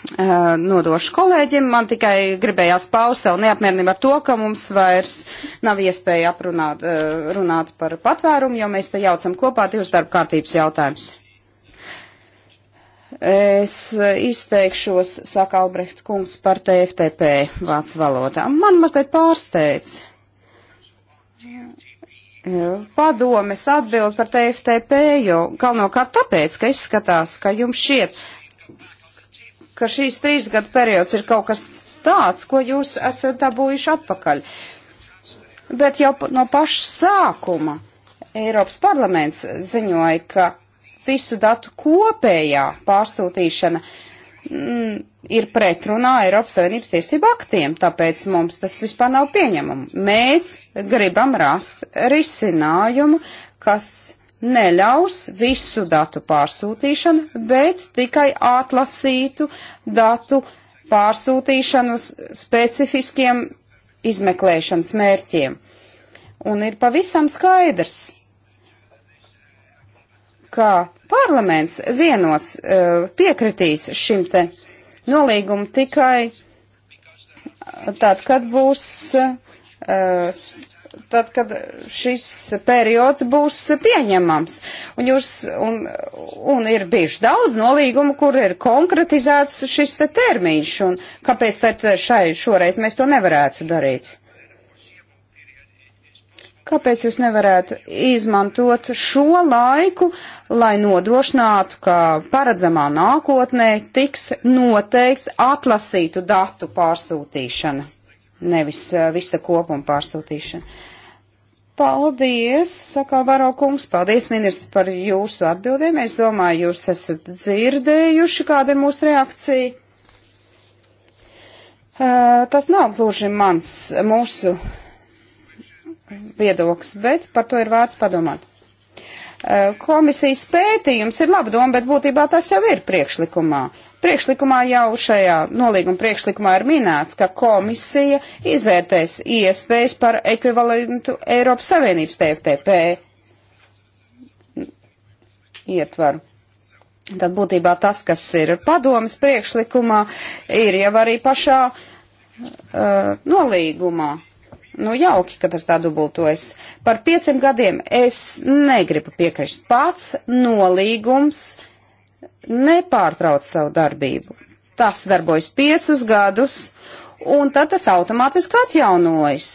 C: Eh, nodošu kolēģim. Man tikai gribējās paust savu neapmierinātību ar to, ka mums vairs nav iespēja aprunāt eh, runāt par patvērumu, jo mēs te jaucam kopā divus darba kārtības jautājumus. Es izteikšos, saka Albrecht kungs, par TFTP vācu valodā. Man mazliet pārsteidz. Eh, padomes atbild par TFTP, jo galvenokārt tāpēc, ka izskatās, ka jums šiet ka šīs trīs gadu periods ir kaut kas tāds, ko jūs esat dabūjuši atpakaļ. Bet jau no paša sākuma Eiropas parlaments ziņoja, ka visu datu kopējā pārsūtīšana mm, ir pretrunā Eiropas Savienības tiesību aktiem, tāpēc mums tas vispār nav pieņemama. Mēs gribam rast risinājumu, kas neļaus visu datu pārsūtīšanu, bet tikai atlasītu datu pārsūtīšanu specifiskiem izmeklēšanas mērķiem. Un ir pavisam skaidrs, ka parlaments vienos uh, piekritīs šim te nolīgumu tikai tad, kad būs uh, tad, kad šis periods būs pieņemams. Un, jūs, un, un ir bijuši daudz nolīgumu, kur ir konkretizēts šis te termiņš, un kāpēc tad šai šoreiz mēs to nevarētu darīt? Kāpēc jūs nevarētu izmantot šo laiku, lai nodrošinātu, ka paredzamā nākotnē tiks noteikts atlasītu datu pārsūtīšana? nevis visa kopuma pārsūtīšana. Paldies, saka Baro kungs, paldies ministrs par jūsu atbildēm. Es domāju, jūs esat dzirdējuši, kāda ir mūsu reakcija. Uh, tas nav gluži mans, mūsu viedoklis, bet par to ir vērts padomāt. Eh, komisijas pētījums ir laba doma, bet būtībā tas jau ir priekšlikumā. Priekšlikumā jau šajā nolīguma priekšlikumā ir minēts, ka komisija izvērtēs iespējas par ekvivalentu Eiropas Savienības TFTP ietvaru. Tad būtībā tas, kas ir padomas priekšlikumā, ir jau arī pašā uh, nolīgumā. Nu, jauki, ka tas tā dubultojas. Par pieciem gadiem es negribu piekrist. Pats nolīgums nepārtrauc savu darbību. Tas darbojas piecus gadus, un tad tas automātiski atjaunojas.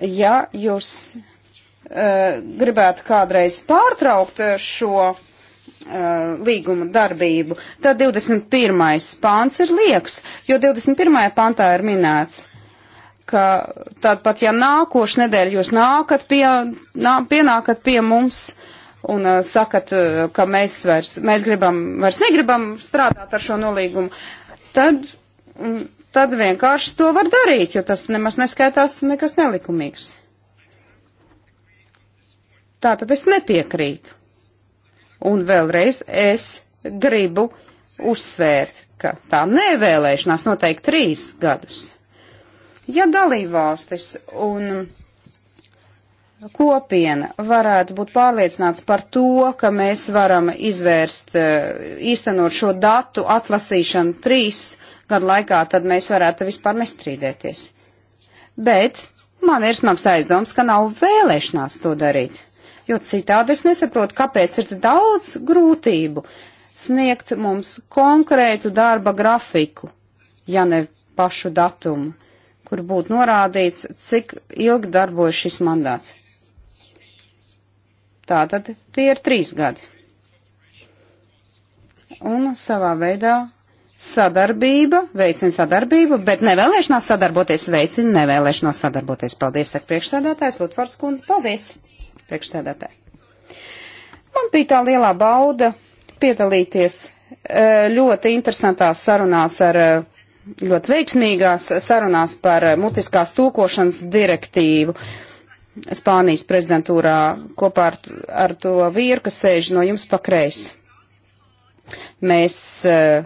C: Ja jūs uh, gribētu kādreiz pārtraukt eh, šo Uh, līguma darbību, tad 21. pāns ir liekas, jo 21. pāntā ir minēts, ka tad pat ja nākošu nedēļu jūs nākat pie, nā, pienākat pie mums un uh, sakat, uh, ka mēs vairs, mēs gribam, vairs negribam strādāt ar šo nolīgumu, tad, mm, tad vienkārši to var darīt, jo tas nemaz neskaitās nekas nelikumīgs. Tā tad es nepiekrītu Un vēlreiz es gribu uzsvērt, ka tā nevēlēšanās noteikti trīs gadus. Ja dalībvalstis un kopiena varētu būt pārliecināts par to, ka mēs varam izvērst, eh, īstenot šo datu atlasīšanu trīs gadu laikā, tad mēs varētu vispār nestrīdēties. Bet man ir smags aizdoms, ka nav vēlēšanās to darīt jo citādi es nesaprotu, kāpēc ir daudz grūtību sniegt mums konkrētu darba grafiku, ja ne pašu datumu, kur būtu norādīts, cik ilgi darbojas šis mandāts. Tātad tie ir trīs gadi. Un savā veidā sadarbība, veicina sadarbību, bet nevēlēšanās sadarboties veicina nevēlēšanos sadarboties. Paldies, ar priekšstādātājs Lutvars Kundze, paldies! priekšsēdētāji. Man bija tā lielā bauda piedalīties e, ļoti interesantās sarunās ar e, ļoti veiksmīgās sarunās par e, mutiskās tūkošanas direktīvu Spānijas prezidentūrā kopā ar, ar to vīru, kas sēž no jums pakreis. Mēs uh,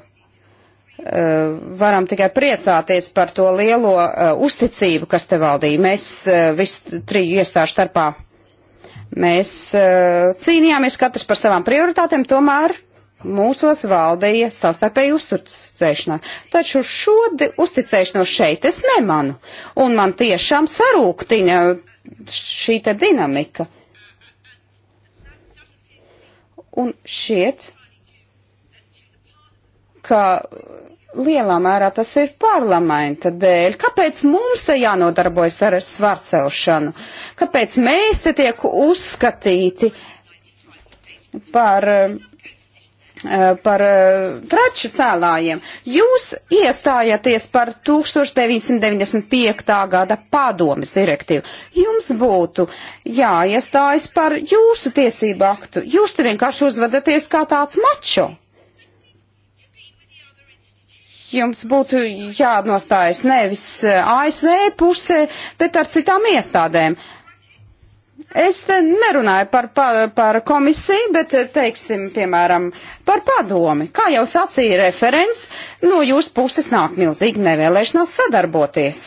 C: varam tikai priecāties par to lielo uh, uzticību, kas te valdīja. Mēs uh, visi triju iestāžu starpā Mēs uh, cīnījāmies katrs par savām prioritātēm, tomēr mūsos valdīja savstarpēji uzticēšanās. Taču šo uzticēšanos šeit es nemanu, un man tiešām sarūktina šī te dinamika. Un šiet, ka lielā mērā tas ir parlamenta dēļ. Kāpēc mums te jānodarbojas ar svarcelšanu? Kāpēc mēs te tiek uzskatīti par, eh, par eh, traču cēlājiem? Jūs iestājaties par 1995. gada padomas direktīvu. Jums būtu jāiestājas par jūsu tiesību aktu. Jūs te vienkārši uzvedaties kā tāds mačo jums būtu jānostājas nevis eh, ASV pusē, bet ar citām iestādēm. Es te nerunāju par, par, par komisiju, bet, eh, teiksim, piemēram, par padomi. Kā jau sacīja referents, no jūsu puses nāk milzīgi nevēlēšanās sadarboties.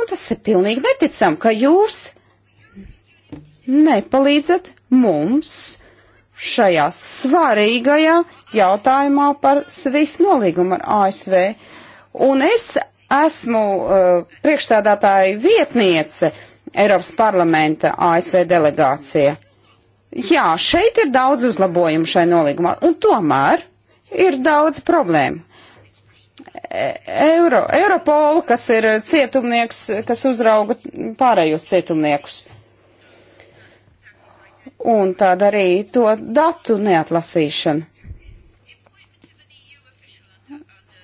C: Un tas ir pilnīgi neticam, ka jūs nepalīdzat mums šajā svarīgajā jautājumā par SWIFT nolīgumu ar ASV. Un es esmu uh, eh, priekšsēdātāja vietniece Eiropas parlamenta ASV delegācija. Jā, šeit ir daudz uzlabojumu šai nolīgumā, un tomēr ir daudz problēmu. E, Euro, Europola, kas ir cietumnieks, kas uzrauga pārējos cietumniekus. Un tāda arī to datu neatlasīšana.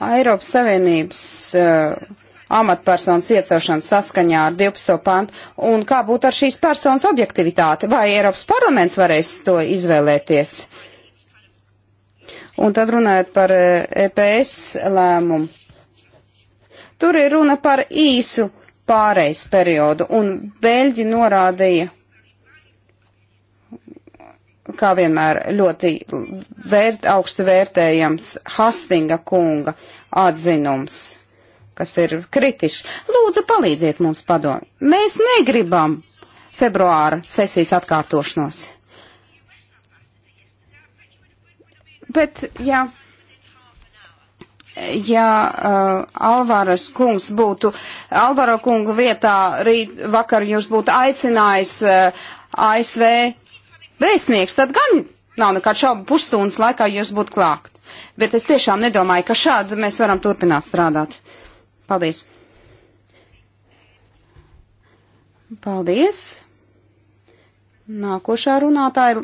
C: Eiropas Savienības uh, amatpersonas iecelšanu saskaņā ar 12. pantu, un kā būtu ar šīs personas objektivitāti, vai Eiropas parlaments varēs to izvēlēties? Un tad runājot par uh, eh, EPS lēmumu. Tur ir runa par īsu pārejas periodu, un Beļģi norādīja kā vienmēr, ļoti vērt, augstu vērtējams Hastinga kunga atzinums, kas ir kritisks. Lūdzu, palīdziet mums padomu. Mēs negribam februāra sesijas atkārtošanos. Bet, jā. Ja ja uh, Alvaras kungs būtu, Alvaro kungu vietā rīt vakar jūs būtu aicinājis uh, ASV vēstnieks, tad gan nav nekāds šaubu pusstundas laikā jūs būtu klākt. Bet es tiešām nedomāju, ka šādi mēs varam turpināt strādāt. Paldies! Paldies! Nākošā runātāja,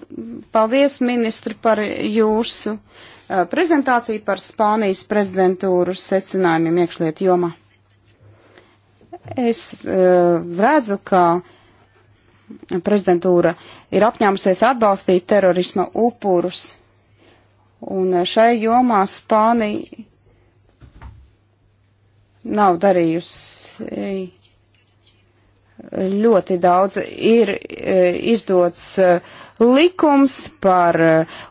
C: paldies ministri par jūsu uh, prezentāciju par Spānijas prezidentūras secinājumiem iekšliet jomā. Es uh, redzu, ka prezidentūra ir apņēmusies atbalstīt terorisma upurus. Un eh, šai jomā Spānija nav darījusi eh, ļoti daudz. Ir eh, izdots likums par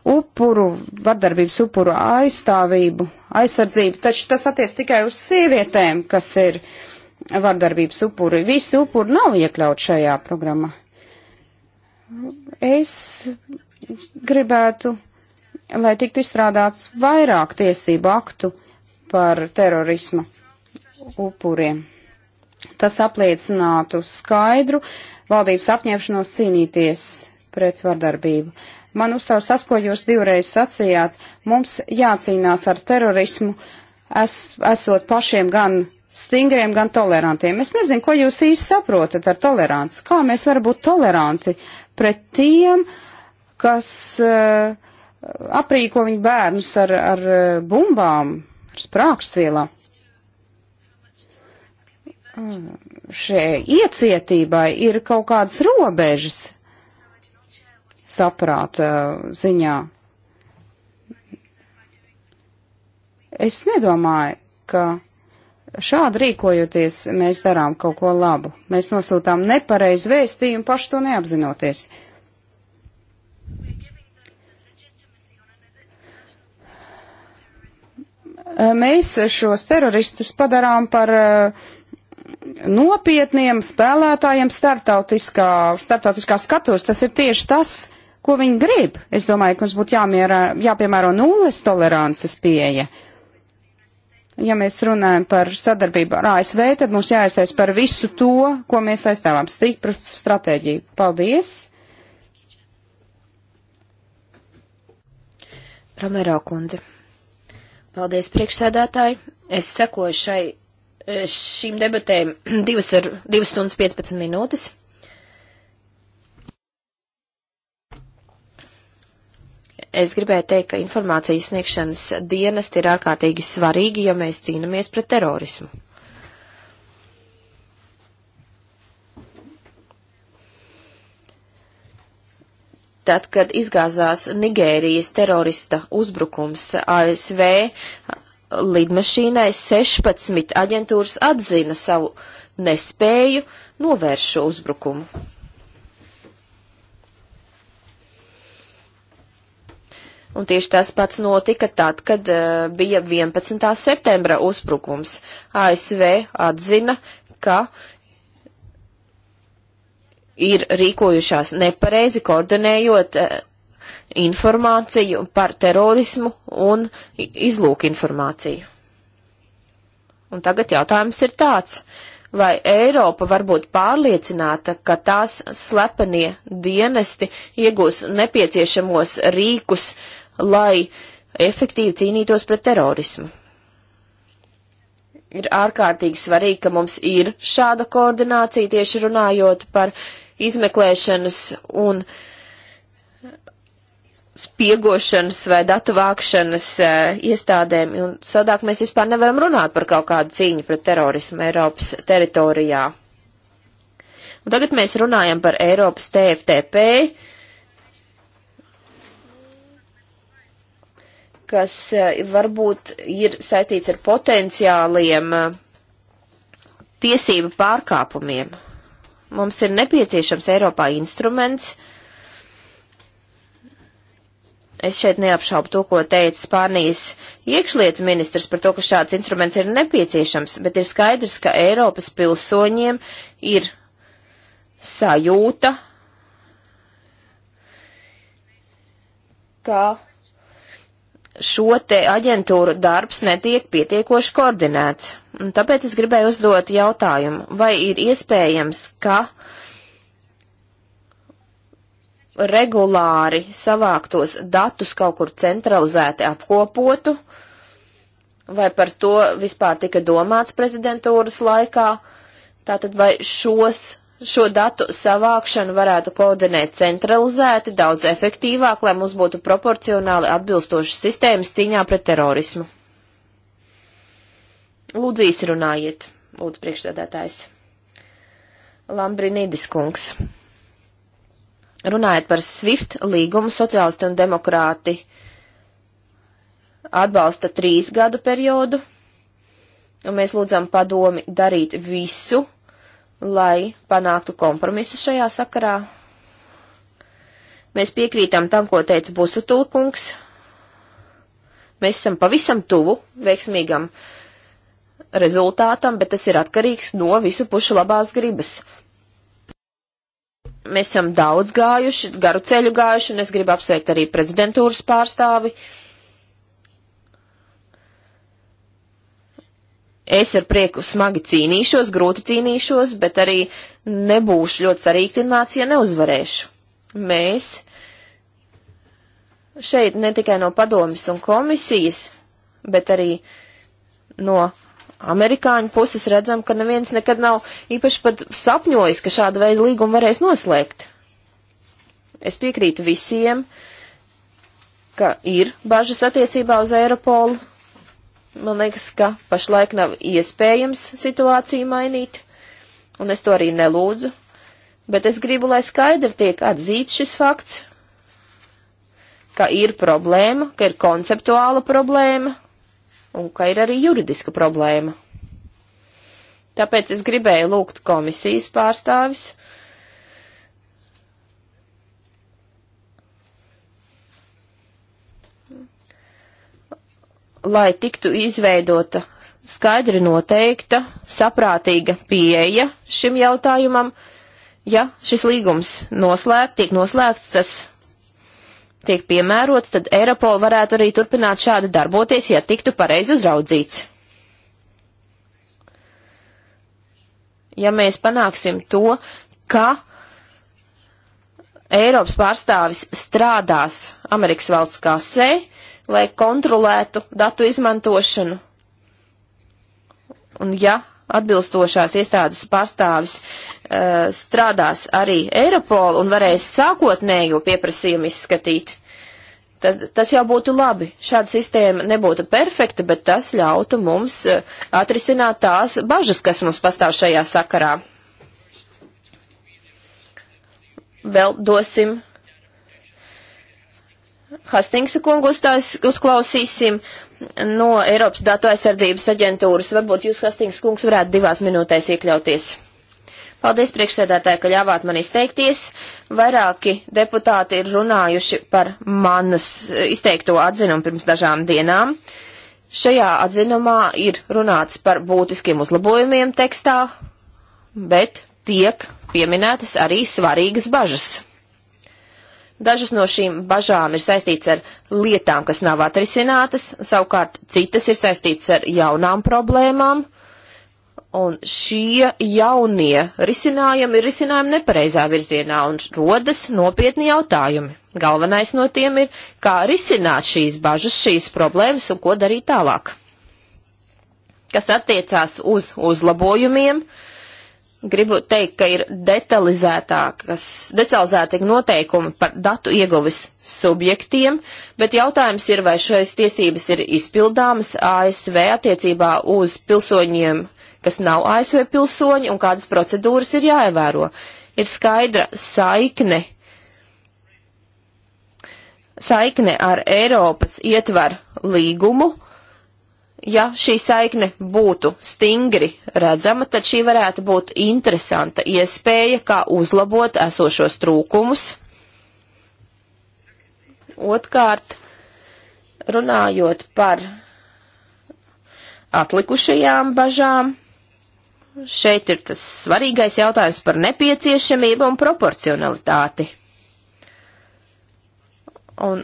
C: upuru, vardarbības upuru aizstāvību, aizsardzību, taču tas attiec tikai uz sievietēm, kas ir vardarbības upuri. Visi upuri nav iekļaut šajā programmā. Es gribētu, lai tiktu izstrādāts vairāk tiesību aktu par terorisma upuriem. Tas apliecinātu skaidru valdības apņemšanos cīnīties pret vardarbību. Man uztrauc tas, ko jūs divreiz sacījāt. Mums jācīnās ar terorismu, es, esot pašiem gan stingriem, gan tolerantiem. Es nezinu, ko jūs īsti saprotat ar toleranci. Kā mēs varam būt toleranti pret tiem, kas uh, aprīko viņu bērnus ar, ar eh, bumbām, ar sprākstvielām. Eh, Šai iecietībai ir kaut kādas robežas saprāta ziņā. Es nedomāju, ka Šādi rīkojoties, mēs darām kaut ko labu. Mēs nosūtām nepareizu vēstījumu paši to neapzinoties. Mēs šos teroristus padarām par eh, nopietniem spēlētājiem starptautiskā, starptautiskā skatos. Tas ir tieši tas, ko viņi grib. Es domāju, ka mums būtu jāmierā, jāpiemēro nulles tolerances pieeja. Uh, ja mēs runājam par sadarbību ar ASV, tad mums jāiztais par visu to, ko mēs aizstāvām. Stipru stratēģiju. Paldies!
B: Romero kundze. Paldies priekšsēdētāji. Es sekoju šai, šīm debatēm [clears throat] divas, ar, divas stundas 15 minūtes. es gribēju teikt, ka informācijas sniegšanas dienesti ir ārkārtīgi svarīgi, ja mēs cīnamies pret terorismu. Tad, kad izgāzās Nigērijas terorista uzbrukums ASV lidmašīnai, 16 aģentūras atzina savu nespēju novērst šo uzbrukumu. Un tieši tas pats notika tad, kad uh, bija 11. septembra uzbrukums. ASV atzina, ka ir rīkojušās nepareizi koordinējot uh, informāciju par terorismu un izlūk informāciju. Un tagad jautājums ir tāds, vai Eiropa var būt pārliecināta, ka tās slepenie dienesti iegūs nepieciešamos rīkus, uh, lai efektīvi cīnītos pret terorismu. Ir ārkārtīgi svarīgi, ka mums ir šāda koordinācija tieši runājot par izmeklēšanas un spiegošanas vai datu vākšanas e, iestādēm, un sadāk mēs vispār nevaram runāt par kaut kādu cīņu pret terorismu Eiropas teritorijā. Un tagad mēs runājam par Eiropas TFTP, kas eh, varbūt ir saistīts ar potenciāliem eh, tiesību pārkāpumiem. Mums ir nepieciešams Eiropā instruments. Es šeit neapšaubu to, ko teica Spānijas iekšlietu ministrs par to, ka šāds instruments ir nepieciešams, bet ir skaidrs, ka Eiropas pilsoņiem ir sajūta, ka šo te aģentūru darbs netiek pietiekoši koordinēts. Un tāpēc es gribēju uzdot jautājumu, vai ir iespējams, ka regulāri savāktos datus kaut kur centralizēti apkopotu, vai par to vispār tika domāts prezidentūras laikā, tātad vai šos šo datu savākšanu varētu koordinēt centralizēti, daudz efektīvāk, lai mums būtu proporcionāli atbilstošas sistēmas cīņā pret terorismu. Lūdzu, izrunājiet, lūdzu, priekšsēdētājs. Lambrinīdis kungs. Runājot par SWIFT līgumu, sociālisti un demokrāti atbalsta trīs gadu periodu, un mēs lūdzam padomi darīt visu, lai panāktu kompromisu šajā sakarā. Mēs piekrītam tam, ko teica Busutulkungs. Mēs esam pavisam tuvu veiksmīgam rezultātam, bet tas ir atkarīgs no visu pušu labās gribas. Mēs esam daudz gājuši, garu ceļu gājuši, un es gribu apsveikt arī prezidentūras pārstāvi. Uh, es ar prieku smagi cīnīšos, grūti cīnīšos, bet arī nebūšu ļoti sarīktināts, ja neuzvarēšu. Mēs šeit ne tikai no padomis un komisijas, bet arī no amerikāņu puses redzam, ka neviens nekad nav īpaši pat sapņojis, ka šādu veidu līgumu varēs noslēgt. Es piekrītu visiem, ka ir bažas attiecībā uz Eiropolu, Man liekas, ka pašlaik nav iespējams situāciju mainīt, un es to arī nelūdzu, bet es gribu, lai skaidri tiek atzīts šis fakts, ka ir problēma, ka ir konceptuāla problēma, un ka ir arī juridiska problēma. Tāpēc es gribēju lūgt komisijas pārstāvis lai tiktu izveidota skaidri noteikta, saprātīga pieeja šim jautājumam. Ja šis līgums noslēgt, tiek noslēgts, tas tiek piemērots, tad Eiropola varētu arī turpināt šādi darboties, ja tiktu pareizi uzraudzīts. Ja mēs panāksim to, ka Eiropas pārstāvis strādās Amerikas valsts kasē, lai kontrolētu datu izmantošanu. Un ja atbilstošās iestādes pārstāvis uh, strādās arī Eiropol un varēs sākotnējo pieprasījumu izskatīt, tad tas jau būtu labi. Šāda sistēma nebūtu perfekta, bet tas ļautu mums eh, atrisināt tās bažas, kas mums pastāv šajā sakarā. Vēl dosim Hastingsa kungu uzstās, uzklausīsim no Eiropas datu aizsardzības aģentūras. Varbūt jūs, Hastings kungs, varētu divās minūtēs iekļauties. Paldies priekšsēdētāji, ka ļāvāt man izteikties. Vairāki deputāti ir runājuši par manus eh, izteikto atzinumu pirms dažām dienām. Šajā atzinumā ir runāts par būtiskiem uzlabojumiem tekstā, bet tiek pieminētas arī svarīgas bažas. Dažas no šīm bažām ir saistīts ar lietām, kas nav atrisinātas, savukārt citas ir saistīts ar jaunām problēmām, un šie jaunie risinājumi ir risinājumi nepareizā virzienā, un rodas nopietni jautājumi. Galvenais no tiem ir, kā risināt šīs bažas, šīs problēmas un ko darīt tālāk. Kas attiecās uz uzlabojumiem, uh, gribu teikt, ka ir detalizētākas, detalizētāk noteikumi par datu ieguvis subjektiem, bet jautājums ir, vai šais tiesības ir izpildāmas ASV attiecībā uz pilsoņiem, kas nav ASV pilsoņi, un kādas procedūras ir jāievēro. Ir skaidra saikne, saikne ar Eiropas ietver līgumu ja šī saikne būtu stingri redzama, tad šī varētu būt interesanta iespēja, kā uzlabot esošos trūkumus. Otkārt, runājot par atlikušajām bažām, šeit ir tas svarīgais jautājums par nepieciešamību un proporcionalitāti. Un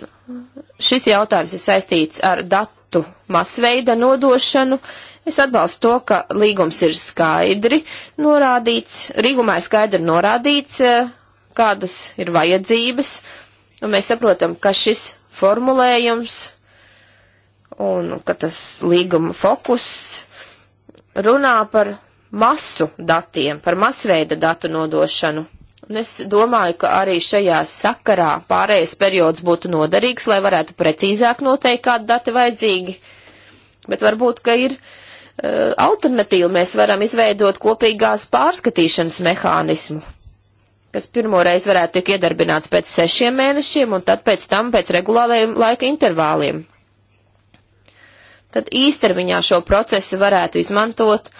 B: šis jautājums ir saistīts ar datu datu masveida nodošanu. Es atbalstu to, ka līgums ir skaidri norādīts, līgumā ir skaidri norādīts, eh, kādas ir vajadzības, un mēs saprotam, ka šis formulējums un ka tas līguma fokus runā par masu datiem, par masveida datu nodošanu. Un es domāju, ka arī šajā sakarā pārējais periods būtu noderīgs, lai varētu precīzāk noteikt, kādi dati vajadzīgi. Bet varbūt, ka ir uh, alternatīva, mēs varam izveidot kopīgās pārskatīšanas mehānismu, kas pirmoreiz varētu tik iedarbināts pēc sešiem mēnešiem un tad pēc tam pēc regulāriem laika intervāliem. Tad īstermiņā šo procesu varētu izmantot,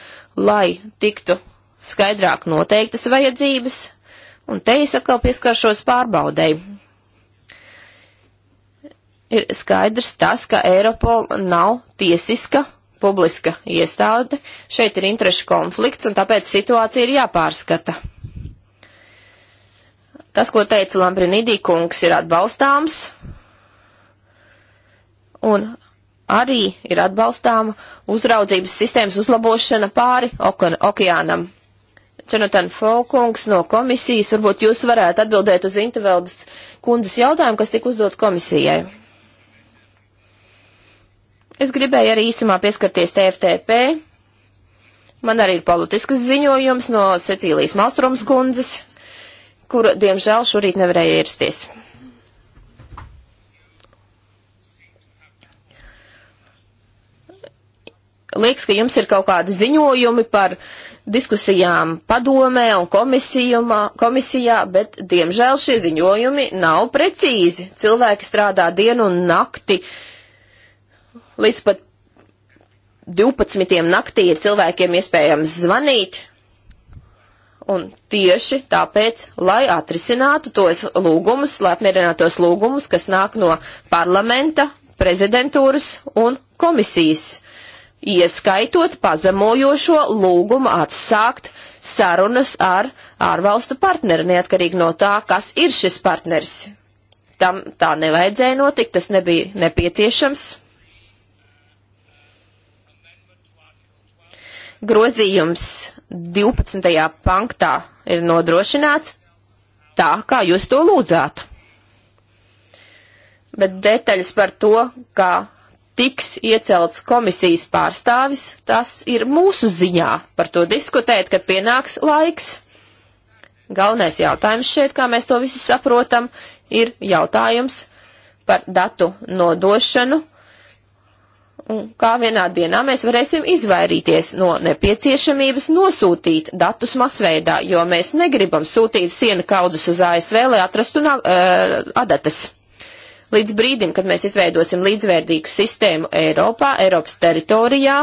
B: lai tiktu skaidrāk noteiktas vajadzības, Un te es atkal pieskaršos pārbaudēji. Ir skaidrs tas, ka Eiropol nav tiesiska publiska iestāde. Šeit ir interešu konflikts, un tāpēc situācija ir jāpārskata. Tas, ko teica Lambrinidī kungs, ir atbalstāms, un arī ir atbalstāma uzraudzības sistēmas uzlabošana pāri okeānam. Čenotan Folkungs no komisijas, varbūt jūs varētu atbildēt uz Interveldes kundzes jautājumu, kas tika uzdot komisijai. Es gribēju arī īsumā pieskarties TFTP. Man arī ir politiskas ziņojums no Cecīlijas Malstroms kundzes, kur, diemžēl, šorīt nevarēja ierasties. Liekas, ka jums ir kaut kādi ziņojumi par uh, diskusijām padomē un komisijā, bet diemžēl šie ziņojumi nav precīzi. Cilvēki strādā dienu un nakti līdz pat 12. naktī ir cilvēkiem iespējams zvanīt. Un tieši tāpēc, lai atrisinātu tos lūgumus, lai apmierinātos lūgumus, kas nāk no parlamenta, prezidentūras un komisijas ieskaitot pazemojošo lūgumu atsākt sarunas ar ārvalstu partneri, neatkarīgi no tā, kas ir šis partners. Tam tā nevajadzēja notikt, tas nebija nepieciešams. Grozījums 12. panktā ir nodrošināts tā, kā jūs to lūdzāt. Bet detaļas par to, kā tiks iecelts komisijas pārstāvis, tas ir mūsu ziņā par to diskutēt, kad pienāks laiks. Galvenais jautājums šeit, kā mēs to visi saprotam, ir jautājums par datu nodošanu un kā vienā dienā mēs varēsim izvairīties no nepieciešamības nosūtīt datus masveidā, jo mēs negribam sūtīt sienu kaudus uz ASV, lai atrastu uh, adatas. Līdz brīdim, kad mēs izveidosim līdzvērtīgu sistēmu Eiropā, Eiropas teritorijā,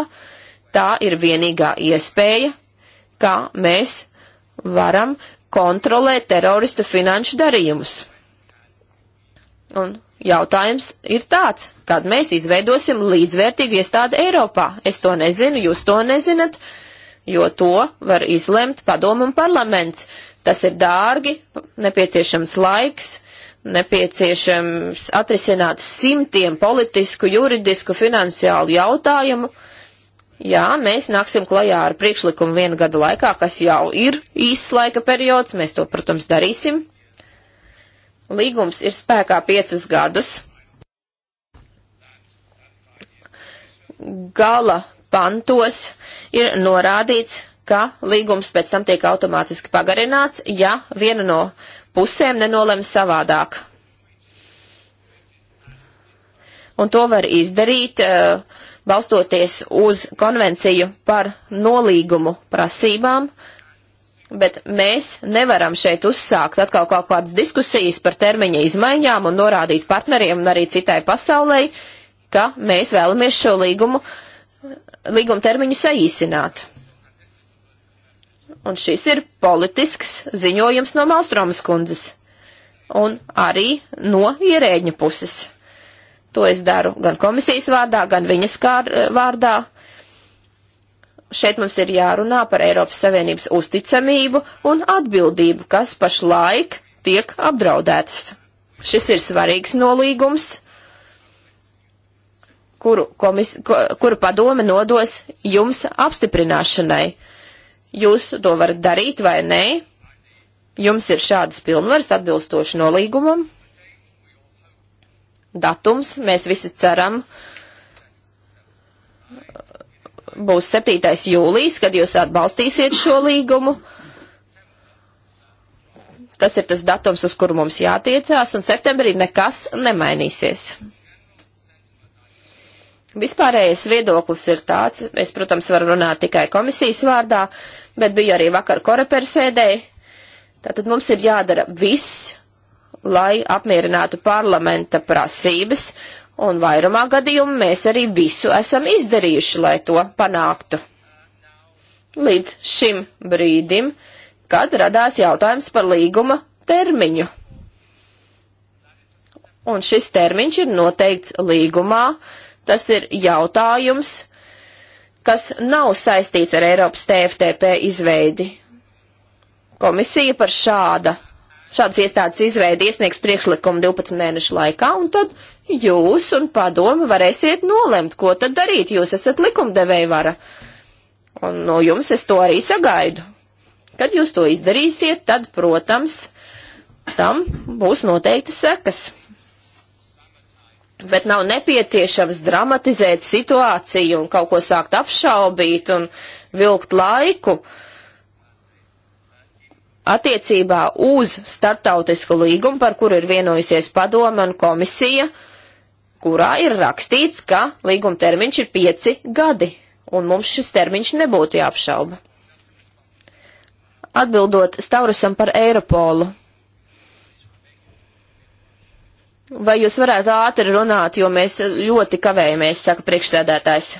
B: tā ir vienīgā iespēja, kā mēs varam kontrolēt teroristu finanšu darījumus. Un jautājums ir tāds, kad mēs izveidosim līdzvērtīgu iestādi Eiropā. Es to nezinu, jūs to nezinat, jo to var izlemt padomu un parlaments. Tas ir dārgi, nepieciešams laiks, nepieciešams atrisināt simtiem politisku, juridisku, finansiālu jautājumu. Jā, mēs nāksim klajā ar priekšlikumu viena gada laikā, kas jau ir īsts laika periods, mēs to, protams, darīsim. Līgums ir spēkā piecus gadus. Gala pantos ir norādīts, ka līgums pēc tam tiek automātiski pagarināts, ja viena no uh, pusēm nenolem savādāk. Un to var izdarīt, eh, balstoties uz konvenciju par nolīgumu prasībām, bet mēs nevaram šeit uzsākt atkal kaut kādas diskusijas par termiņa izmaiņām un norādīt partneriem un arī citai pasaulē, ka mēs vēlamies šo līgumu, līguma termiņu saīsināt. Un šis ir politisks ziņojums no Malstromas kundzes. Un arī no ierēģņa puses. To es daru gan komisijas vārdā, gan viņas kār, eh, vārdā. Šeit mums ir jārunā par Eiropas Savienības uzticamību un atbildību, kas pašlaik tiek apdraudētas. Šis ir svarīgs nolīgums, kuru, komis, kuru padome nodos jums apstiprināšanai. Jūs to varat darīt vai nē. Jums ir šādas pilnvaras atbilstoši nolīgumam. Datums, mēs visi ceram, būs 7. jūlijas, kad jūs atbalstīsiet šo līgumu. Tas ir tas datums, uz kuru mums jātiecās, un septembrī nekas nemainīsies. Vispārējais viedoklis ir tāds, es, protams, varu runāt tikai komisijas vārdā, uh, bet biju arī vakar korepersēdē. Tātad mums ir jādara viss, lai apmierinātu parlamenta prasības, un vairumā gadījumu mēs arī visu esam izdarījuši, lai to panāktu. Līdz šim brīdim, kad radās jautājums par līguma termiņu. Un šis termiņš ir noteikts līgumā, tas ir jautājums, kas nav saistīts ar Eiropas TFTP izveidi. Komisija par šāda, šādas iestādes izveidi iesniegs priekšlikumu 12 mēnešu laikā, un tad jūs un padomu varēsiet nolemt, ko tad darīt. Jūs esat likumdevēja vara. Un no jums es to arī sagaidu. Kad jūs to izdarīsiet, tad, protams, tam būs noteikti sekas bet nav nepieciešams dramatizēt situāciju un kaut ko sākt apšaubīt un vilkt laiku attiecībā uz startautisku līgumu, par kuru ir vienojusies padome un komisija, kurā ir rakstīts, ka līguma termiņš ir pieci gadi, un mums šis termiņš nebūtu jāapšauba. Atbildot Staurusam par Eiropolu. Vai jūs varētu ātri runāt, jo mēs ļoti kavējamies, saka priekšsēdētājs.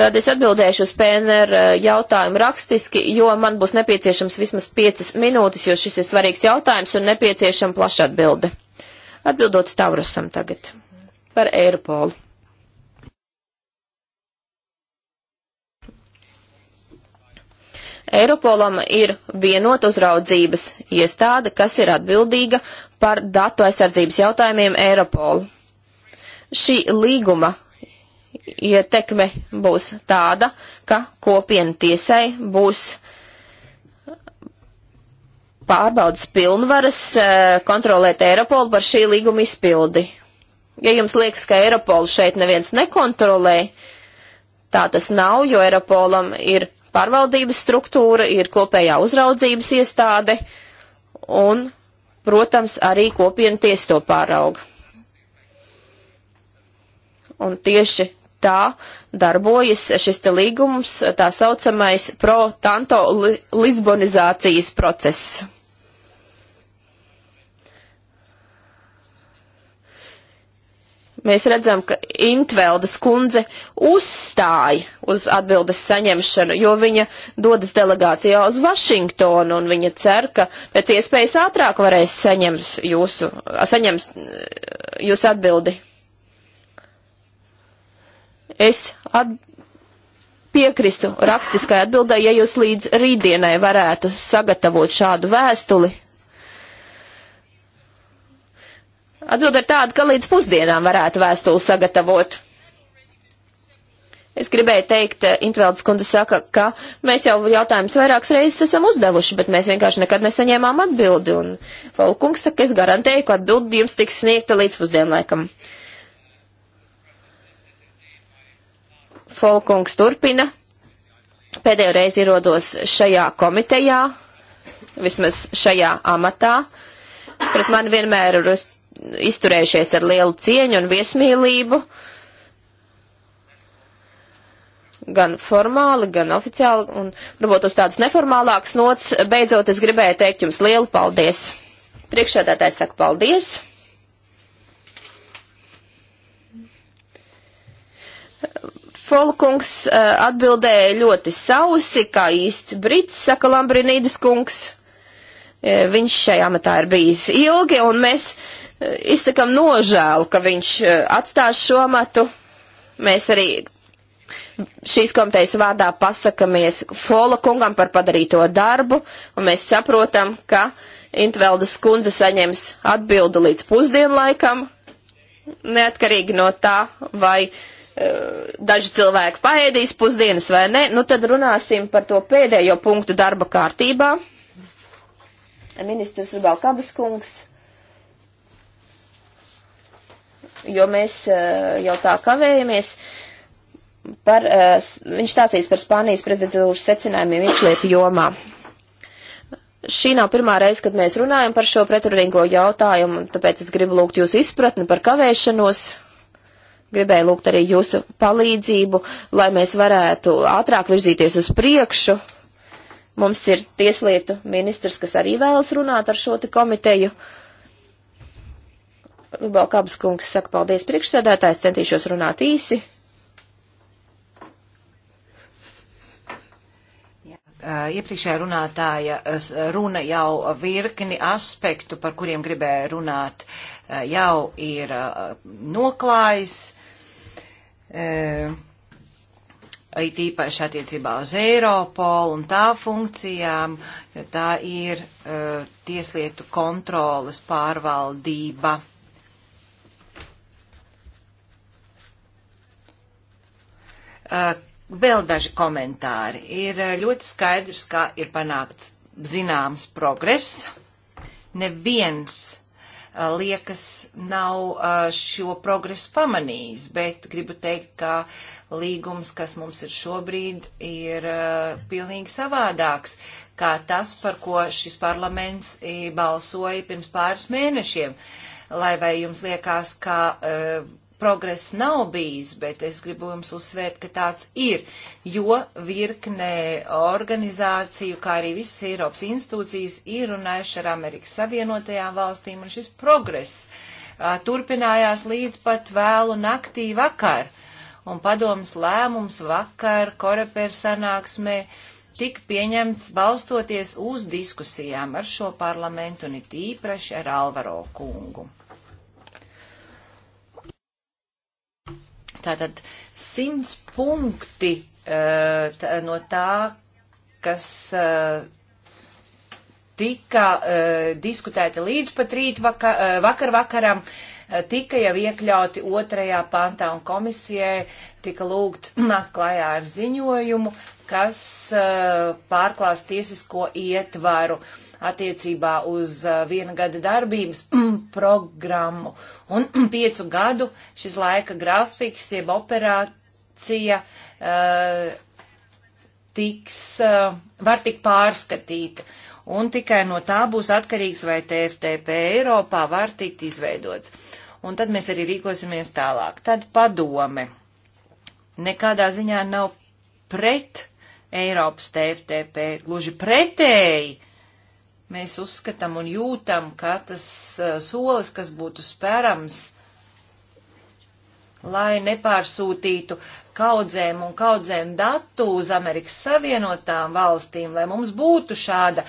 B: Tad es atbildēšu uz PNR eh, jautājumu rakstiski, jo man būs nepieciešams vismaz 5 minūtes, jo šis ir svarīgs jautājums un nepieciešama plaša atbilde. Atbildot Stavrosam tagad par Eiropolu. Eiropolam ir vienot uzraudzības iestāde, kas ir atbildīga par datu aizsardzības jautājumiem Eiropolu. Šī līguma ietekme būs tāda, ka kopienu tiesai būs pārbaudas pilnvaras e, kontrolēt Eiropolu par šī līguma izpildi. Ja jums liekas, ka Eiropolu šeit neviens nekontrolē, tā tas nav, jo Eiropolam ir pārvaldības struktūra, ir kopējā uzraudzības iestāde un, protams, arī kopienu tiesa to pārauga. Un tieši tā darbojas šis te līgums, tā saucamais pro tanto li, lisbonizācijas process. mēs redzam, ka Intveldes kundze uzstāja uz atbildes saņemšanu, jo viņa dodas delegācijā uz Vašingtonu un viņa cer, ka pēc iespējas ātrāk varēs saņemt jūsu, saņems eh, jūsu atbildi. Es at, piekristu rakstiskai atbildai, ja jūs līdz rītdienai varētu sagatavot šādu vēstuli Atbilde ir tāda, ka līdz pusdienām varētu vēstuli sagatavot. Es gribēju teikt, eh, Intveldes kundze saka, ka mēs jau jautājumus vairākas reizes esam uzdevuši, bet mēs vienkārši nekad nesaņēmām atbildi. Un Falkungs saka, es garantēju, ka atbildi jums tiks sniegta līdz pusdienlaikam. Falkungs turpina. Pēdējo reizi ierodos šajā komitejā, vismaz šajā amatā. Pret mani vienmēr ir izturējušies ar lielu cieņu un viesmīlību, gan formāli, gan oficiāli, un varbūt uz tādas neformālākas nots. Beidzot, es gribēju teikt jums lielu paldies. Priekšsēdētājs saka paldies. Folkungs uh, atbildēja ļoti sausi, kā īsti brits, saka Lambrinīdis kungs. Uh, viņš šajā matā ir bijis ilgi, un mēs izsakam nožēlu, ka viņš e, atstās šo matu. Mēs arī šīs komitejas vārdā pasakamies Fola kungam par padarīto darbu, un mēs saprotam, ka Intveldas kundze saņems atbildi līdz pusdienlaikam, neatkarīgi no tā, vai uh, daži cilvēki paēdīs pusdienas vai ne. Nu tad runāsim par to pēdējo punktu darba kārtībā. Ministrs Rubalkabas kungs jo mēs eh, jau tā kavējamies. Par, eh, viņš stāstīs par Spānijas prezidentūras secinājumiem iekšlietu jomā. Šī nav pirmā reize, kad mēs runājam par šo pretrunīgo jautājumu, tāpēc es gribu lūgt jūsu izpratni par kavēšanos. Gribēju lūgt arī jūsu palīdzību, lai mēs varētu ātrāk virzīties uz priekšu. Mums ir tieslietu ministrs, kas arī vēlas runāt ar šo te komiteju. Uh, Balkābas kungs saka paldies priekšsēdētājs, centīšos runāt īsi. Iepriekšējā
A: runātāja runa jau virkni aspektu, par kuriem gribēja runāt, jau ir noklājis. It īpaši attiecībā uz Eiropolu un tā funkcijām, jo tā ir tieslietu kontrolas pārvaldība. Eh, vēl daži komentāri. Ir eh, ļoti skaidrs, ka ir panākts zināms progress. Neviens eh, liekas, nav šo progresu pamanījis, bet gribu teikt, ka līgums, kas mums ir šobrīd, ir pilnīgi savādāks kā tas, par ko šis parlaments balsoja pirms pāris mēnešiem. Lai vai jums liekas, ka progress nav bijis, bet es gribu jums uzsvērt, ka tāds ir, jo virknē organizāciju, kā arī visas Eiropas institūcijas, ir runājuši ar Amerikas Savienotajām valstīm, un šis progress a, turpinājās līdz pat vēlu naktī vakar, un padomas lēmums vakar Koreper sanāksmē tika pieņemts balstoties uz diskusijām ar šo parlamentu un it īpaši ar Alvaro kungu. Tātad simts punkti eh, tā, no tā, kas eh, tika eh, diskutēta līdz pat rīt vaka, vakar vakaram, tika jau iekļauti otrajā pantā un komisijai tika lūgt [clears throat] nākt klajā ar ziņojumu, kas pārklās tiesisko ietvaru. Uh, attiecībā uz uh, viena gada darbības mm, programmu. Un mm, piecu gadu šis laika grafiks, jeb operācija, uh, tiks, uh, var tik pārskatīta. Un tikai no tā būs atkarīgs, vai TFTP Eiropā var tikt izveidots. Un tad mēs arī rīkosimies tālāk. Tad padome nekādā ziņā nav pret Eiropas TFTP, gluži pretēji Mēs uzskatām un jūtam, ka tas solis, kas būtu spērams, lai nepārsūtītu kaudzēm un kaudzēm datu uz Amerikas Savienotām valstīm, lai mums būtu šāda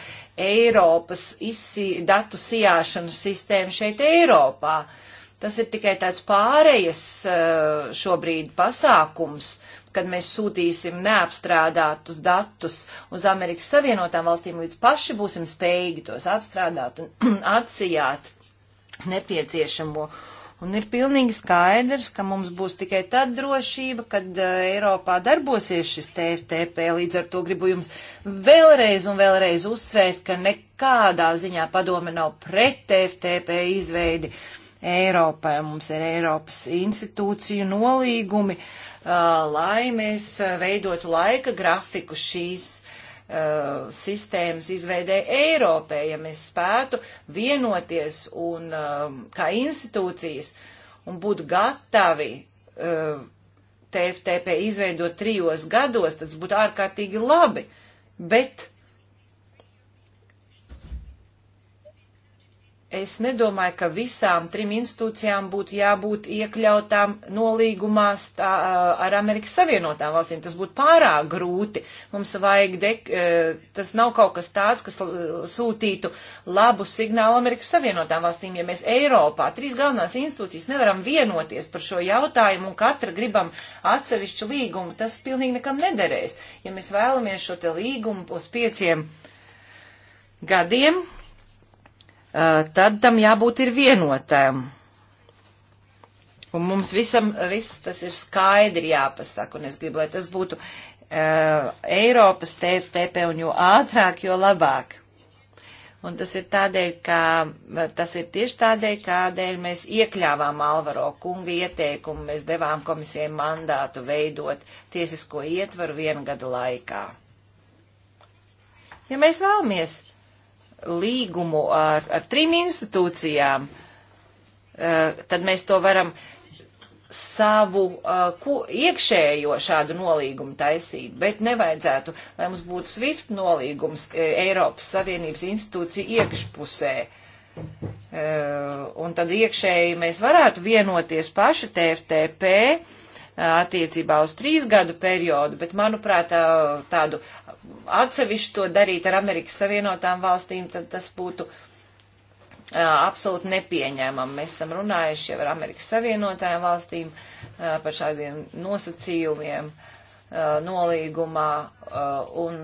A: Eiropas izsi, datu sijāšanas sistēma šeit Eiropā. Tas ir tikai tāds pārējas šobrīd pasākums, uh, kad mēs sūtīsim neapstrādātus datus uz Amerikas Savienotām valstīm, līdz paši būsim spējīgi tos apstrādāt un [clears throat] atsijāt nepieciešamo. Un ir pilnīgi skaidrs, ka mums būs tikai tad drošība, kad uh, Eiropā darbosies šis TFTP. Līdz ar to gribu jums vēlreiz un vēlreiz uzsvērt, ka nekādā ziņā padome nav pret TFTP izveidi Eiropai. Mums ir Eiropas institūciju nolīgumi. Uh, Uh, lai mēs uh, veidotu laika grafiku šīs uh, sistēmas izveidē Eiropē, ja mēs spētu vienoties un uh, kā institūcijas un būtu gatavi uh, TFTP izveidot trijos gados, tas būtu ārkārtīgi labi. Bet es nedomāju, ka visām trim institūcijām būtu jābūt iekļautām nolīgumā ar Amerikas Savienotām valstīm. Tas būtu pārāk grūti. Mums vajag, dek, tas nav kaut kas tāds, kas sūtītu labu signālu Amerikas Savienotām valstīm. Ja mēs Eiropā trīs galvenās institūcijas nevaram vienoties par šo jautājumu un katra gribam atsevišķu līgumu, tas pilnīgi nekam nederēs. Ja mēs vēlamies šo te līgumu uz pieciem gadiem, Eh, tad tam jābūt ir vienotēm. Un mums visam, viss tas ir skaidri jāpasaka, un es gribu, lai tas būtu uh, Eiropas TFTP, un jo ātrāk, jo labāk. Un tas ir tādēļ, ka, tas ir tieši tādēļ, kādēļ mēs iekļāvām Alvaro kunga ieteikumu, mēs devām komisijai mandātu veidot tiesisko ietvaru vienu gadu laikā. Ja mēs vēlamies līgumu ar, ar trim institūcijām, eh, tad mēs to varam savu uh, ko, iekšējo šādu nolīgumu taisīt, bet nevajadzētu, lai mums būtu SWIFT nolīgums e, Eiropas Savienības institūciju iekšpusē. E, un tad iekšēji mēs varētu vienoties paši TFTP, attiecībā uz trīs gadu periodu, bet, manuprāt, tādu atsevišķu to darīt ar Amerikas Savienotām valstīm, tad tas būtu absolūti nepieņēmami. Mēs esam runājuši jau ar Amerikas Savienotājām valstīm par šādiem nosacījumiem nolīgumā un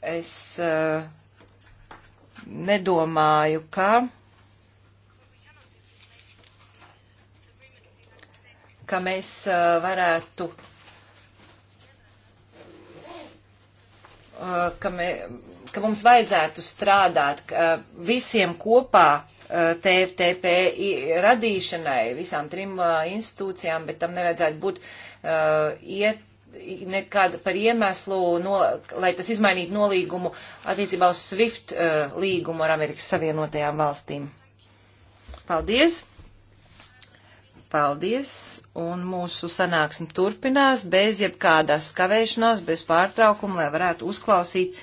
A: es uh, nedomāju, ka ka mēs uh, varētu, uh, ka, mē, ka mums vajadzētu strādāt uh, visiem kopā TFTP radīšanai, visām trim institūcijām, bet tam nevajadzētu būt iet nekad par iemeslu, no, lai tas izmainītu nolīgumu attiecībā uz SWIFT uh, līgumu ar Amerikas Savienotajām valstīm. Paldies! Paldies! un mūsu sanāksme turpinās bez jebkādas skavēšanās, bez pārtraukuma, lai varētu uzklausīt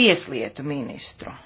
A: tieslietu ministru.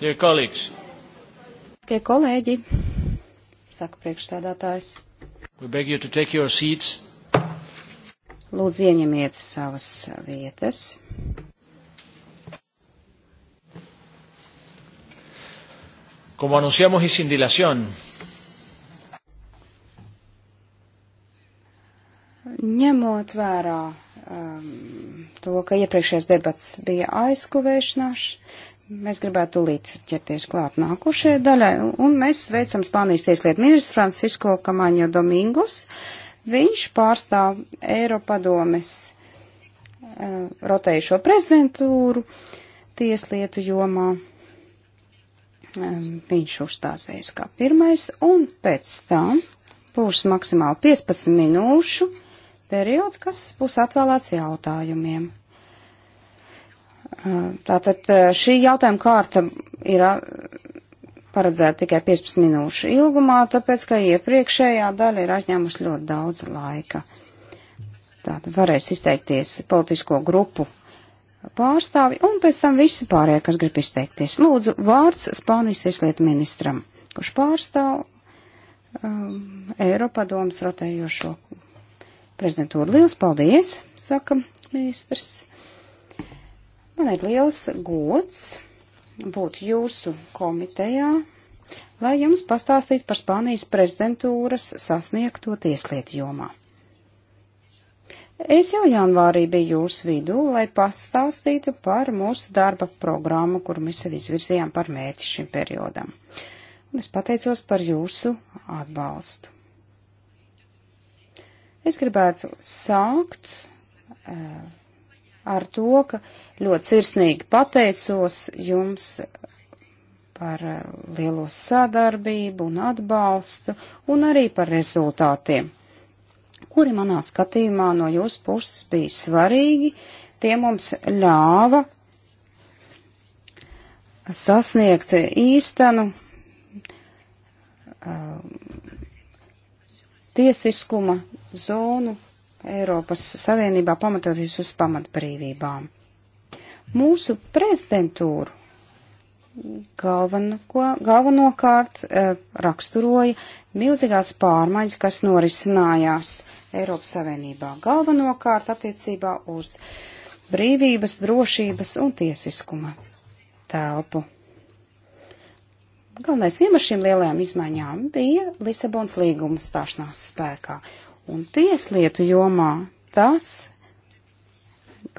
C: Dear colleagues. Tie kolēģi, saka priekšstādātājs.
A: We beg you to take your seats.
C: Lūdzu, ieņemiet savas vietas.
A: Como anunciamos y sin dilación,
C: ņemot vērā to, ka iepriekšējās debats bija aizkuvēšanās. Mēs gribētu tūlīt ķerties klāt nākošajai daļai, un mēs sveicam Spānijas tieslietu ministru Francisko Kamaņo Domingus. Viņš pārstāv Eiropadomes uh, rotējušo prezidentūru tieslietu jomā. Um, viņš uzstāsies kā pirmais, un pēc tam būs maksimāli 15 minūšu periods, kas būs atvēlēts jautājumiem. Tātad šī jautājuma kārta ir paredzēta tikai 15 minūšu ilgumā, tāpēc, ka iepriekšējā daļa ir aizņēmusi ļoti daudz laika. Tātad varēs izteikties politisko grupu pārstāvi un pēc tam visi pārējie, kas grib izteikties. Lūdzu, vārds Spānijas tieslietu ministram, kurš pārstāv um, Eiropadomas rotējošo prezidentūru. Liels paldies, saka ministrs. Man ir liels gods būt jūsu komitejā, lai jums pastāstītu par Spānijas prezidentūras sasniegto tieslietu jomā. Es jau janvārī biju jūsu vidū, lai pastāstītu par mūsu darba programmu, kuru mēs sev izvirzījām par mērķi šim periodam. Un es pateicos par jūsu atbalstu. Es gribētu sākt eh, ar to, ka ļoti sirsnīgi pateicos jums par eh, lielo sadarbību un atbalstu un arī par rezultātiem, kuri manā skatījumā no jūsu puses bija svarīgi. Tie mums ļāva sasniegt īstenu uh, tiesiskuma zonu Eiropas Savienībā pamatoties uz pamatbrīvībām. Mūsu prezidentūru galveno, galvenokārt eh, raksturoja milzīgās pārmaiņas, kas norisinājās Eiropas Savienībā. Galvenokārt attiecībā uz brīvības, drošības un tiesiskuma telpu. Galvenais iemesls šīm lielajām izmaiņām bija Lisabonas līguma stāšanās spēkā, un tieslietu jomā tas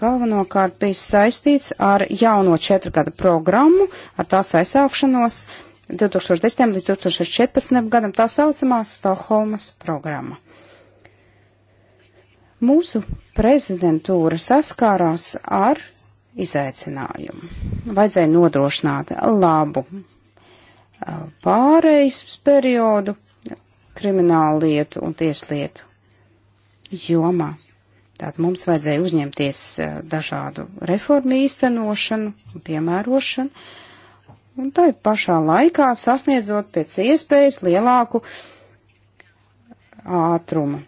C: galvenokārt bija saistīts ar jauno četru gadu programmu, ar tās aizsākšanos 2010. līdz 2014. gadam tā saucamā Stokholmas programma. Mūsu prezidentūra saskārās ar izaicinājumu. Vajadzēja nodrošināt labu pārejas periodu kriminālu lietu un tieslietu jomā. Tātad mums vajadzēja uzņemties eh, dažādu reformu īstenošanu un piemērošanu, un tā ir pašā laikā sasniedzot pēc iespējas lielāku ātrumu.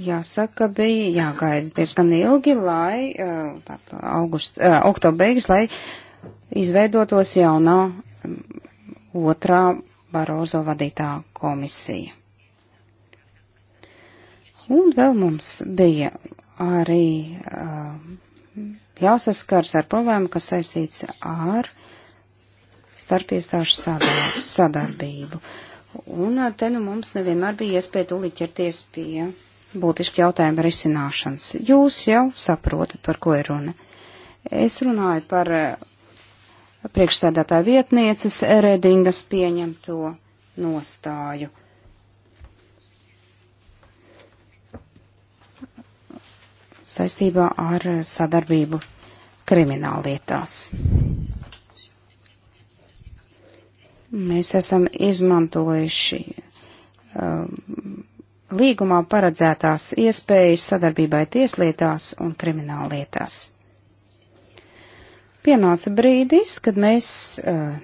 C: Jāsaka, bija jāgaida diezgan ilgi, lai eh, august, eh, oktobra beigas, lai izveidotos jaunā mm, otrā Barozo vadītā komisija. Un vēl mums bija arī uh, jāsaskars ar problēmu, kas saistīts ar starpiestāšu sadar sadarbību. Un uh, te nu mums nevienmēr bija iespēja tūlīt ķerties pie būtiski jautājuma risināšanas. Jūs jau saprotat, par ko ir runa. Es runāju par uh, priekšsēdētāja vietnieces Redingas pieņemto nostāju. saistībā ar sadarbību krimināllietās. Mēs esam izmantojuši um, līgumā paredzētās iespējas sadarbībai tieslietās un krimināllietās. Pienāca brīdis, kad mēs uh,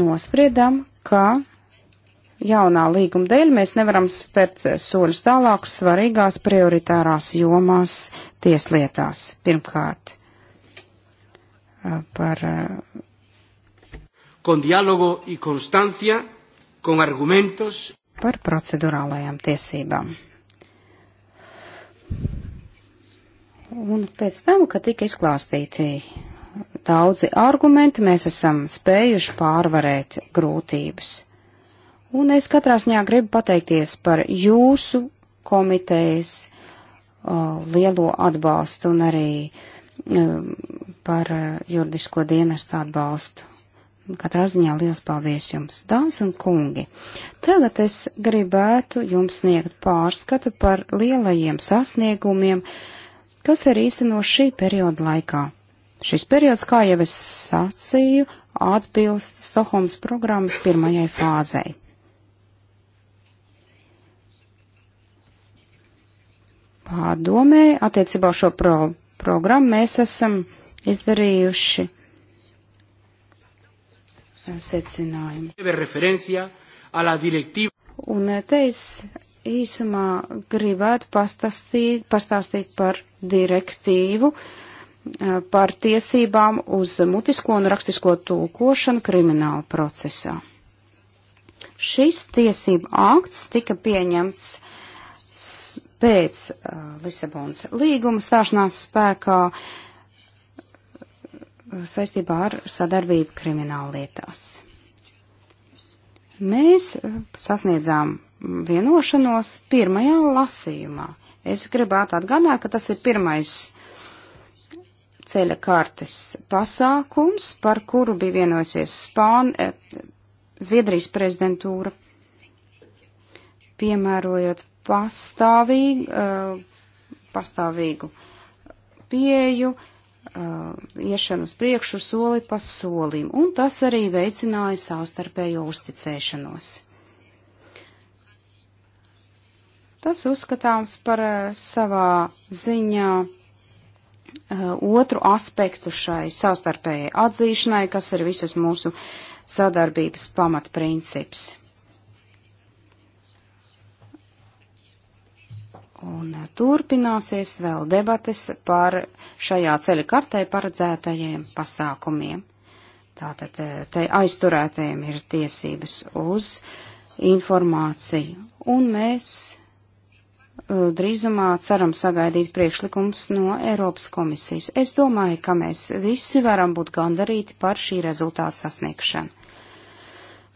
C: nospriedām, ka jaunā līguma dēļ mēs nevaram spērt soļus tālāk svarīgās prioritārās jomās tieslietās. Pirmkārt, par. Con dialogo y constancia, con argumentos. Par procedurālajām tiesībām. Un pēc tam, kad tika izklāstīti daudzi argumenti, mēs esam spējuši pārvarēt grūtības Un es katrā ziņā gribu pateikties par jūsu komitejas uh, lielo atbalstu un arī um, par uh, juridisko dienestu atbalstu. Katrā ziņā liels paldies jums, dāmas un kungi. Tagad es gribētu jums sniegt pārskatu par lielajiem sasniegumiem, kas ir īsteno šī perioda laikā. Šis periods, kā jau es sacīju, atbilst Stokholmas programmas pirmajai fāzei. pārdomē attiecībā uz šo pro programmu mēs esam izdarījuši secinājumu. Un eh, te es īsumā gribētu pastāstīt, pastāstīt par direktīvu, eh, par tiesībām uz mutisko un rakstisko tulkošanu krimināla procesā. Šis tiesību akts tika pieņemts pēc uh, Lisabonas līguma stāšanās spēkā uh, saistībā ar sadarbību krimināllietās. Mēs uh, sasniedzām vienošanos pirmajā lasījumā. Es gribētu atgādināt, ka tas ir pirmais ceļa kartes pasākums, par kuru bija vienojusies Spān, eh, Zviedrijas prezidentūra, piemērojot pastāvīgu, uh, pastāvīgu pieju, uh, iešanu uz priekšu soli pa solim, un tas arī veicināja sāstarpējo uzticēšanos. Tas uzskatāms par uh, savā ziņā otru aspektu šai savstarpējai atzīšanai, kas ir visas mūsu sadarbības pamatprincips. Un eh, turpināsies vēl debates par šajā ceļa kartē paredzētajiem pasākumiem. Tātad eh, te aizturētajiem ir tiesības uz informāciju. Un mēs eh, drīzumā ceram sagaidīt priekšlikums no Eiropas komisijas. Es domāju, ka mēs visi varam būt gandarīti par šī rezultāta sasniegšanu.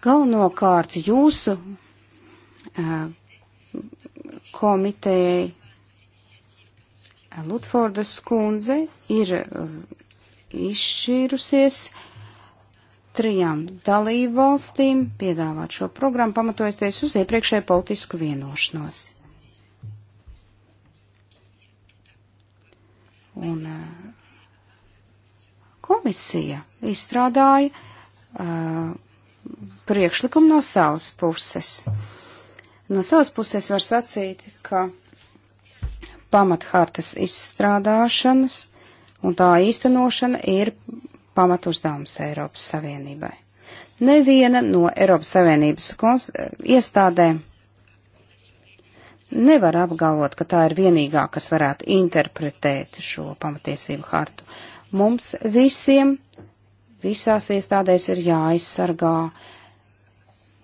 C: Galvenokārt jūsu komitejai. Lutfordas kundze ir uh, izšķīrusies trijām dalību valstīm piedāvāt šo programmu, pamatojoties uz iepriekšēju politisku vienošanos. Un uh, komisija izstrādāja uh, priekšlikumu no savas puses. Uh, No savas puses var sacīt, ka pamathartas izstrādāšanas un tā īstenošana ir pamatuzdevums Eiropas Savienībai. Neviena no Eiropas Savienības iestādēm nevar apgalvot, ka tā ir vienīgā, kas varētu interpretēt šo pamatiesību hartu. Mums visiem, visās iestādēs ir jāaizsargā uh,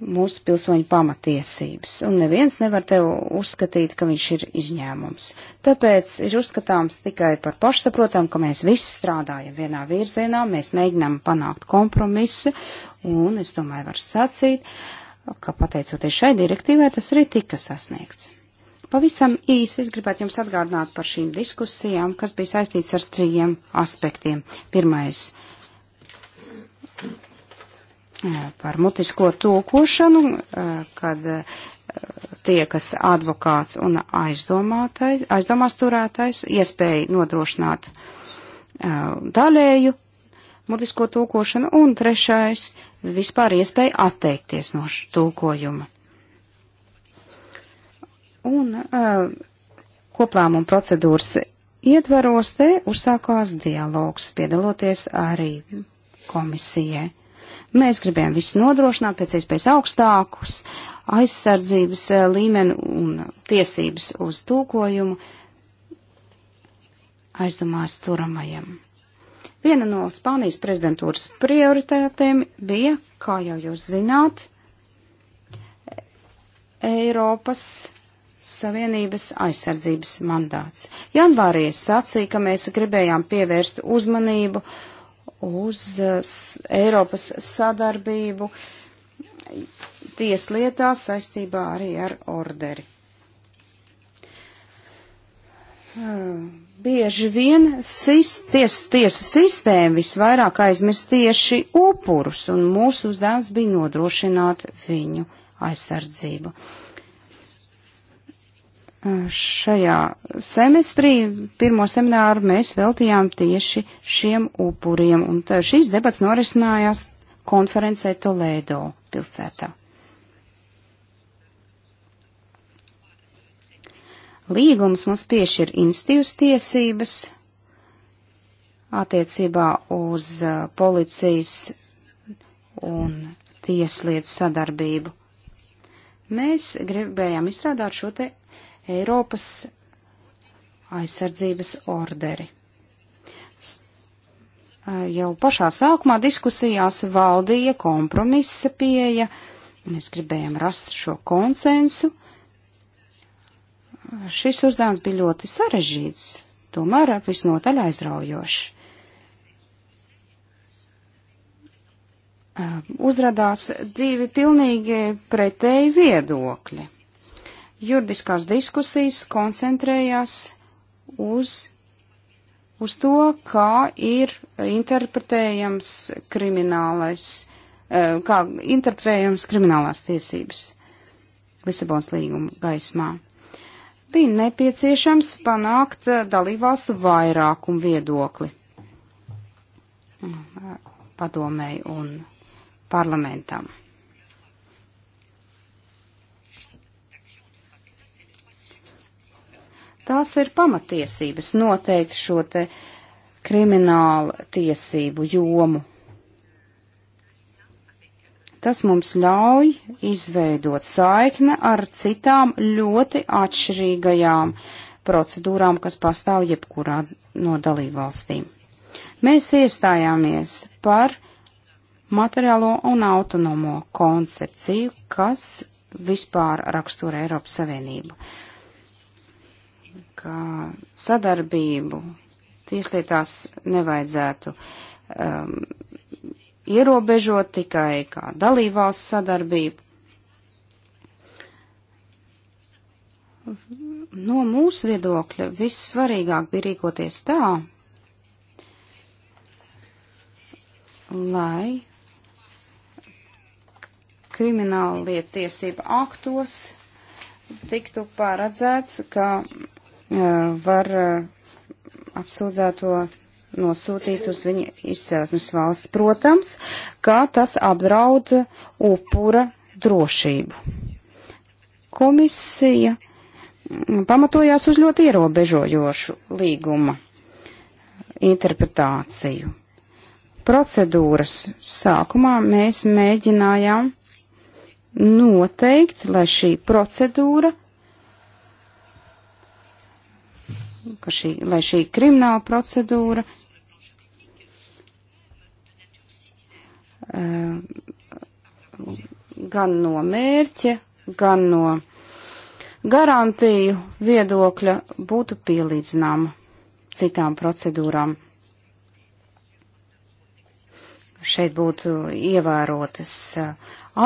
C: mūsu pilsoņu pamatiesības, un neviens nevar tev uzskatīt, ka viņš ir izņēmums. Tāpēc ir uzskatāms tikai par pašsaprotam, ka mēs visi strādājam vienā virzienā, mēs mēģinām panākt kompromisu, un es domāju, var sacīt, ka pateicoties šai direktīvai, tas arī tika sasniegts. Pavisam īsi es gribētu jums atgādināt par šīm diskusijām, kas bija saistīts ar trījiem aspektiem. Pirmais. Uh, par mutisko tūkošanu, eh, kad eh, tie, kas advokāts un aizdomās turētais, iespēja nodrošināt eh, daļēju mutisko tūkošanu, un trešais - vispār iespēja atteikties no tūkojuma. Un koplāmuma procedūras ietvaros te uzsākās dialogs, piedaloties arī komisijai. Mēs gribējām visu nodrošināt pēc iespējas augstākus aizsardzības eh, līmeni un tiesības uz tūkojumu aizdomās turamajam. Viena no Spānijas prezidentūras prioritētēm bija, kā jau jūs zināt, Eiropas Savienības aizsardzības mandāts. Janvārī es sacīju, ka mēs gribējām pievērst uzmanību uh, uz eh, Eiropas sadarbību tieslietās saistībā arī ar orderi. Bieži vien sis, ties, tiesu sistēma visvairāk aizmirst tieši upurus, un mūsu uzdevums bija nodrošināt viņu aizsardzību. Uh, šajā semestrī pirmo semināru mēs veltījām tieši šiem upuriem, un šīs debats norisinājās konferencē Toledo pilsētā. Līgums mums piešķir institīvas tiesības attiecībā uz uh, policijas un tieslietu sadarbību. Mēs gribējām izstrādāt šo te Eiropas aizsardzības orderi. Jau pašā sākumā diskusijās valdīja kompromisa pieeja, mēs gribējām rast šo konsensu. Šis uzdevums bija ļoti sarežģīts, tomēr visnotaļ aizraujošs. Uzradās divi pilnīgi pretēji viedokļi juridiskās diskusijas koncentrējās uz, uz to, kā ir interpretējams kriminālais, eh, kā interpretējams kriminālās tiesības Lisabons līguma gaismā. Bija nepieciešams panākt eh, dalībvalstu vairākumu viedokli mm, eh, padomēji un parlamentam. Tās ir pamatiesības noteikti šo te kriminālu tiesību jomu. Tas mums ļauj izveidot saikne ar citām ļoti atšķirīgajām procedūrām, kas pastāv jebkurā no dalībvalstīm. Mēs iestājāmies par materiālo un autonomo koncepciju, kas vispār raksturo Eiropas Savienību. Uh, ka sadarbību tieslietās nevajadzētu um, ierobežot tikai kā dalībvalsts sadarbību. No mūsu viedokļa vissvarīgāk bija rīkoties tā, lai krimināla lietiesība aktos tiktu paredzēts, ka var eh, apsūdzēto nosūtīt uz viņa izcelsmes valsti. Protams, kā tas apdraud upura drošību. Komisija mm, pamatojās uz ļoti ierobežojošu līguma interpretāciju. Procedūras sākumā mēs mēģinājām noteikt, lai šī procedūra ka šī, lai šī krimināla procedūra eh, gan no mērķa, gan no garantiju viedokļa būtu pielīdzināma citām procedūrām. Šeit būtu ievērotas eh,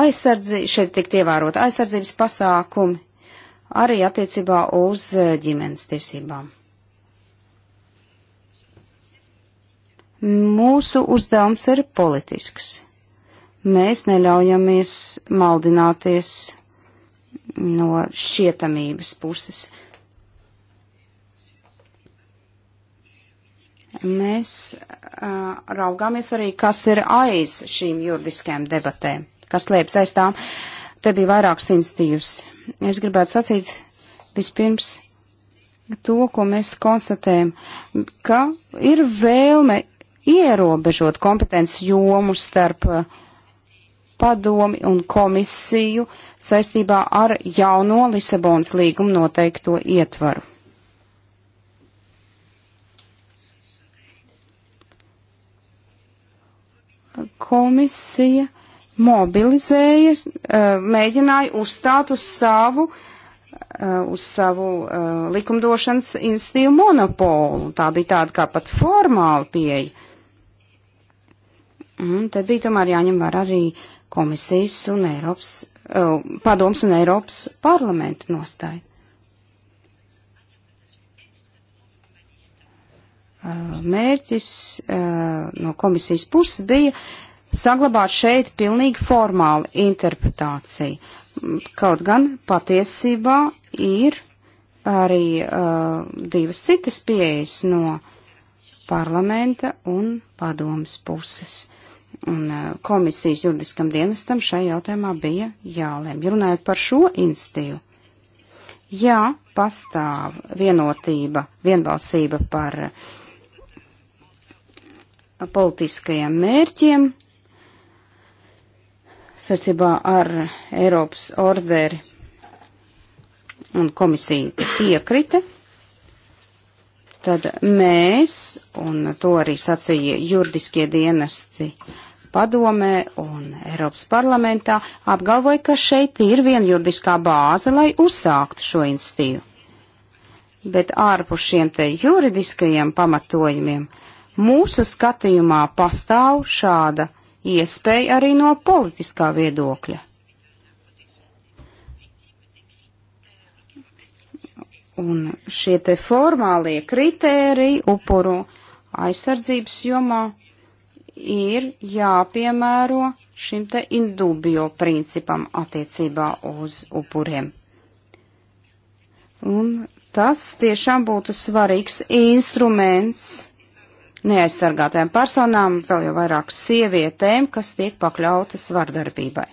C: aizsardzības, šeit tikt ievērot aizsardzības pasākumi arī attiecībā uz eh, ģimenes tiesībām. Mūsu uzdevums ir politisks. Mēs neļaujamies maldināties no šietamības puses. Mēs uh, raugāmies arī, kas ir aiz šīm juridiskajām debatēm, kas liepas aiz tām. Te bija vairākas institīvas. Es gribētu sacīt vispirms to, ko mēs konstatējam, ka ir vēlme ierobežot kompetences jomu starp uh, padomi un komisiju saistībā ar jauno Lisabonas līgumu noteikto ietvaru. Komisija mobilizēja, uh, mēģināja uzstāt uz savu uh, uz savu uh, likumdošanas institīvu monopolu. Tā bija tāda kā pat formāla pieeja. Un te bija tomēr jāņem vērā arī komisijas un Eiropas, uh, padoms un Eiropas parlamentu nostāja. Uh, mērķis uh, no komisijas puses bija saglabāt šeit pilnīgi formālu interpretāciju. Kaut gan patiesībā ir arī uh, divas citas pieejas no parlamenta un padomas puses. Un uh, komisijas juridiskam dienestam šai jautājumā bija jālēm. Runājot par šo institīvu, jā, pastāv vienotība, vienbalsība par uh, politiskajiem mērķiem saistībā ar Eiropas orderi un komisija piekrita, tad mēs, un to arī sacīja juridiskie dienesti, uh, padomē un Eiropas parlamentā apgalvoja, ka šeit ir viena juridiskā bāze, lai uzsāktu šo institīvu. Bet ārpus šiem te juridiskajiem pamatojumiem mūsu skatījumā pastāv šāda iespēja arī no politiskā viedokļa. Un šie te formālie kritēriji upuru aizsardzības jomā ir jāpiemēro šim te indubio principam attiecībā uz upuriem. Un tas tiešām būtu svarīgs instruments neaizsargātajām personām, vēl jau vairāk sievietēm, kas tiek pakļautas vardarbībai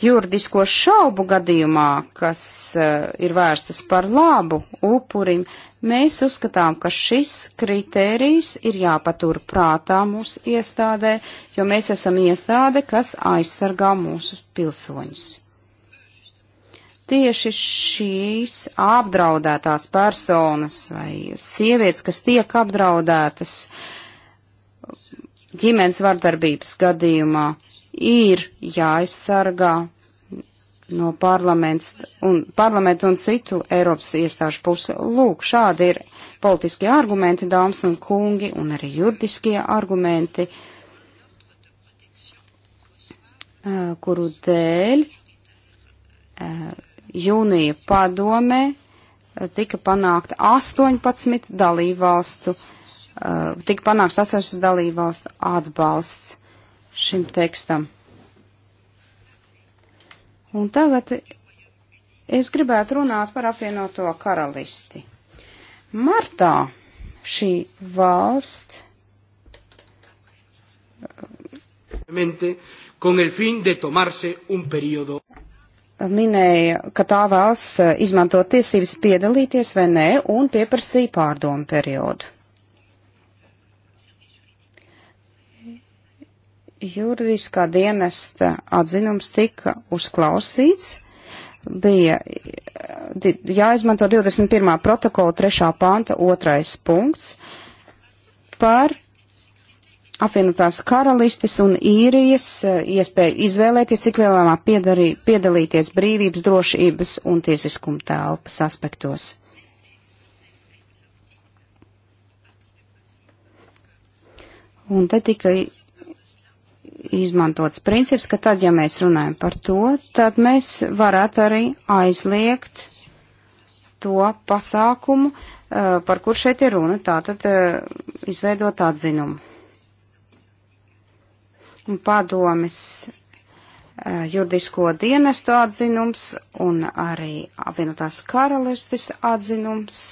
C: juridisko šaubu gadījumā, kas uh, ir vērstas par labu upurim, mēs uzskatām, ka šis kritērijs ir jāpatur prātā mūsu iestādē, jo mēs esam iestāde, kas aizsargā mūsu pilsoņus. Tieši šīs apdraudētās personas vai sievietes, kas tiek apdraudētas ģimenes vardarbības gadījumā, uh, ir jāaizsargā no parlaments un, parlamentu un citu Eiropas iestāžu pusi. Lūk, šādi ir politiskie argumenti, dāmas un kungi, un arī juridiskie argumenti, kuru dēļ jūnija padomē tika panākta 18 dalībvalstu, tika panāks 18 dalībvalstu atbalsts šim tekstam. Un tagad es gribētu runāt par apvienoto karalisti. Martā šī valsts. Con el fin de tomarse un periodo minēja, ka tā vēlas eh, izmantot tiesības piedalīties vai nē, un pieprasīja pārdomu periodu. juridiskā dienesta atzinums tika uzklausīts, bija jāizmanto 21. protokola 3. panta 2. punkts par apvienotās karalistes un īrijas eh, iespēju izvēlēties, cik lielā mērā piedalīties brīvības, drošības un tiesiskuma telpas aspektos. Un te tika izmantots princips, ka tad, ja mēs runājam par to, tad mēs varētu arī aizliegt to pasākumu, eh, par kur šeit ir runa, tātad eh, izveidot atzinumu. Un padomis eh, juridisko dienestu atzinums un arī apvienotās karalistis atzinums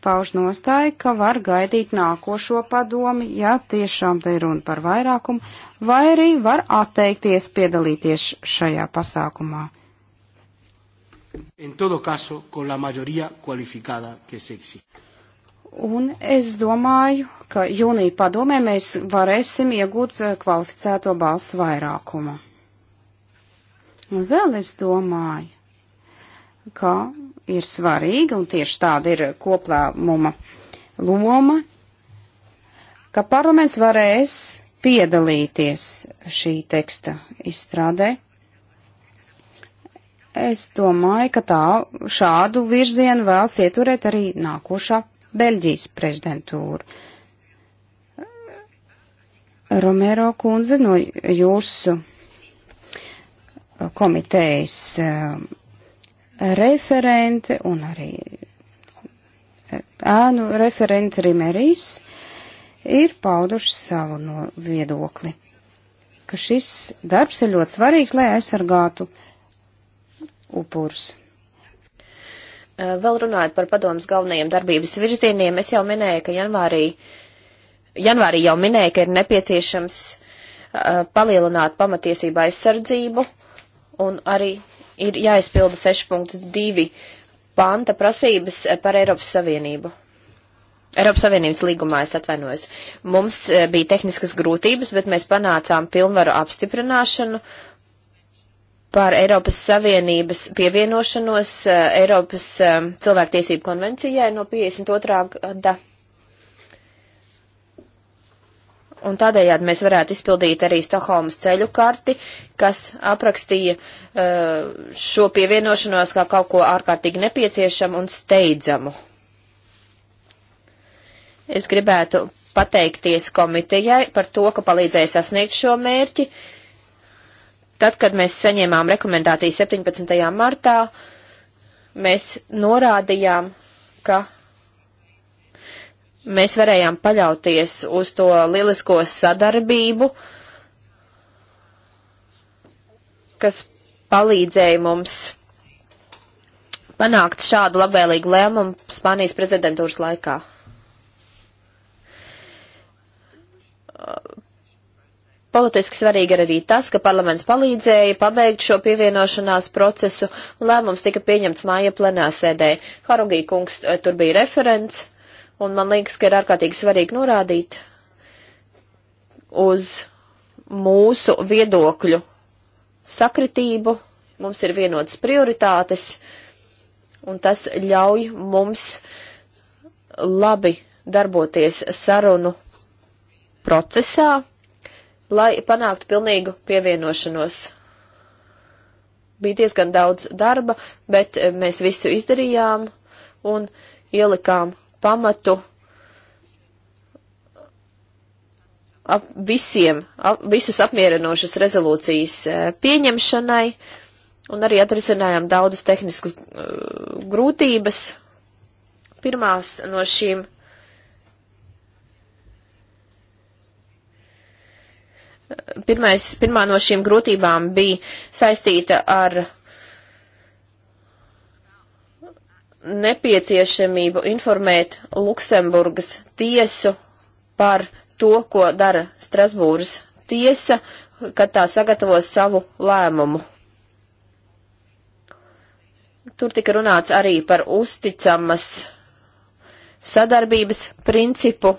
C: pauž nostāju, ka var gaidīt nākošo padomi, ja tiešām te ir runa par vairākumu, vai arī var atteikties piedalīties šajā pasākumā. Caso, Un es domāju, ka jūnija padomē mēs varēsim iegūt eh, kvalificēto balsu vairākumu. Un vēl es domāju, ka ir svarīga, un tieši tāda ir koplēmuma loma, ka parlaments varēs piedalīties šī teksta izstrādē. Es domāju, ka tā šādu virzienu vēlas ieturēt arī nākošā Beļģijas prezidentūra. Romero kundze no jūsu komitejas referente un arī ēnu referente Rimerijs ir pauduši savu no viedokli, ka šis darbs ir ļoti svarīgs, lai aizsargātu upurus.
B: Vēl runājot par padomus galvenajiem darbības virzieniem, es jau minēju, ka janvārī, janvārī jau minēju, ka ir nepieciešams uh, palielināt pamatiesību aizsardzību un arī ir jāizpilda 6.2 panta prasības eh, par Eiropas Savienību. Eiropas Savienības līgumā es atvainojos. Mums eh, bija tehniskas grūtības, bet mēs panācām pilnvaru apstiprināšanu par Eiropas Savienības pievienošanos eh, Eiropas cilvēktiesību konvencijai no 52. gada un tādējādi mēs varētu izpildīt arī Stokholmas ceļu karti, kas aprakstīja uh, šo pievienošanos kā kaut ko ārkārtīgi nepieciešamu un steidzamu. Es gribētu pateikties komitejai par to, ka palīdzēja sasniegt šo mērķi. Tad, kad mēs saņēmām rekomendāciju 17. martā, mēs norādījām, ka mēs varējām paļauties uz to lielisko sadarbību, kas palīdzēja mums panākt šādu labvēlīgu lēmumu Spānijas prezidentūras laikā. Politiski svarīgi ir arī tas, ka parlaments palīdzēja pabeigt šo pievienošanās procesu, un lēmums tika pieņemts māja plenāsēdē. Harugī kungs eh, tur bija referents. Un man liekas, ka ir ārkārtīgi svarīgi norādīt uz mūsu viedokļu sakritību, mums ir vienotas prioritātes, un tas ļauj mums labi darboties sarunu procesā, lai panāktu pilnīgu pievienošanos. Bija diezgan daudz darba, bet mēs visu izdarījām un ielikām pamatu ap visiem, ap visus apmierinošas rezolūcijas eh, pieņemšanai un arī atrisinājām daudzus tehniskus eh, grūtības. Pirmās no šīm eh, Pirmais, pirmā no šīm grūtībām bija saistīta ar nepieciešamību informēt Luksemburgas tiesu par to, ko dara Strasbūras tiesa, kad tā sagatavos savu lēmumu. Tur tika runāts arī par uzticamas sadarbības principu,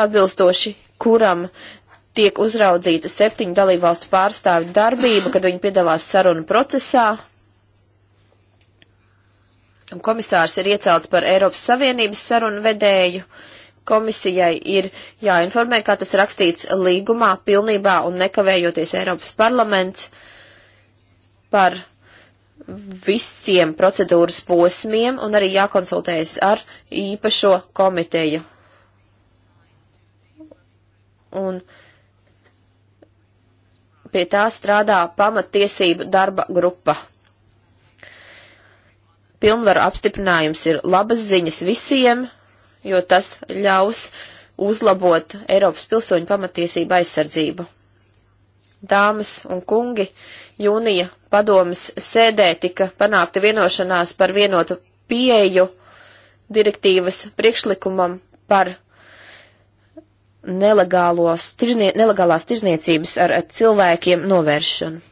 B: atbilstoši kuram tiek uzraudzīta septiņu dalībvalstu pārstāvju darbība, kad viņi piedalās sarunu procesā, un komisārs ir iecelts par Eiropas Savienības sarunu vedēju. Komisijai ir jāinformē, kā tas rakstīts līgumā, pilnībā un nekavējoties Eiropas parlaments par visiem procedūras posmiem un arī jākonsultējas ar īpašo komiteju. Un pie tā strādā pamatiesību darba grupa. Pilnvaru apstiprinājums ir labas ziņas visiem, jo tas ļaus uzlabot Eiropas pilsoņu pamatiesību aizsardzību. Dāmas un kungi, jūnija padomas sēdē tika panākta vienošanās par vienotu pieeju direktīvas priekšlikumam par tirznie, nelegālās tirzniecības ar cilvēkiem novēršanu.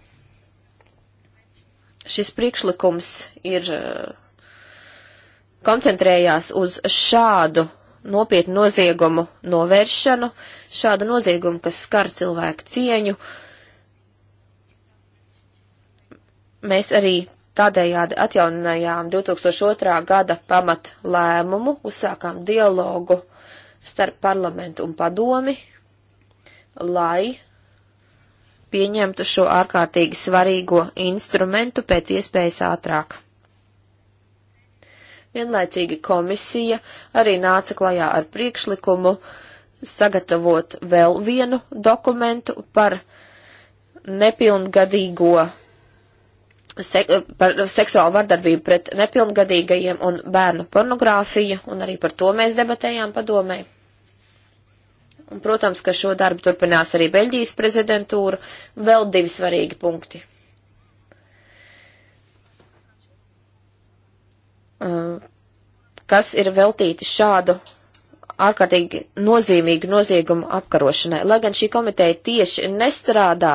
B: Šis priekšlikums ir uh, koncentrējās uz šādu nopietnu noziegumu novēršanu, šādu noziegumu, kas skar cilvēku cieņu. Mēs arī tādējādi atjauninājām 2002. gada pamat lēmumu, uzsākām dialogu starp parlamentu un padomi, lai pieņemtu šo ārkārtīgi svarīgo instrumentu pēc iespējas ātrāk. Vienlaicīgi komisija arī nāca klajā ar priekšlikumu sagatavot vēl vienu dokumentu par nepilngadīgo, se, par seksuālu vardarbību pret nepilngadīgajiem un bērnu pornogrāfiju, un arī par to mēs debatējām padomē. Un, protams, ka šo darbu turpinās arī Beļģijas prezidentūra, vēl divi svarīgi punkti. Uh, kas ir veltīti šādu ārkārtīgi nozīmīgu noziegumu apkarošanai. Lai gan šī komiteja tieši nestrādā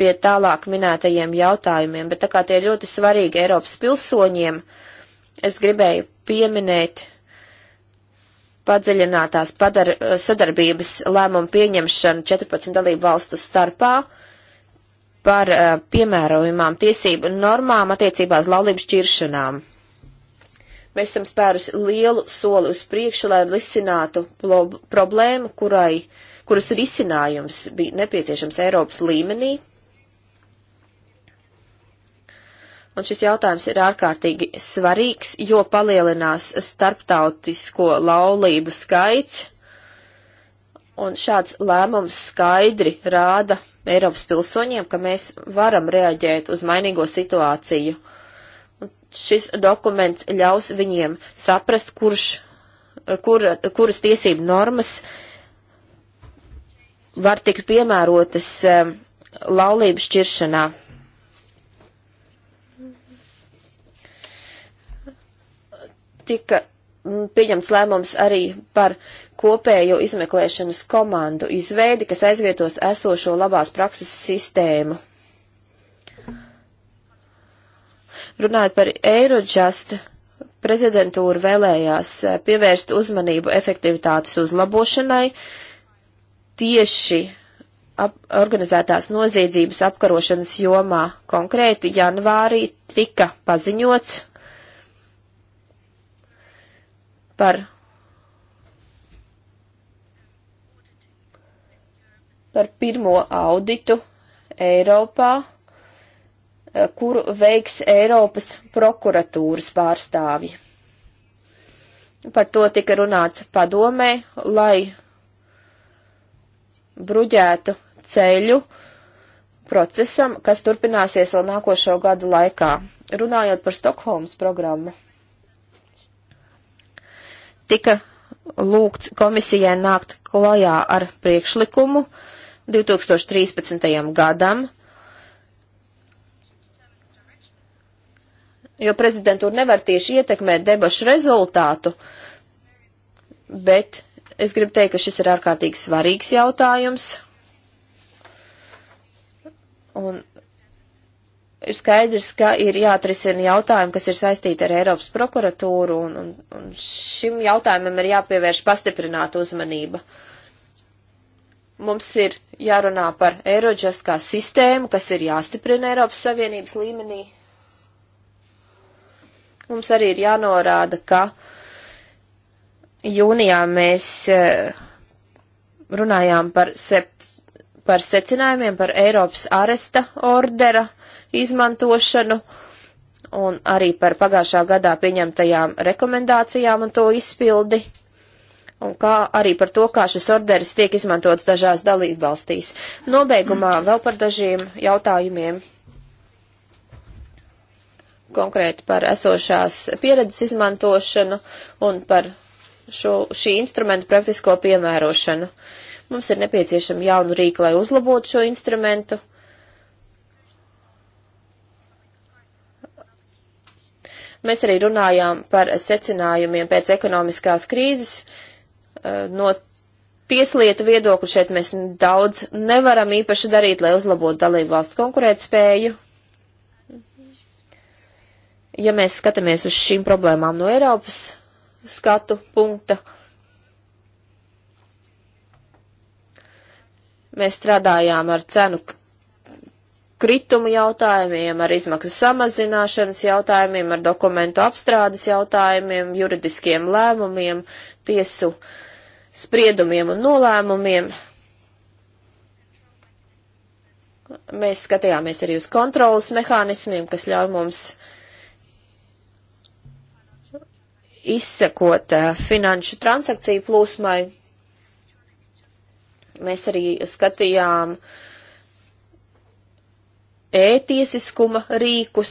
B: pie tālāk minētajiem jautājumiem, bet tā kā tie ir ļoti svarīgi Eiropas pilsoņiem, es gribēju pieminēt padziļinātās padar, sadarbības lēmumu pieņemšanu 14 dalību valstu starpā, uh, par uh, piemērojumām tiesību normām attiecībā uz laulību šķiršanām. Mēs esam spērusi lielu soli uz priekšu, lai risinātu problēmu, kurai, kuras risinājums bija nepieciešams Eiropas līmenī. Un šis jautājums ir ārkārtīgi svarīgs, jo palielinās starptautisko laulību skaits, un šāds lēmums skaidri rāda Eiropas pilsoņiem, ka mēs varam reaģēt uz mainīgo situāciju. Šis dokuments ļaus viņiem saprast, kurš, kur, kuras tiesību normas var tikt piemērotas eh, laulību šķiršanā. Tika pieņemts lēmums arī par kopējo izmeklēšanas komandu izveidi, kas aizvietos esošo labās prakses sistēmu. Runājot par Eirodžast, prezidentūra vēlējās e, pievērst uzmanību efektivitātes uzlabošanai tieši ap organizētās noziedzības apkarošanas jomā. Konkrēti janvārī tika paziņots par, par pirmo auditu Eiropā, eh, kuru veiks Eiropas prokuratūras pārstāvji. Par to tika runāts padomē, lai bruģētu ceļu procesam, kas turpināsies vēl nākošo gadu laikā. Runājot par Stokholmas programmu tika lūgts komisijai nākt klajā ar priekšlikumu 2013. gadam, jo prezidentūra nevar tieši ietekmēt debašu rezultātu, bet es gribu teikt, ka šis ir ārkārtīgi svarīgs jautājums. Un ir skaidrs, ka ir jāatrisina jautājumi, kas ir saistīti ar Eiropas prokuratūru, un, un, un šim jautājumam ir jāpievērš pastiprināta uzmanība. Mums ir jārunā par Eirodžast kā sistēmu, kas ir jāstiprina Eiropas Savienības līmenī. Mums arī ir jānorāda, ka jūnijā mēs eh, runājām par, sept, par secinājumiem par Eiropas aresta ordera izmantošanu un arī par pagājušā gadā pieņemtajām rekomendācijām un to izpildi, un kā arī par to, kā šis orderis tiek izmantots dažās dalībvalstīs. Nobeigumā vēl par dažiem jautājumiem konkrēti par esošās pieredzes izmantošanu un par šo, šī instrumenta praktisko piemērošanu. Mums ir nepieciešama jauna rīka, lai uzlabotu šo instrumentu. Mēs arī runājām par secinājumiem pēc ekonomiskās krīzes. Eh, no tieslietu viedokļa šeit mēs daudz nevaram īpaši darīt, lai uzlabotu dalību valstu konkurētspēju. Ja mēs skatāmies uz šīm problēmām no Eiropas skatu punkta, mēs strādājām ar cenu kritumu jautājumiem, ar izmaksu samazināšanas jautājumiem, ar dokumentu apstrādes jautājumiem, juridiskiem lēmumiem, tiesu spriedumiem un nolēmumiem. Mēs skatījāmies arī uz kontrolas mehānismiem, kas ļauj mums izsekot eh, finanšu transakciju plūsmai. Mēs arī skatījām uh, ētiesiskuma e rīkus.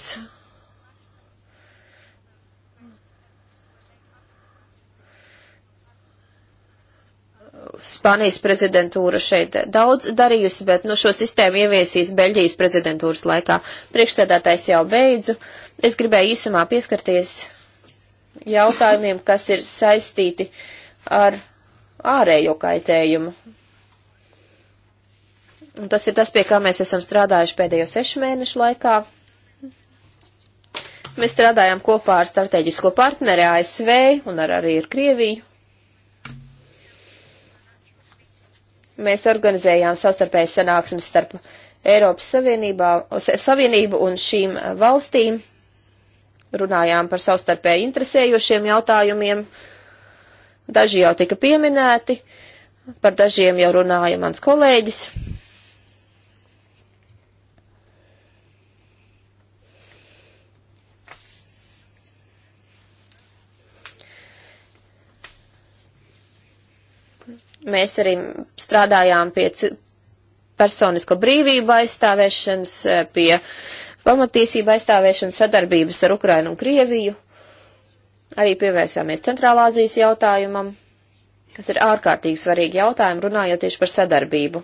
B: Spānijas prezidentūra šeit daudz darījusi, bet nu, šo sistēmu ieviesīs Beļģijas prezidentūras laikā. Priekšstādātais jau beidzu. Es gribēju īsumā pieskarties jautājumiem, kas ir saistīti ar ārējo kaitējumu. Un tas ir tas, pie kā mēs esam strādājuši pēdējo sešu mēnešu laikā. Mēs strādājam kopā ar strateģisko partneri ASV un ar, arī ar Krieviju. Mēs organizējām savstarpēju sanāksmes starp Eiropas Savienībā, Savienību un šīm eh, valstīm. Runājām par savstarpēji interesējošiem jautājumiem. Daži jau tika pieminēti, par dažiem jau runāja mans kolēģis. Mēs arī strādājām pie personisko brīvību aizstāvēšanas, eh, pie pamatīsību aizstāvēšanas sadarbības ar Ukrainu un Krieviju. Arī pievērsāmies Centrālāzijas jautājumam, kas ir ārkārtīgi svarīgi jautājumi, runājot tieši par sadarbību.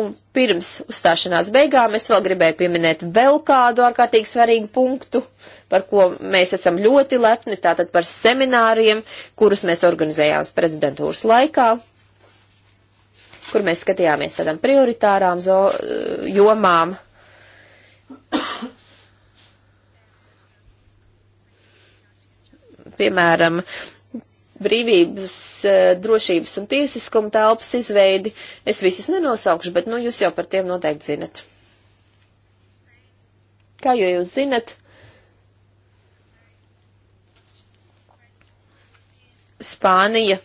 B: Un pirms uzstāšanās beigām es vēl gribēju pieminēt vēl kādu ārkārtīgi svarīgu punktu, par ko mēs esam ļoti lepni, tātad par semināriem, kurus mēs organizējām prezidentūras laikā, kur mēs skatījāmies tādām prioritārām zo, eh, jomām. Piemēram, brīvības, eh, drošības un tiesiskuma telpas izveidi. Es visus nenosaukšu, bet nu, jūs jau par tiem noteikti zinat. Kā jau jūs zinat, Spānija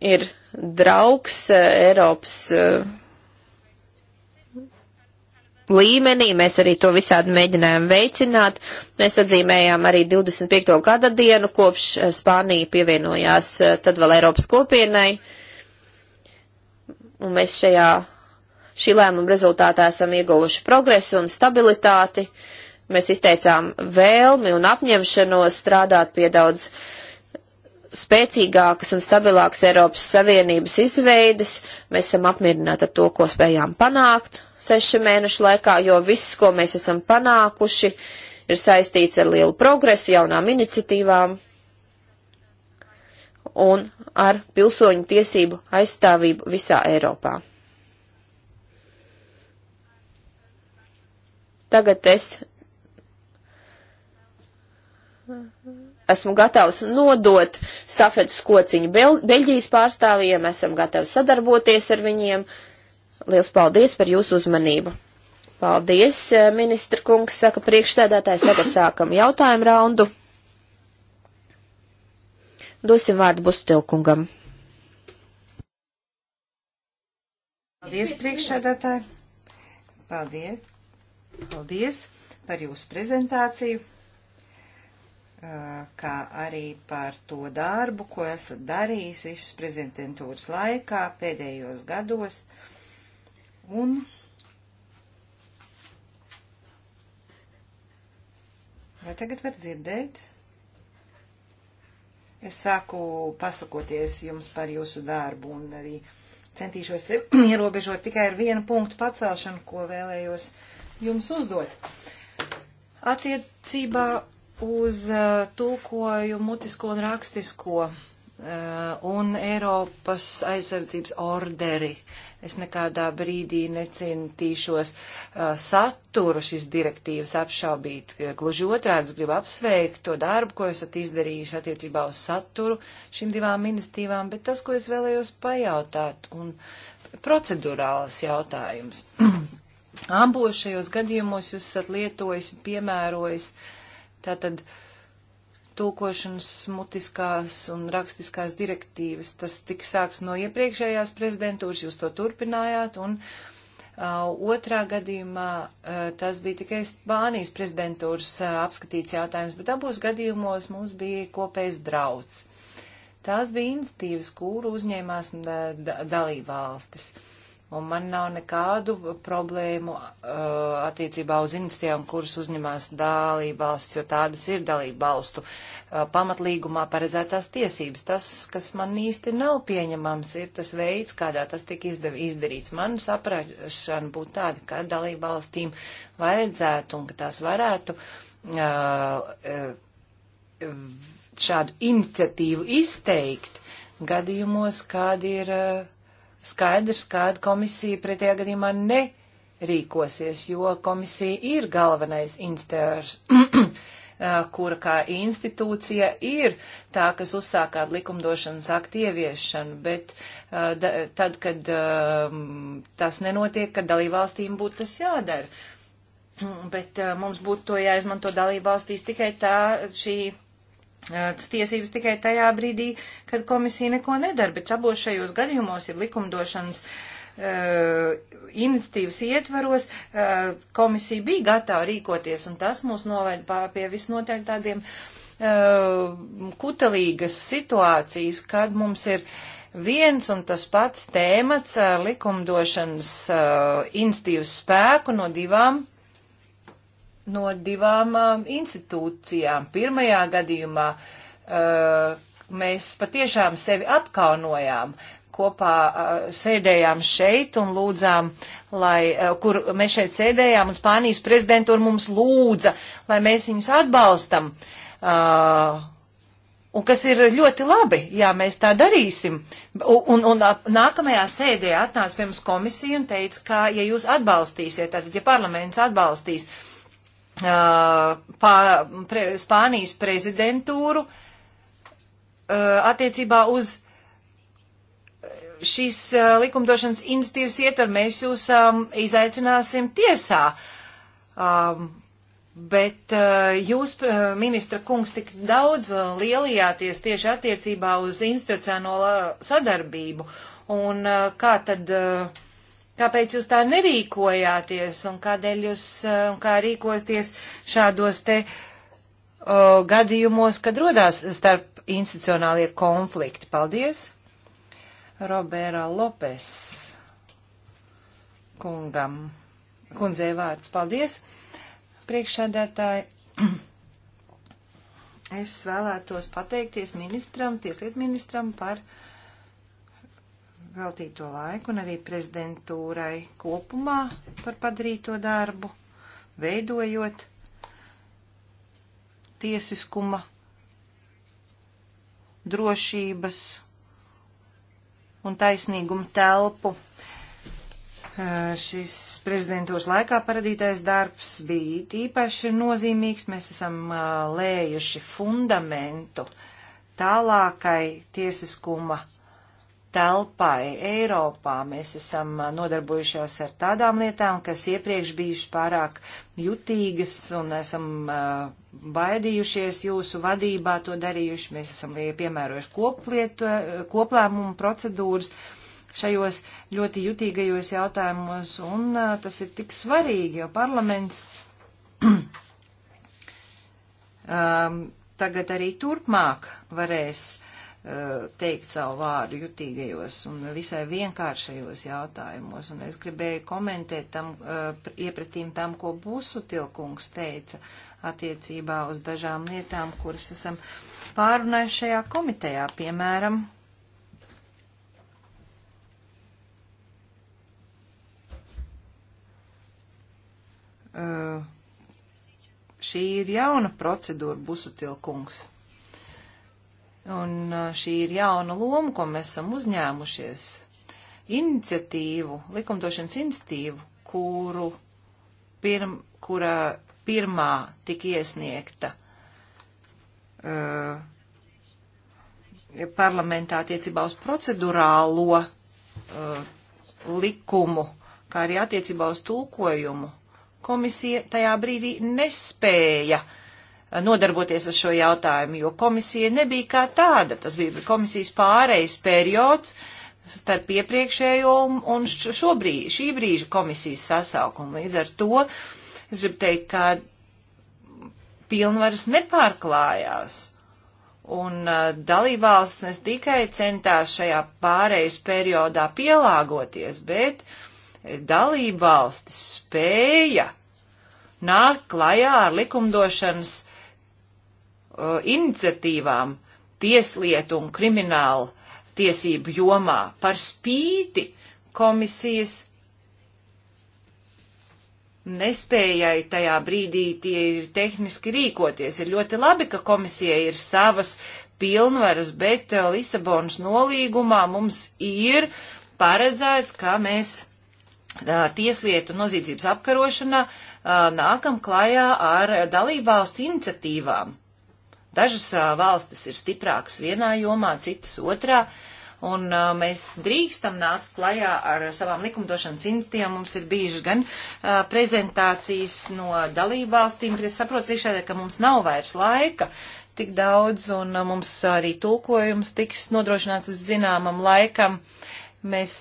B: ir draugs eh, Eiropas eh, līmenī. Mēs arī to visādi mēģinājām veicināt. Mēs atzīmējām arī 25. gada dienu, kopš eh, Spānija pievienojās tad vēl Eiropas kopienai. Un mēs šajā, šī lēmuma rezultātā esam ieguvuši progresu un stabilitāti. Mēs izteicām vēlmi un apņemšanos strādāt pie daudz uh, spēcīgākas un stabilākas Eiropas Savienības izveides. Mēs esam apmierināti ar to, ko spējām panākt sešu mēnešu laikā, jo viss, ko mēs esam panākuši, ir saistīts ar lielu progresu, jaunām iniciatīvām un ar pilsoņu tiesību aizstāvību visā Eiropā. Tagad es esmu gatavs nodot stafetes kociņu Bel Beļģijas pārstāvjiem, esam gatavi sadarboties ar viņiem. Liels paldies par jūsu uzmanību! Paldies, eh, ministra kungs, saka priekšstādātājs. Tagad sākam jautājumu raundu. Dosim vārdu Bustilkungam.
C: Paldies, priekšstādātāji.
A: Paldies. Paldies par jūsu prezentāciju. Eh, kā arī par to darbu, ko esat darījis visas prezidentūras laikā pēdējos gados. Un vai tagad var dzirdēt? Es sāku pasakoties jums par jūsu darbu un arī centīšos [clears throat] ierobežot tikai ar vienu punktu pacelšanu, ko vēlējos jums uzdot. Attiecībā uz uh, tulkoju mutisko un rakstisko uh, un Eiropas aizsardzības orderi. Es nekādā brīdī necentīšos uh, saturu šīs direktīvas apšaubīt. Gluži otrādi, es gribu apsveikt to darbu, ko esat izdarījuši attiecībā uz saturu šīm divām ministrībām, bet tas, ko es vēlējos pajautāt, un procedurāls jautājums. Ambos [clears throat] šajos gadījumos jūs esat lietojis, piemērojis uh, Tātad tulkošanas mutiskās un rakstiskās direktīvas. Tas tika sāks no iepriekšējās prezidentūras, jūs to turpinājāt, un uh, otrā gadījumā uh, tas bija tikai Spānijas prezidentūras uh, apskatīts jautājums, bet abos gadījumos mums bija kopējs drauds. Tās bija iniciatīvas, kuru uzņēmās da, uh, da, dalībvalstis. Uh, un man nav nekādu problēmu uh, attiecībā uz iniciatīvām, kuras uzņemās dalībvalsts, jo tādas ir dalībvalstu uh, pamatlīgumā paredzētās tiesības. Tas, kas man īsti nav pieņemams, ir tas veids, kādā tas tika izdev, izdarīts. Man saprašana būtu tāda, ka dalībvalstīm vajadzētu un ka tās varētu uh, uh šādu iniciatīvu izteikt gadījumos, kādi ir. Uh, skaidrs, kāda komisija pretējā gadījumā nerīkosies, jo komisija ir galvenais institūrs, [clears throat] kura kā institūcija ir tā, kas uzsāk kādu likumdošanas aktu ieviešanu, bet da, tad, kad tas nenotiek, kad dalībvalstīm būtu tas jādara. [clears throat] Bet mums būtu to jāizmanto dalībvalstīs tikai tā šī tiesības tikai tajā brīdī, kad komisija neko nedara, bet abos šajos gadījumos ir likumdošanas uh, iniciatīvas ietvaros, uh, komisija bija gatava rīkoties, un tas mūs noveda pie visnotaļ tādiem uh, kutelīgas situācijas, kad mums ir viens un tas pats tēmats likumdošanas iniciatīvas spēku no divām no divām um, institūcijām. Pirmajā gadījumā uh, mēs patiešām sevi apkaunojām, kopā uh, sēdējām šeit un lūdzām, lai, uh, kur mēs šeit sēdējām, un Spānijas prezidentūra mums lūdza, lai mēs viņus atbalstam. Uh, un kas ir ļoti labi, ja mēs tā darīsim. Un, un, un nākamajā sēdē atnāca pie mums komisija un teica, ka, ja jūs atbalstīsiet, tad, ja parlaments atbalstīs, uh, pā, pre, Spānijas prezidentūru attiecībā uz šīs likumdošanas iniciatīvas ietver. Mēs jūs izaicināsim tiesā. Bet jūs, ministra kungs, tik daudz lielījāties tieši attiecībā uz institucionālo sadarbību. Un kā tad uh, Kāpēc jūs tā nerīkojāties un kādēļ jūs eh, un kā rīkoties šādos te o, gadījumos, kad rodās starp institucionālie konflikti? Paldies! Roberā Lopes kungam. Kundzei vārds. Paldies! Priekšsēdētāji, [clears throat] es vēlētos pateikties ministram, tieslietu ministram par veltīto laiku un arī prezidentūrai kopumā par padarīto darbu, veidojot tiesiskuma, drošības un taisnīguma telpu. Eh, šis prezidentūras laikā paradītais darbs bija īpaši nozīmīgs. Mēs esam eh, lējuši fundamentu tālākai tiesiskuma telpai Eiropā. Mēs esam nodarbojušies ar tādām lietām, kas iepriekš bijušas pārāk jutīgas un esam baidījušies jūsu vadībā to darījuši. Mēs esam piemērojuši koplietu, koplēmumu procedūras šajos ļoti jutīgajos jautājumos, un tas ir tik svarīgi, jo parlaments um, [clears throat] tagad arī turpmāk varēs teikt savu vārdu jutīgajos un visai vienkāršajos jautājumos. Un es gribēju komentēt tam, eh, iepratīm tam, ko Busu tilkungs teica attiecībā uz dažām lietām, kuras esam pārunājuši šajā komitejā, piemēram. Eh, šī ir jauna procedūra, Busu tilkungs. Un šī ir jauna loma, ko mēs esam uzņēmušies. Iniciatīvu, likumdošanas iniciatīvu, kuru pirm, kura pirmā tika iesniegta uh, parlamentā attiecībā uz procedurālo uh, likumu, kā arī attiecībā uz tulkojumu. Komisija tajā brīdī nespēja uh, nodarboties ar šo jautājumu, jo komisija nebija kā tāda. Tas bija komisijas pārejas periods starp iepriekšējo un šobrīd, šī brīža komisijas sasaukumu. Līdz ar to es gribu teikt, ka pilnvaras nepārklājās. Un uh, dalībvalsts ne tikai centās šajā pārejas periodā pielāgoties, bet dalībvalstis spēja nākt klajā ar likumdošanas uh, iniciatīvām tieslietu un kriminālu tiesību jomā par spīti komisijas nespējai tajā brīdī tie ir tehniski rīkoties. Ir ļoti labi, ka komisija ir savas pilnvaras, bet uh, Lisabonas nolīgumā mums ir paredzēts, ka mēs a, uh, tieslietu nozīdzības apkarošanā a, uh, nākam klajā ar dalībvalstu iniciatīvām. Dažas valstis ir stiprākas vienā jomā, citas otrā. Un uh, mēs drīkstam nākt klajā ar savām likumdošanas institīvām. Mums ir bijušas gan uh, prezentācijas no dalību valstīm, bet es saprotu priekšādā, ka mums nav vairs laika tik daudz, un uh, mums arī tulkojums tiks nodrošināts līdz zināmam laikam. Mēs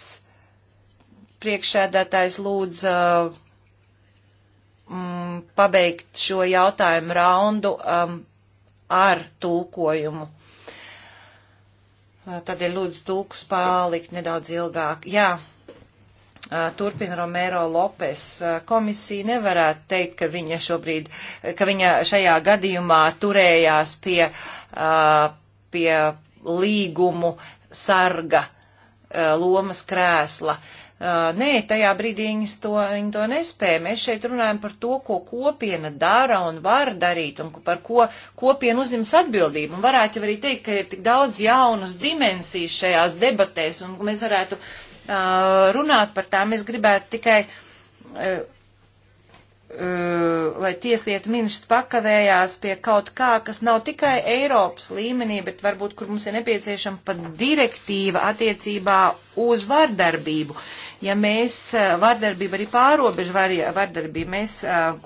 A: priekšēdētājs lūdza mm, pabeigt šo jautājumu raundu um, ar tulkojumu. Tādēļ lūdzu tulkus palikt nedaudz ilgāk. Jā, turpina Romero Lopes. Komisija nevarētu teikt, ka viņa šobrīd, ka viņa šajā gadījumā turējās pie, pie līgumu sarga lomas krēsla. Uh, Nē, tajā brīdī viņas to, viņi to nespēja. Mēs šeit runājam par to, ko kopiena dara un var darīt un par ko kopiena uzņems atbildību. Un varētu jau arī teikt, ka ir tik daudz jaunas dimensijas šajās debatēs un mēs varētu uh, runāt par tām. Es gribētu tikai. Uh, lai tieslietu ministrs pakavējās pie kaut kā, kas nav tikai Eiropas līmenī, bet varbūt, kur mums ir nepieciešama pat direktīva attiecībā uz vardarbību ja mēs vardarbību arī pārobežu var, vardarbību, mēs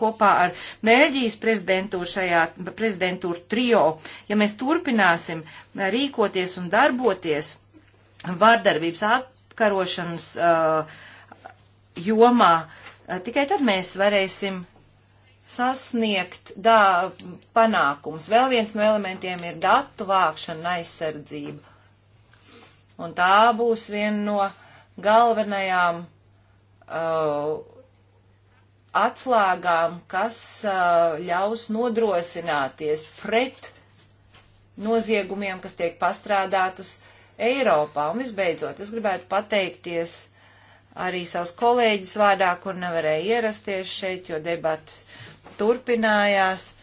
A: kopā ar Mēļģijas prezidentūru šajā prezidentūru trio, ja mēs turpināsim rīkoties un darboties vardarbības apkarošanas jomā, tikai tad mēs varēsim sasniegt dā, panākums. Vēl viens no elementiem ir datu vākšana aizsardzība. Un tā būs viena no galvenajām uh, atslēgām, kas uh, ļaus nodrosināties pret noziegumiem, kas tiek pastrādātas Eiropā. Un visbeidzot, es gribētu pateikties arī savus kolēģis vārdā, kur nevarēja ierasties šeit, jo debatas turpinājās.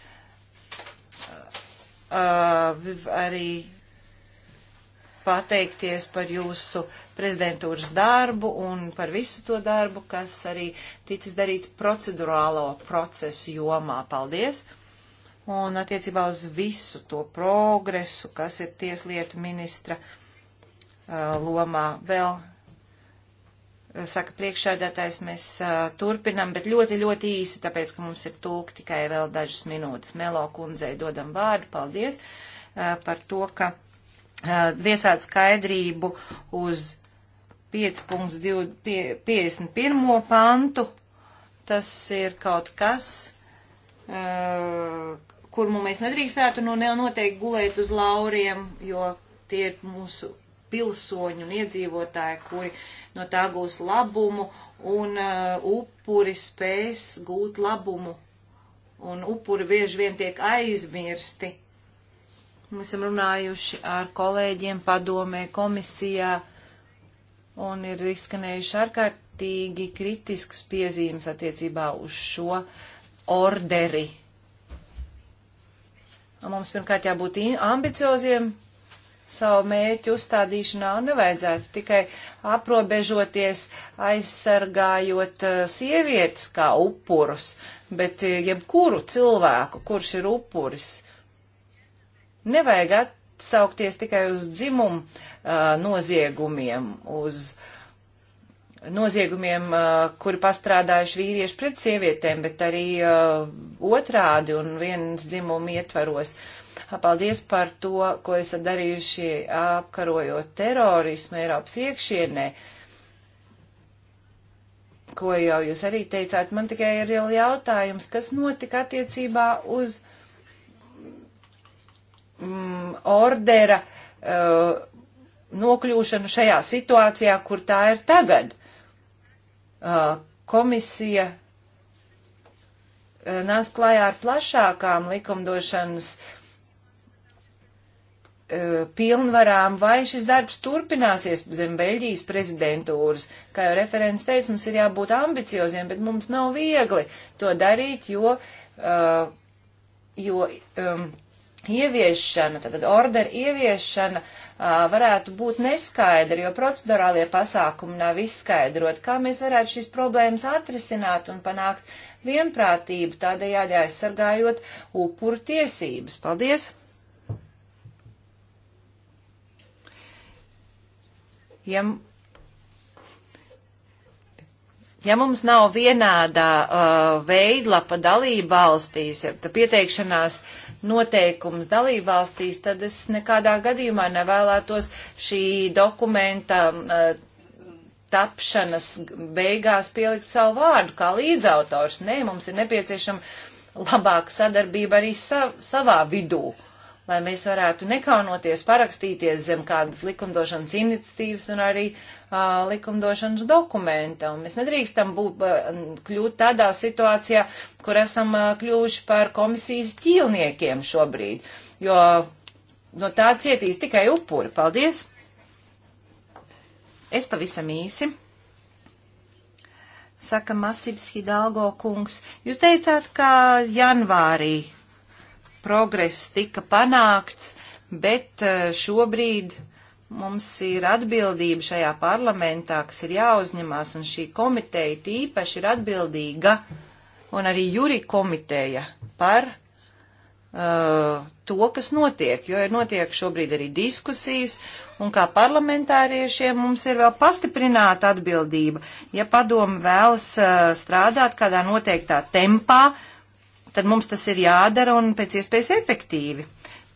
A: Uh, arī pateikties par jūsu prezidentūras darbu un par visu to darbu, kas arī ticis darīts procedurālo procesu jomā. Paldies! Un attiecībā uz visu to progresu, kas ir tieslietu ministra uh, lomā, vēl uh, saka priekšādātājs, mēs uh, turpinam, bet ļoti, ļoti īsi, tāpēc, ka mums ir tulki tikai vēl dažas minūtes. Melo kundzei dodam vārdu, paldies uh, par to, ka uh, viesāt skaidrību uz 5.51. pantu. Tas ir kaut kas, kur mēs nedrīkstētu no nu noteikti gulēt uz lauriem, jo tie ir mūsu pilsoņi un iedzīvotāji, kuri no tā gūs labumu un uh, upuri spēs gūt labumu. Un upuri bieži vien tiek aizmirsti. Mēs esam runājuši ar kolēģiem padomē, komisijā. Uh, un ir izskanējuši ārkārtīgi kritisks piezīmes attiecībā uz šo orderi. Un mums pirmkārt jābūt ambicioziem savu mērķu uzstādīšanā un nevajadzētu tikai aprobežoties, aizsargājot eh, sievietes kā upurus, bet eh, jebkuru cilvēku, kurš ir upuris, nevajag at atsaukties tikai uz dzimumu uh, noziegumiem, uz noziegumiem, uh, kuri pastrādājuši vīrieši pret sievietēm, bet arī uh, otrādi un viens dzimumu ietvaros. Paldies par to, ko esat darījuši apkarojot terorismu Eiropas iekšienē, ko jau jūs arī teicāt. Man tikai ir jau jautājums, kas notika attiecībā uz mm, ordera uh, nokļūšanu šajā situācijā, kur tā ir tagad. Uh, komisija uh, nāks klājā ar plašākām likumdošanas uh, pilnvarām, vai šis darbs turpināsies zem Beļģijas prezidentūras. Kā jau referents teica, mums ir jābūt ambicioziem, bet mums nav viegli to darīt, jo, uh, jo um, ieviešana, tad orderu ieviešana a, varētu būt neskaidra, jo procedurālie pasākumi nav izskaidrot, kā mēs varētu šīs problēmas atrisināt un panākt vienprātību, tādējādi aizsargājot upuru tiesības. Paldies! Ja, ja mums nav vienādā uh, veidlapa dalība valstīs, ja pieteikšanās uh, noteikumus dalībvalstīs, tad es nekādā gadījumā nevēlētos šī dokumenta eh, tapšanas beigās pielikt savu vārdu kā līdzautors. Nē, mums ir nepieciešama labāka sadarbība arī sav, savā vidū lai mēs varētu nekaunoties parakstīties zem kādas likumdošanas iniciatīvas un arī uh, likumdošanas dokumenta. Un mēs nedrīkstam būt, kļūt tādā situācijā, kur esam kļuvuši par komisijas ķīlniekiem šobrīd, jo no tā cietīs tikai upuri. Paldies! Es pavisam īsi. Saka Masības Hidalgo kungs, jūs teicāt, ka janvārī progress tika panākts, bet šobrīd uh, mums ir atbildība šajā parlamentā, kas ir jāuzņemās, un šī komiteja tīpaši ir atbildīga, un arī jūri komiteja par uh, to, kas notiek, jo ir notiek šobrīd arī diskusijas, un kā parlamentāriešiem mums ir vēl pastiprināta atbildība. Ja padomu vēlas uh, strādāt kādā noteiktā tempā, tad mums tas ir jādara un pēc iespējas efektīvi.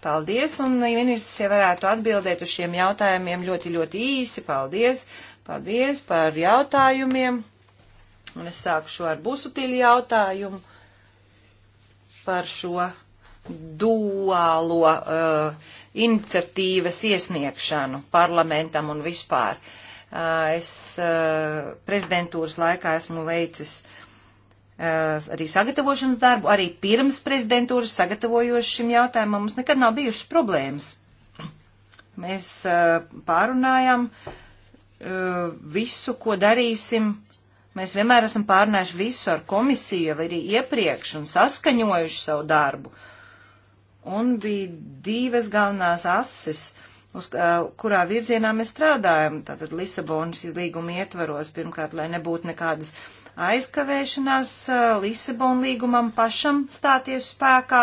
A: Paldies, un ministrs, ja varētu atbildēt uz šiem jautājumiem ļoti, ļoti īsi, paldies, paldies par jautājumiem. Un es sākušu ar busutīļu jautājumu par šo duālo uh, iniciatīvas iesniegšanu parlamentam un vispār. Uh, es uh, prezidentūras laikā esmu veicis uh, Eh, arī sagatavošanas darbu, arī pirms prezidentūras sagatavojoši šim jautājumam mums nekad nav bijušas problēmas. Mēs eh, pārunājam eh, visu, ko darīsim. Mēs vienmēr esam pārunājuši visu ar komisiju, vai arī iepriekš, un saskaņojuši savu darbu. Un bija divas galvenās asis uz uh, kurā virzienā mēs strādājam. Tātad Lisabonas līguma ietvaros pirmkārt, lai nebūtu nekādas aizkavēšanās eh, Lisabon līgumam pašam stāties spēkā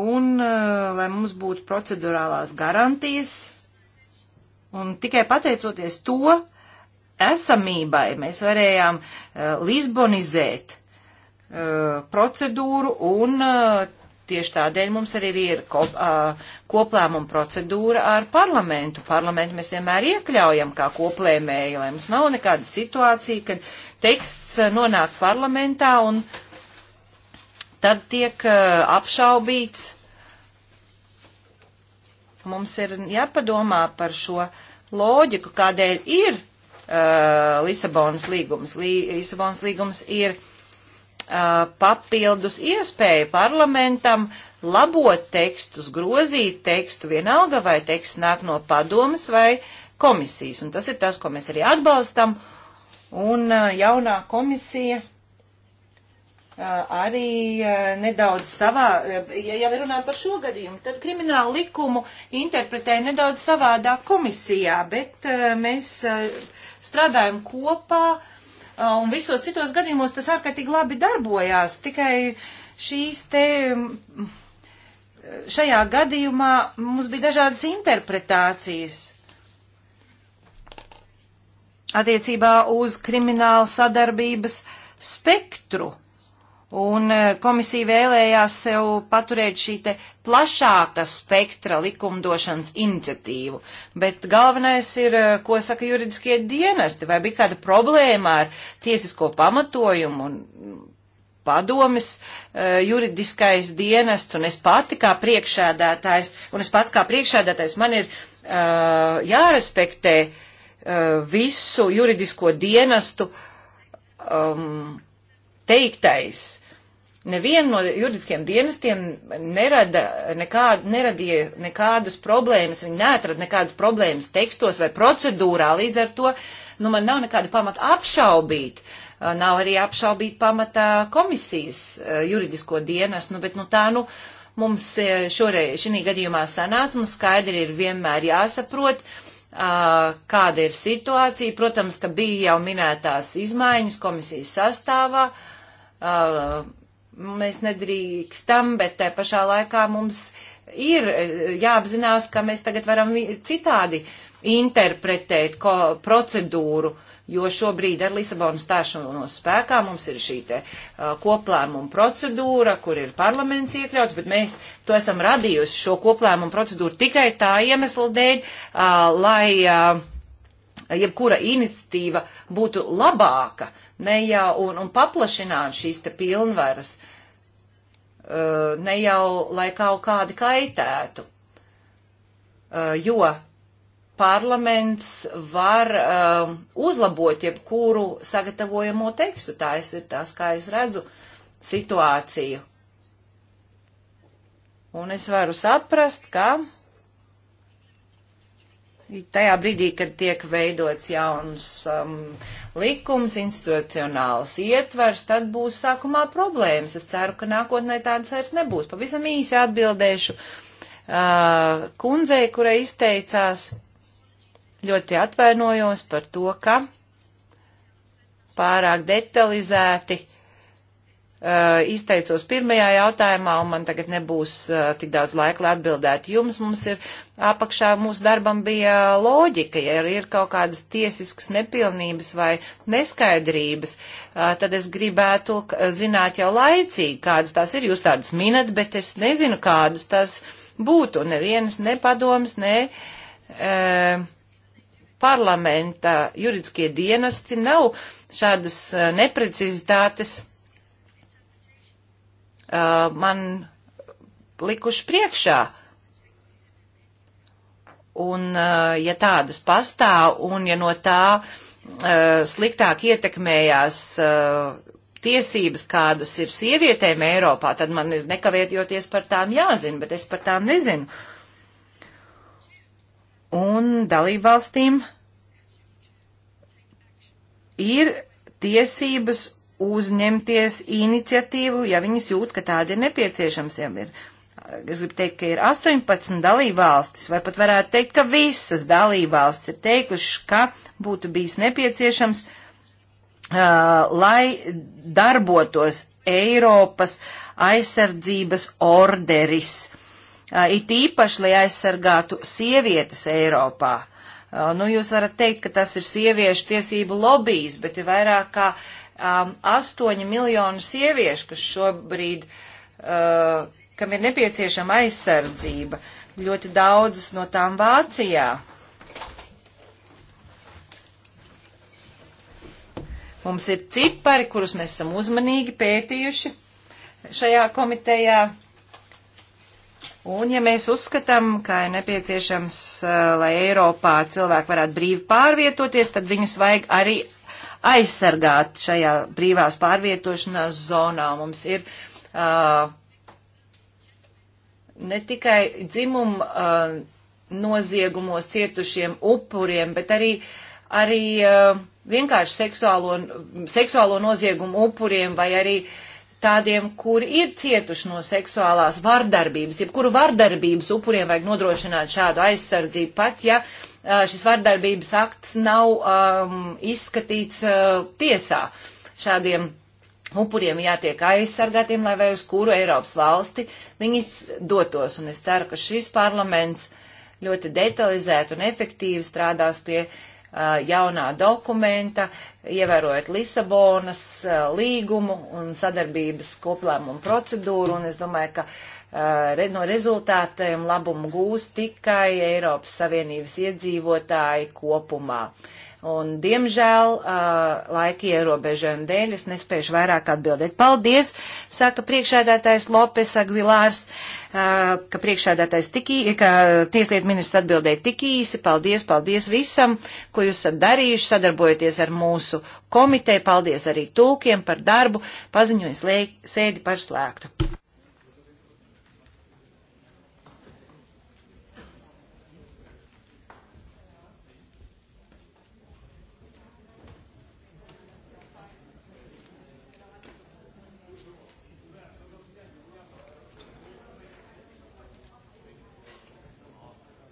A: un eh, lai mums būtu procedurālās garantijas. Un tikai pateicoties to esamībai mēs varējām eh, Lisbonizēt procedūru un Tieši tādēļ mums arī ir kop, uh, koplēmuma procedūra ar parlamentu. Parlamentu mēs vienmēr iekļaujam kā koplēmēji, lai mums nav nekāda situācija, kad teksts nonāk parlamentā un tad tiek uh, apšaubīts. Mums ir jāpadomā par šo loģiku, kādēļ ir uh, Lisabonas līgums. Lī, Lisabonas līgums ir uh, Uh, papildus iespēja parlamentam labot tekstus, grozīt tekstu vienalga, vai teksts nāk no padomas vai komisijas. Un tas ir tas, ko mēs arī atbalstam. Un uh, jaunā komisija uh, arī nedaudz savā, ja jau runājam par šo gadījumu, tad kriminālu likumu interpretēja nedaudz savādā komisijā, bet mēs strādājam kopā Uh, un visos citos gadījumos tas ārkārtīgi labi darbojās, tikai šīs te. Šajā gadījumā mums bija dažādas interpretācijas attiecībā uz kriminālu sadarbības spektru. Uh, Un e, komisija vēlējās sev paturēt šī te plašāka spektra likumdošanas iniciatīvu. Bet galvenais ir, e, ko saka juridiskie dienesti, vai bija kāda problēma ar tiesisko pamatojumu un mm, padomis e, juridiskais dienests, un es pati kā priekšēdētājs, un es pats kā priekšēdētājs, man ir uh, jārespektē uh, visu juridisko dienestu um, teiktais neviena no juridiskiem dienestiem nerada nekād, neradīja nekādas problēmas, viņi neatrada nekādas problēmas tekstos vai procedūrā, līdz ar to, nu, man nav nekāda pamata apšaubīt, nav arī apšaubīt pamata komisijas juridisko dienestu, nu, bet, nu, tā, nu, mums šoreiz, šī gadījumā sanāca, mums skaidri ir vienmēr jāsaprot, kāda ir situācija. Protams, ka bija jau minētās izmaiņas komisijas sastāvā, mēs nedrīkstam, bet te pašā laikā mums ir e, jāapzinās, ka mēs tagad varam citādi interpretēt ko, procedūru, jo šobrīd ar Lisabonu stāšanos spēkā mums ir šī te uh, koplēmuma procedūra, kur ir parlaments iekļauts, bet mēs to esam radījusi šo koplēmuma procedūru tikai tā iemesla dēļ, uh, lai uh, jebkura iniciatīva būtu labāka, ne jau un, un paplašināt šīs te pilnvaras, uh, ne jau lai kaut kādi kaitētu, uh, jo parlaments var uh, uzlabot jebkuru sagatavojamo tekstu. Tā es ir tas, kā es redzu situāciju. Un es varu saprast, ka tajā brīdī, kad tiek veidots jauns um, likums, institucionāls ietvers, tad būs sākumā problēmas. Es ceru, ka nākotnē tādas vairs nebūs. Pavisam īsi atbildēšu uh, kundzei, kurai izteicās. Ļoti atvainojos par to, ka pārāk detalizēti Uh, izteicos pirmajā jautājumā, un man tagad nebūs uh, tik daudz laika, lai atbildētu jums. Mums ir apakšā mūsu darbam bija loģika, ja ir kaut kādas tiesiskas nepilnības vai neskaidrības, uh, tad es gribētu zināt jau laicīgi, kādas tās ir. Jūs tādas minat, bet es nezinu, kādas tās būtu. Nevienas, ne padomas, ne. Uh, Parlamenta juridiskie dienesti nav šādas neprecizitātes uh, man likuši priekšā. Un, uh, ja tādas pastāv un ja no tā uh, sliktāk ietekmējās uh, tiesības, kādas ir sievietēm Eiropā, tad man ir nekavējoties par tām jāzina, bet es par tām nezinu. Un dalībvalstīm ir tiesības uzņemties iniciatīvu, ja viņas jūt, ka tāda ir nepieciešams. Ja ir, es gribu teikt, ka ir 18 dalībvalstis, vai pat varētu teikt, ka visas dalībvalstis ir teikušas, ka būtu bijis nepieciešams, uh, lai darbotos Eiropas aizsardzības orderis. Uh, it īpaši, lai aizsargātu sievietes Eiropā. Uh, nu, jūs varat teikt, ka tas ir sieviešu tiesību lobbyis, bet ir vairāk kā uh, um, 8 miljonu sieviešu, kas šobrīd, uh, kam ir nepieciešama aizsardzība. Ļoti daudzas no tām Vācijā. Mums ir cipari, kurus mēs esam uzmanīgi pētījuši šajā komitejā. Un ja mēs uzskatām, ka ir nepieciešams, uh, lai Eiropā cilvēki varētu brīvi pārvietoties, tad viņus vajag arī aizsargāti šajā brīvās pārvietošanās zonā. Mums ir uh, ne tikai dzimumu uh, noziegumos cietušiem upuriem, bet arī, arī uh, vienkārši seksuālo, seksuālo noziegumu upuriem vai arī tādiem, kuri ir cietuši no seksuālās vardarbības, jebkuru vardarbības upuriem vajag nodrošināt šādu aizsardzību, pat ja uh, Eh, šis vardarbības akts nav um, izskatīts uh, tiesā. Šādiem upuriem jātiek aizsargātiem, lai vai uz kuru Eiropas valsti viņi dotos. Un es ceru, ka šis parlaments ļoti detalizēti un efektīvi strādās pie uh, jaunā dokumenta, ievērojot Lisabonas uh, līgumu un sadarbības koplēmumu procedūru. Un es domāju, ka uh, Eh, no rezultātiem labumu gūs tikai Eiropas Savienības iedzīvotāji kopumā. Un, diemžēl, eh, laika ierobežojuma dēļ es nespēšu vairāk atbildēt. Paldies, saka priekšēdētājs Lopes Agvilārs, eh, ka priekšēdētājs tik īsi, ka tieslietu ministrs atbildēja tik īsi. Paldies, paldies visam, ko jūs esat darījuši, sadarbojoties ar mūsu komiteju. Paldies arī tulkiem par darbu. Paziņojas sēdi par slēgtu.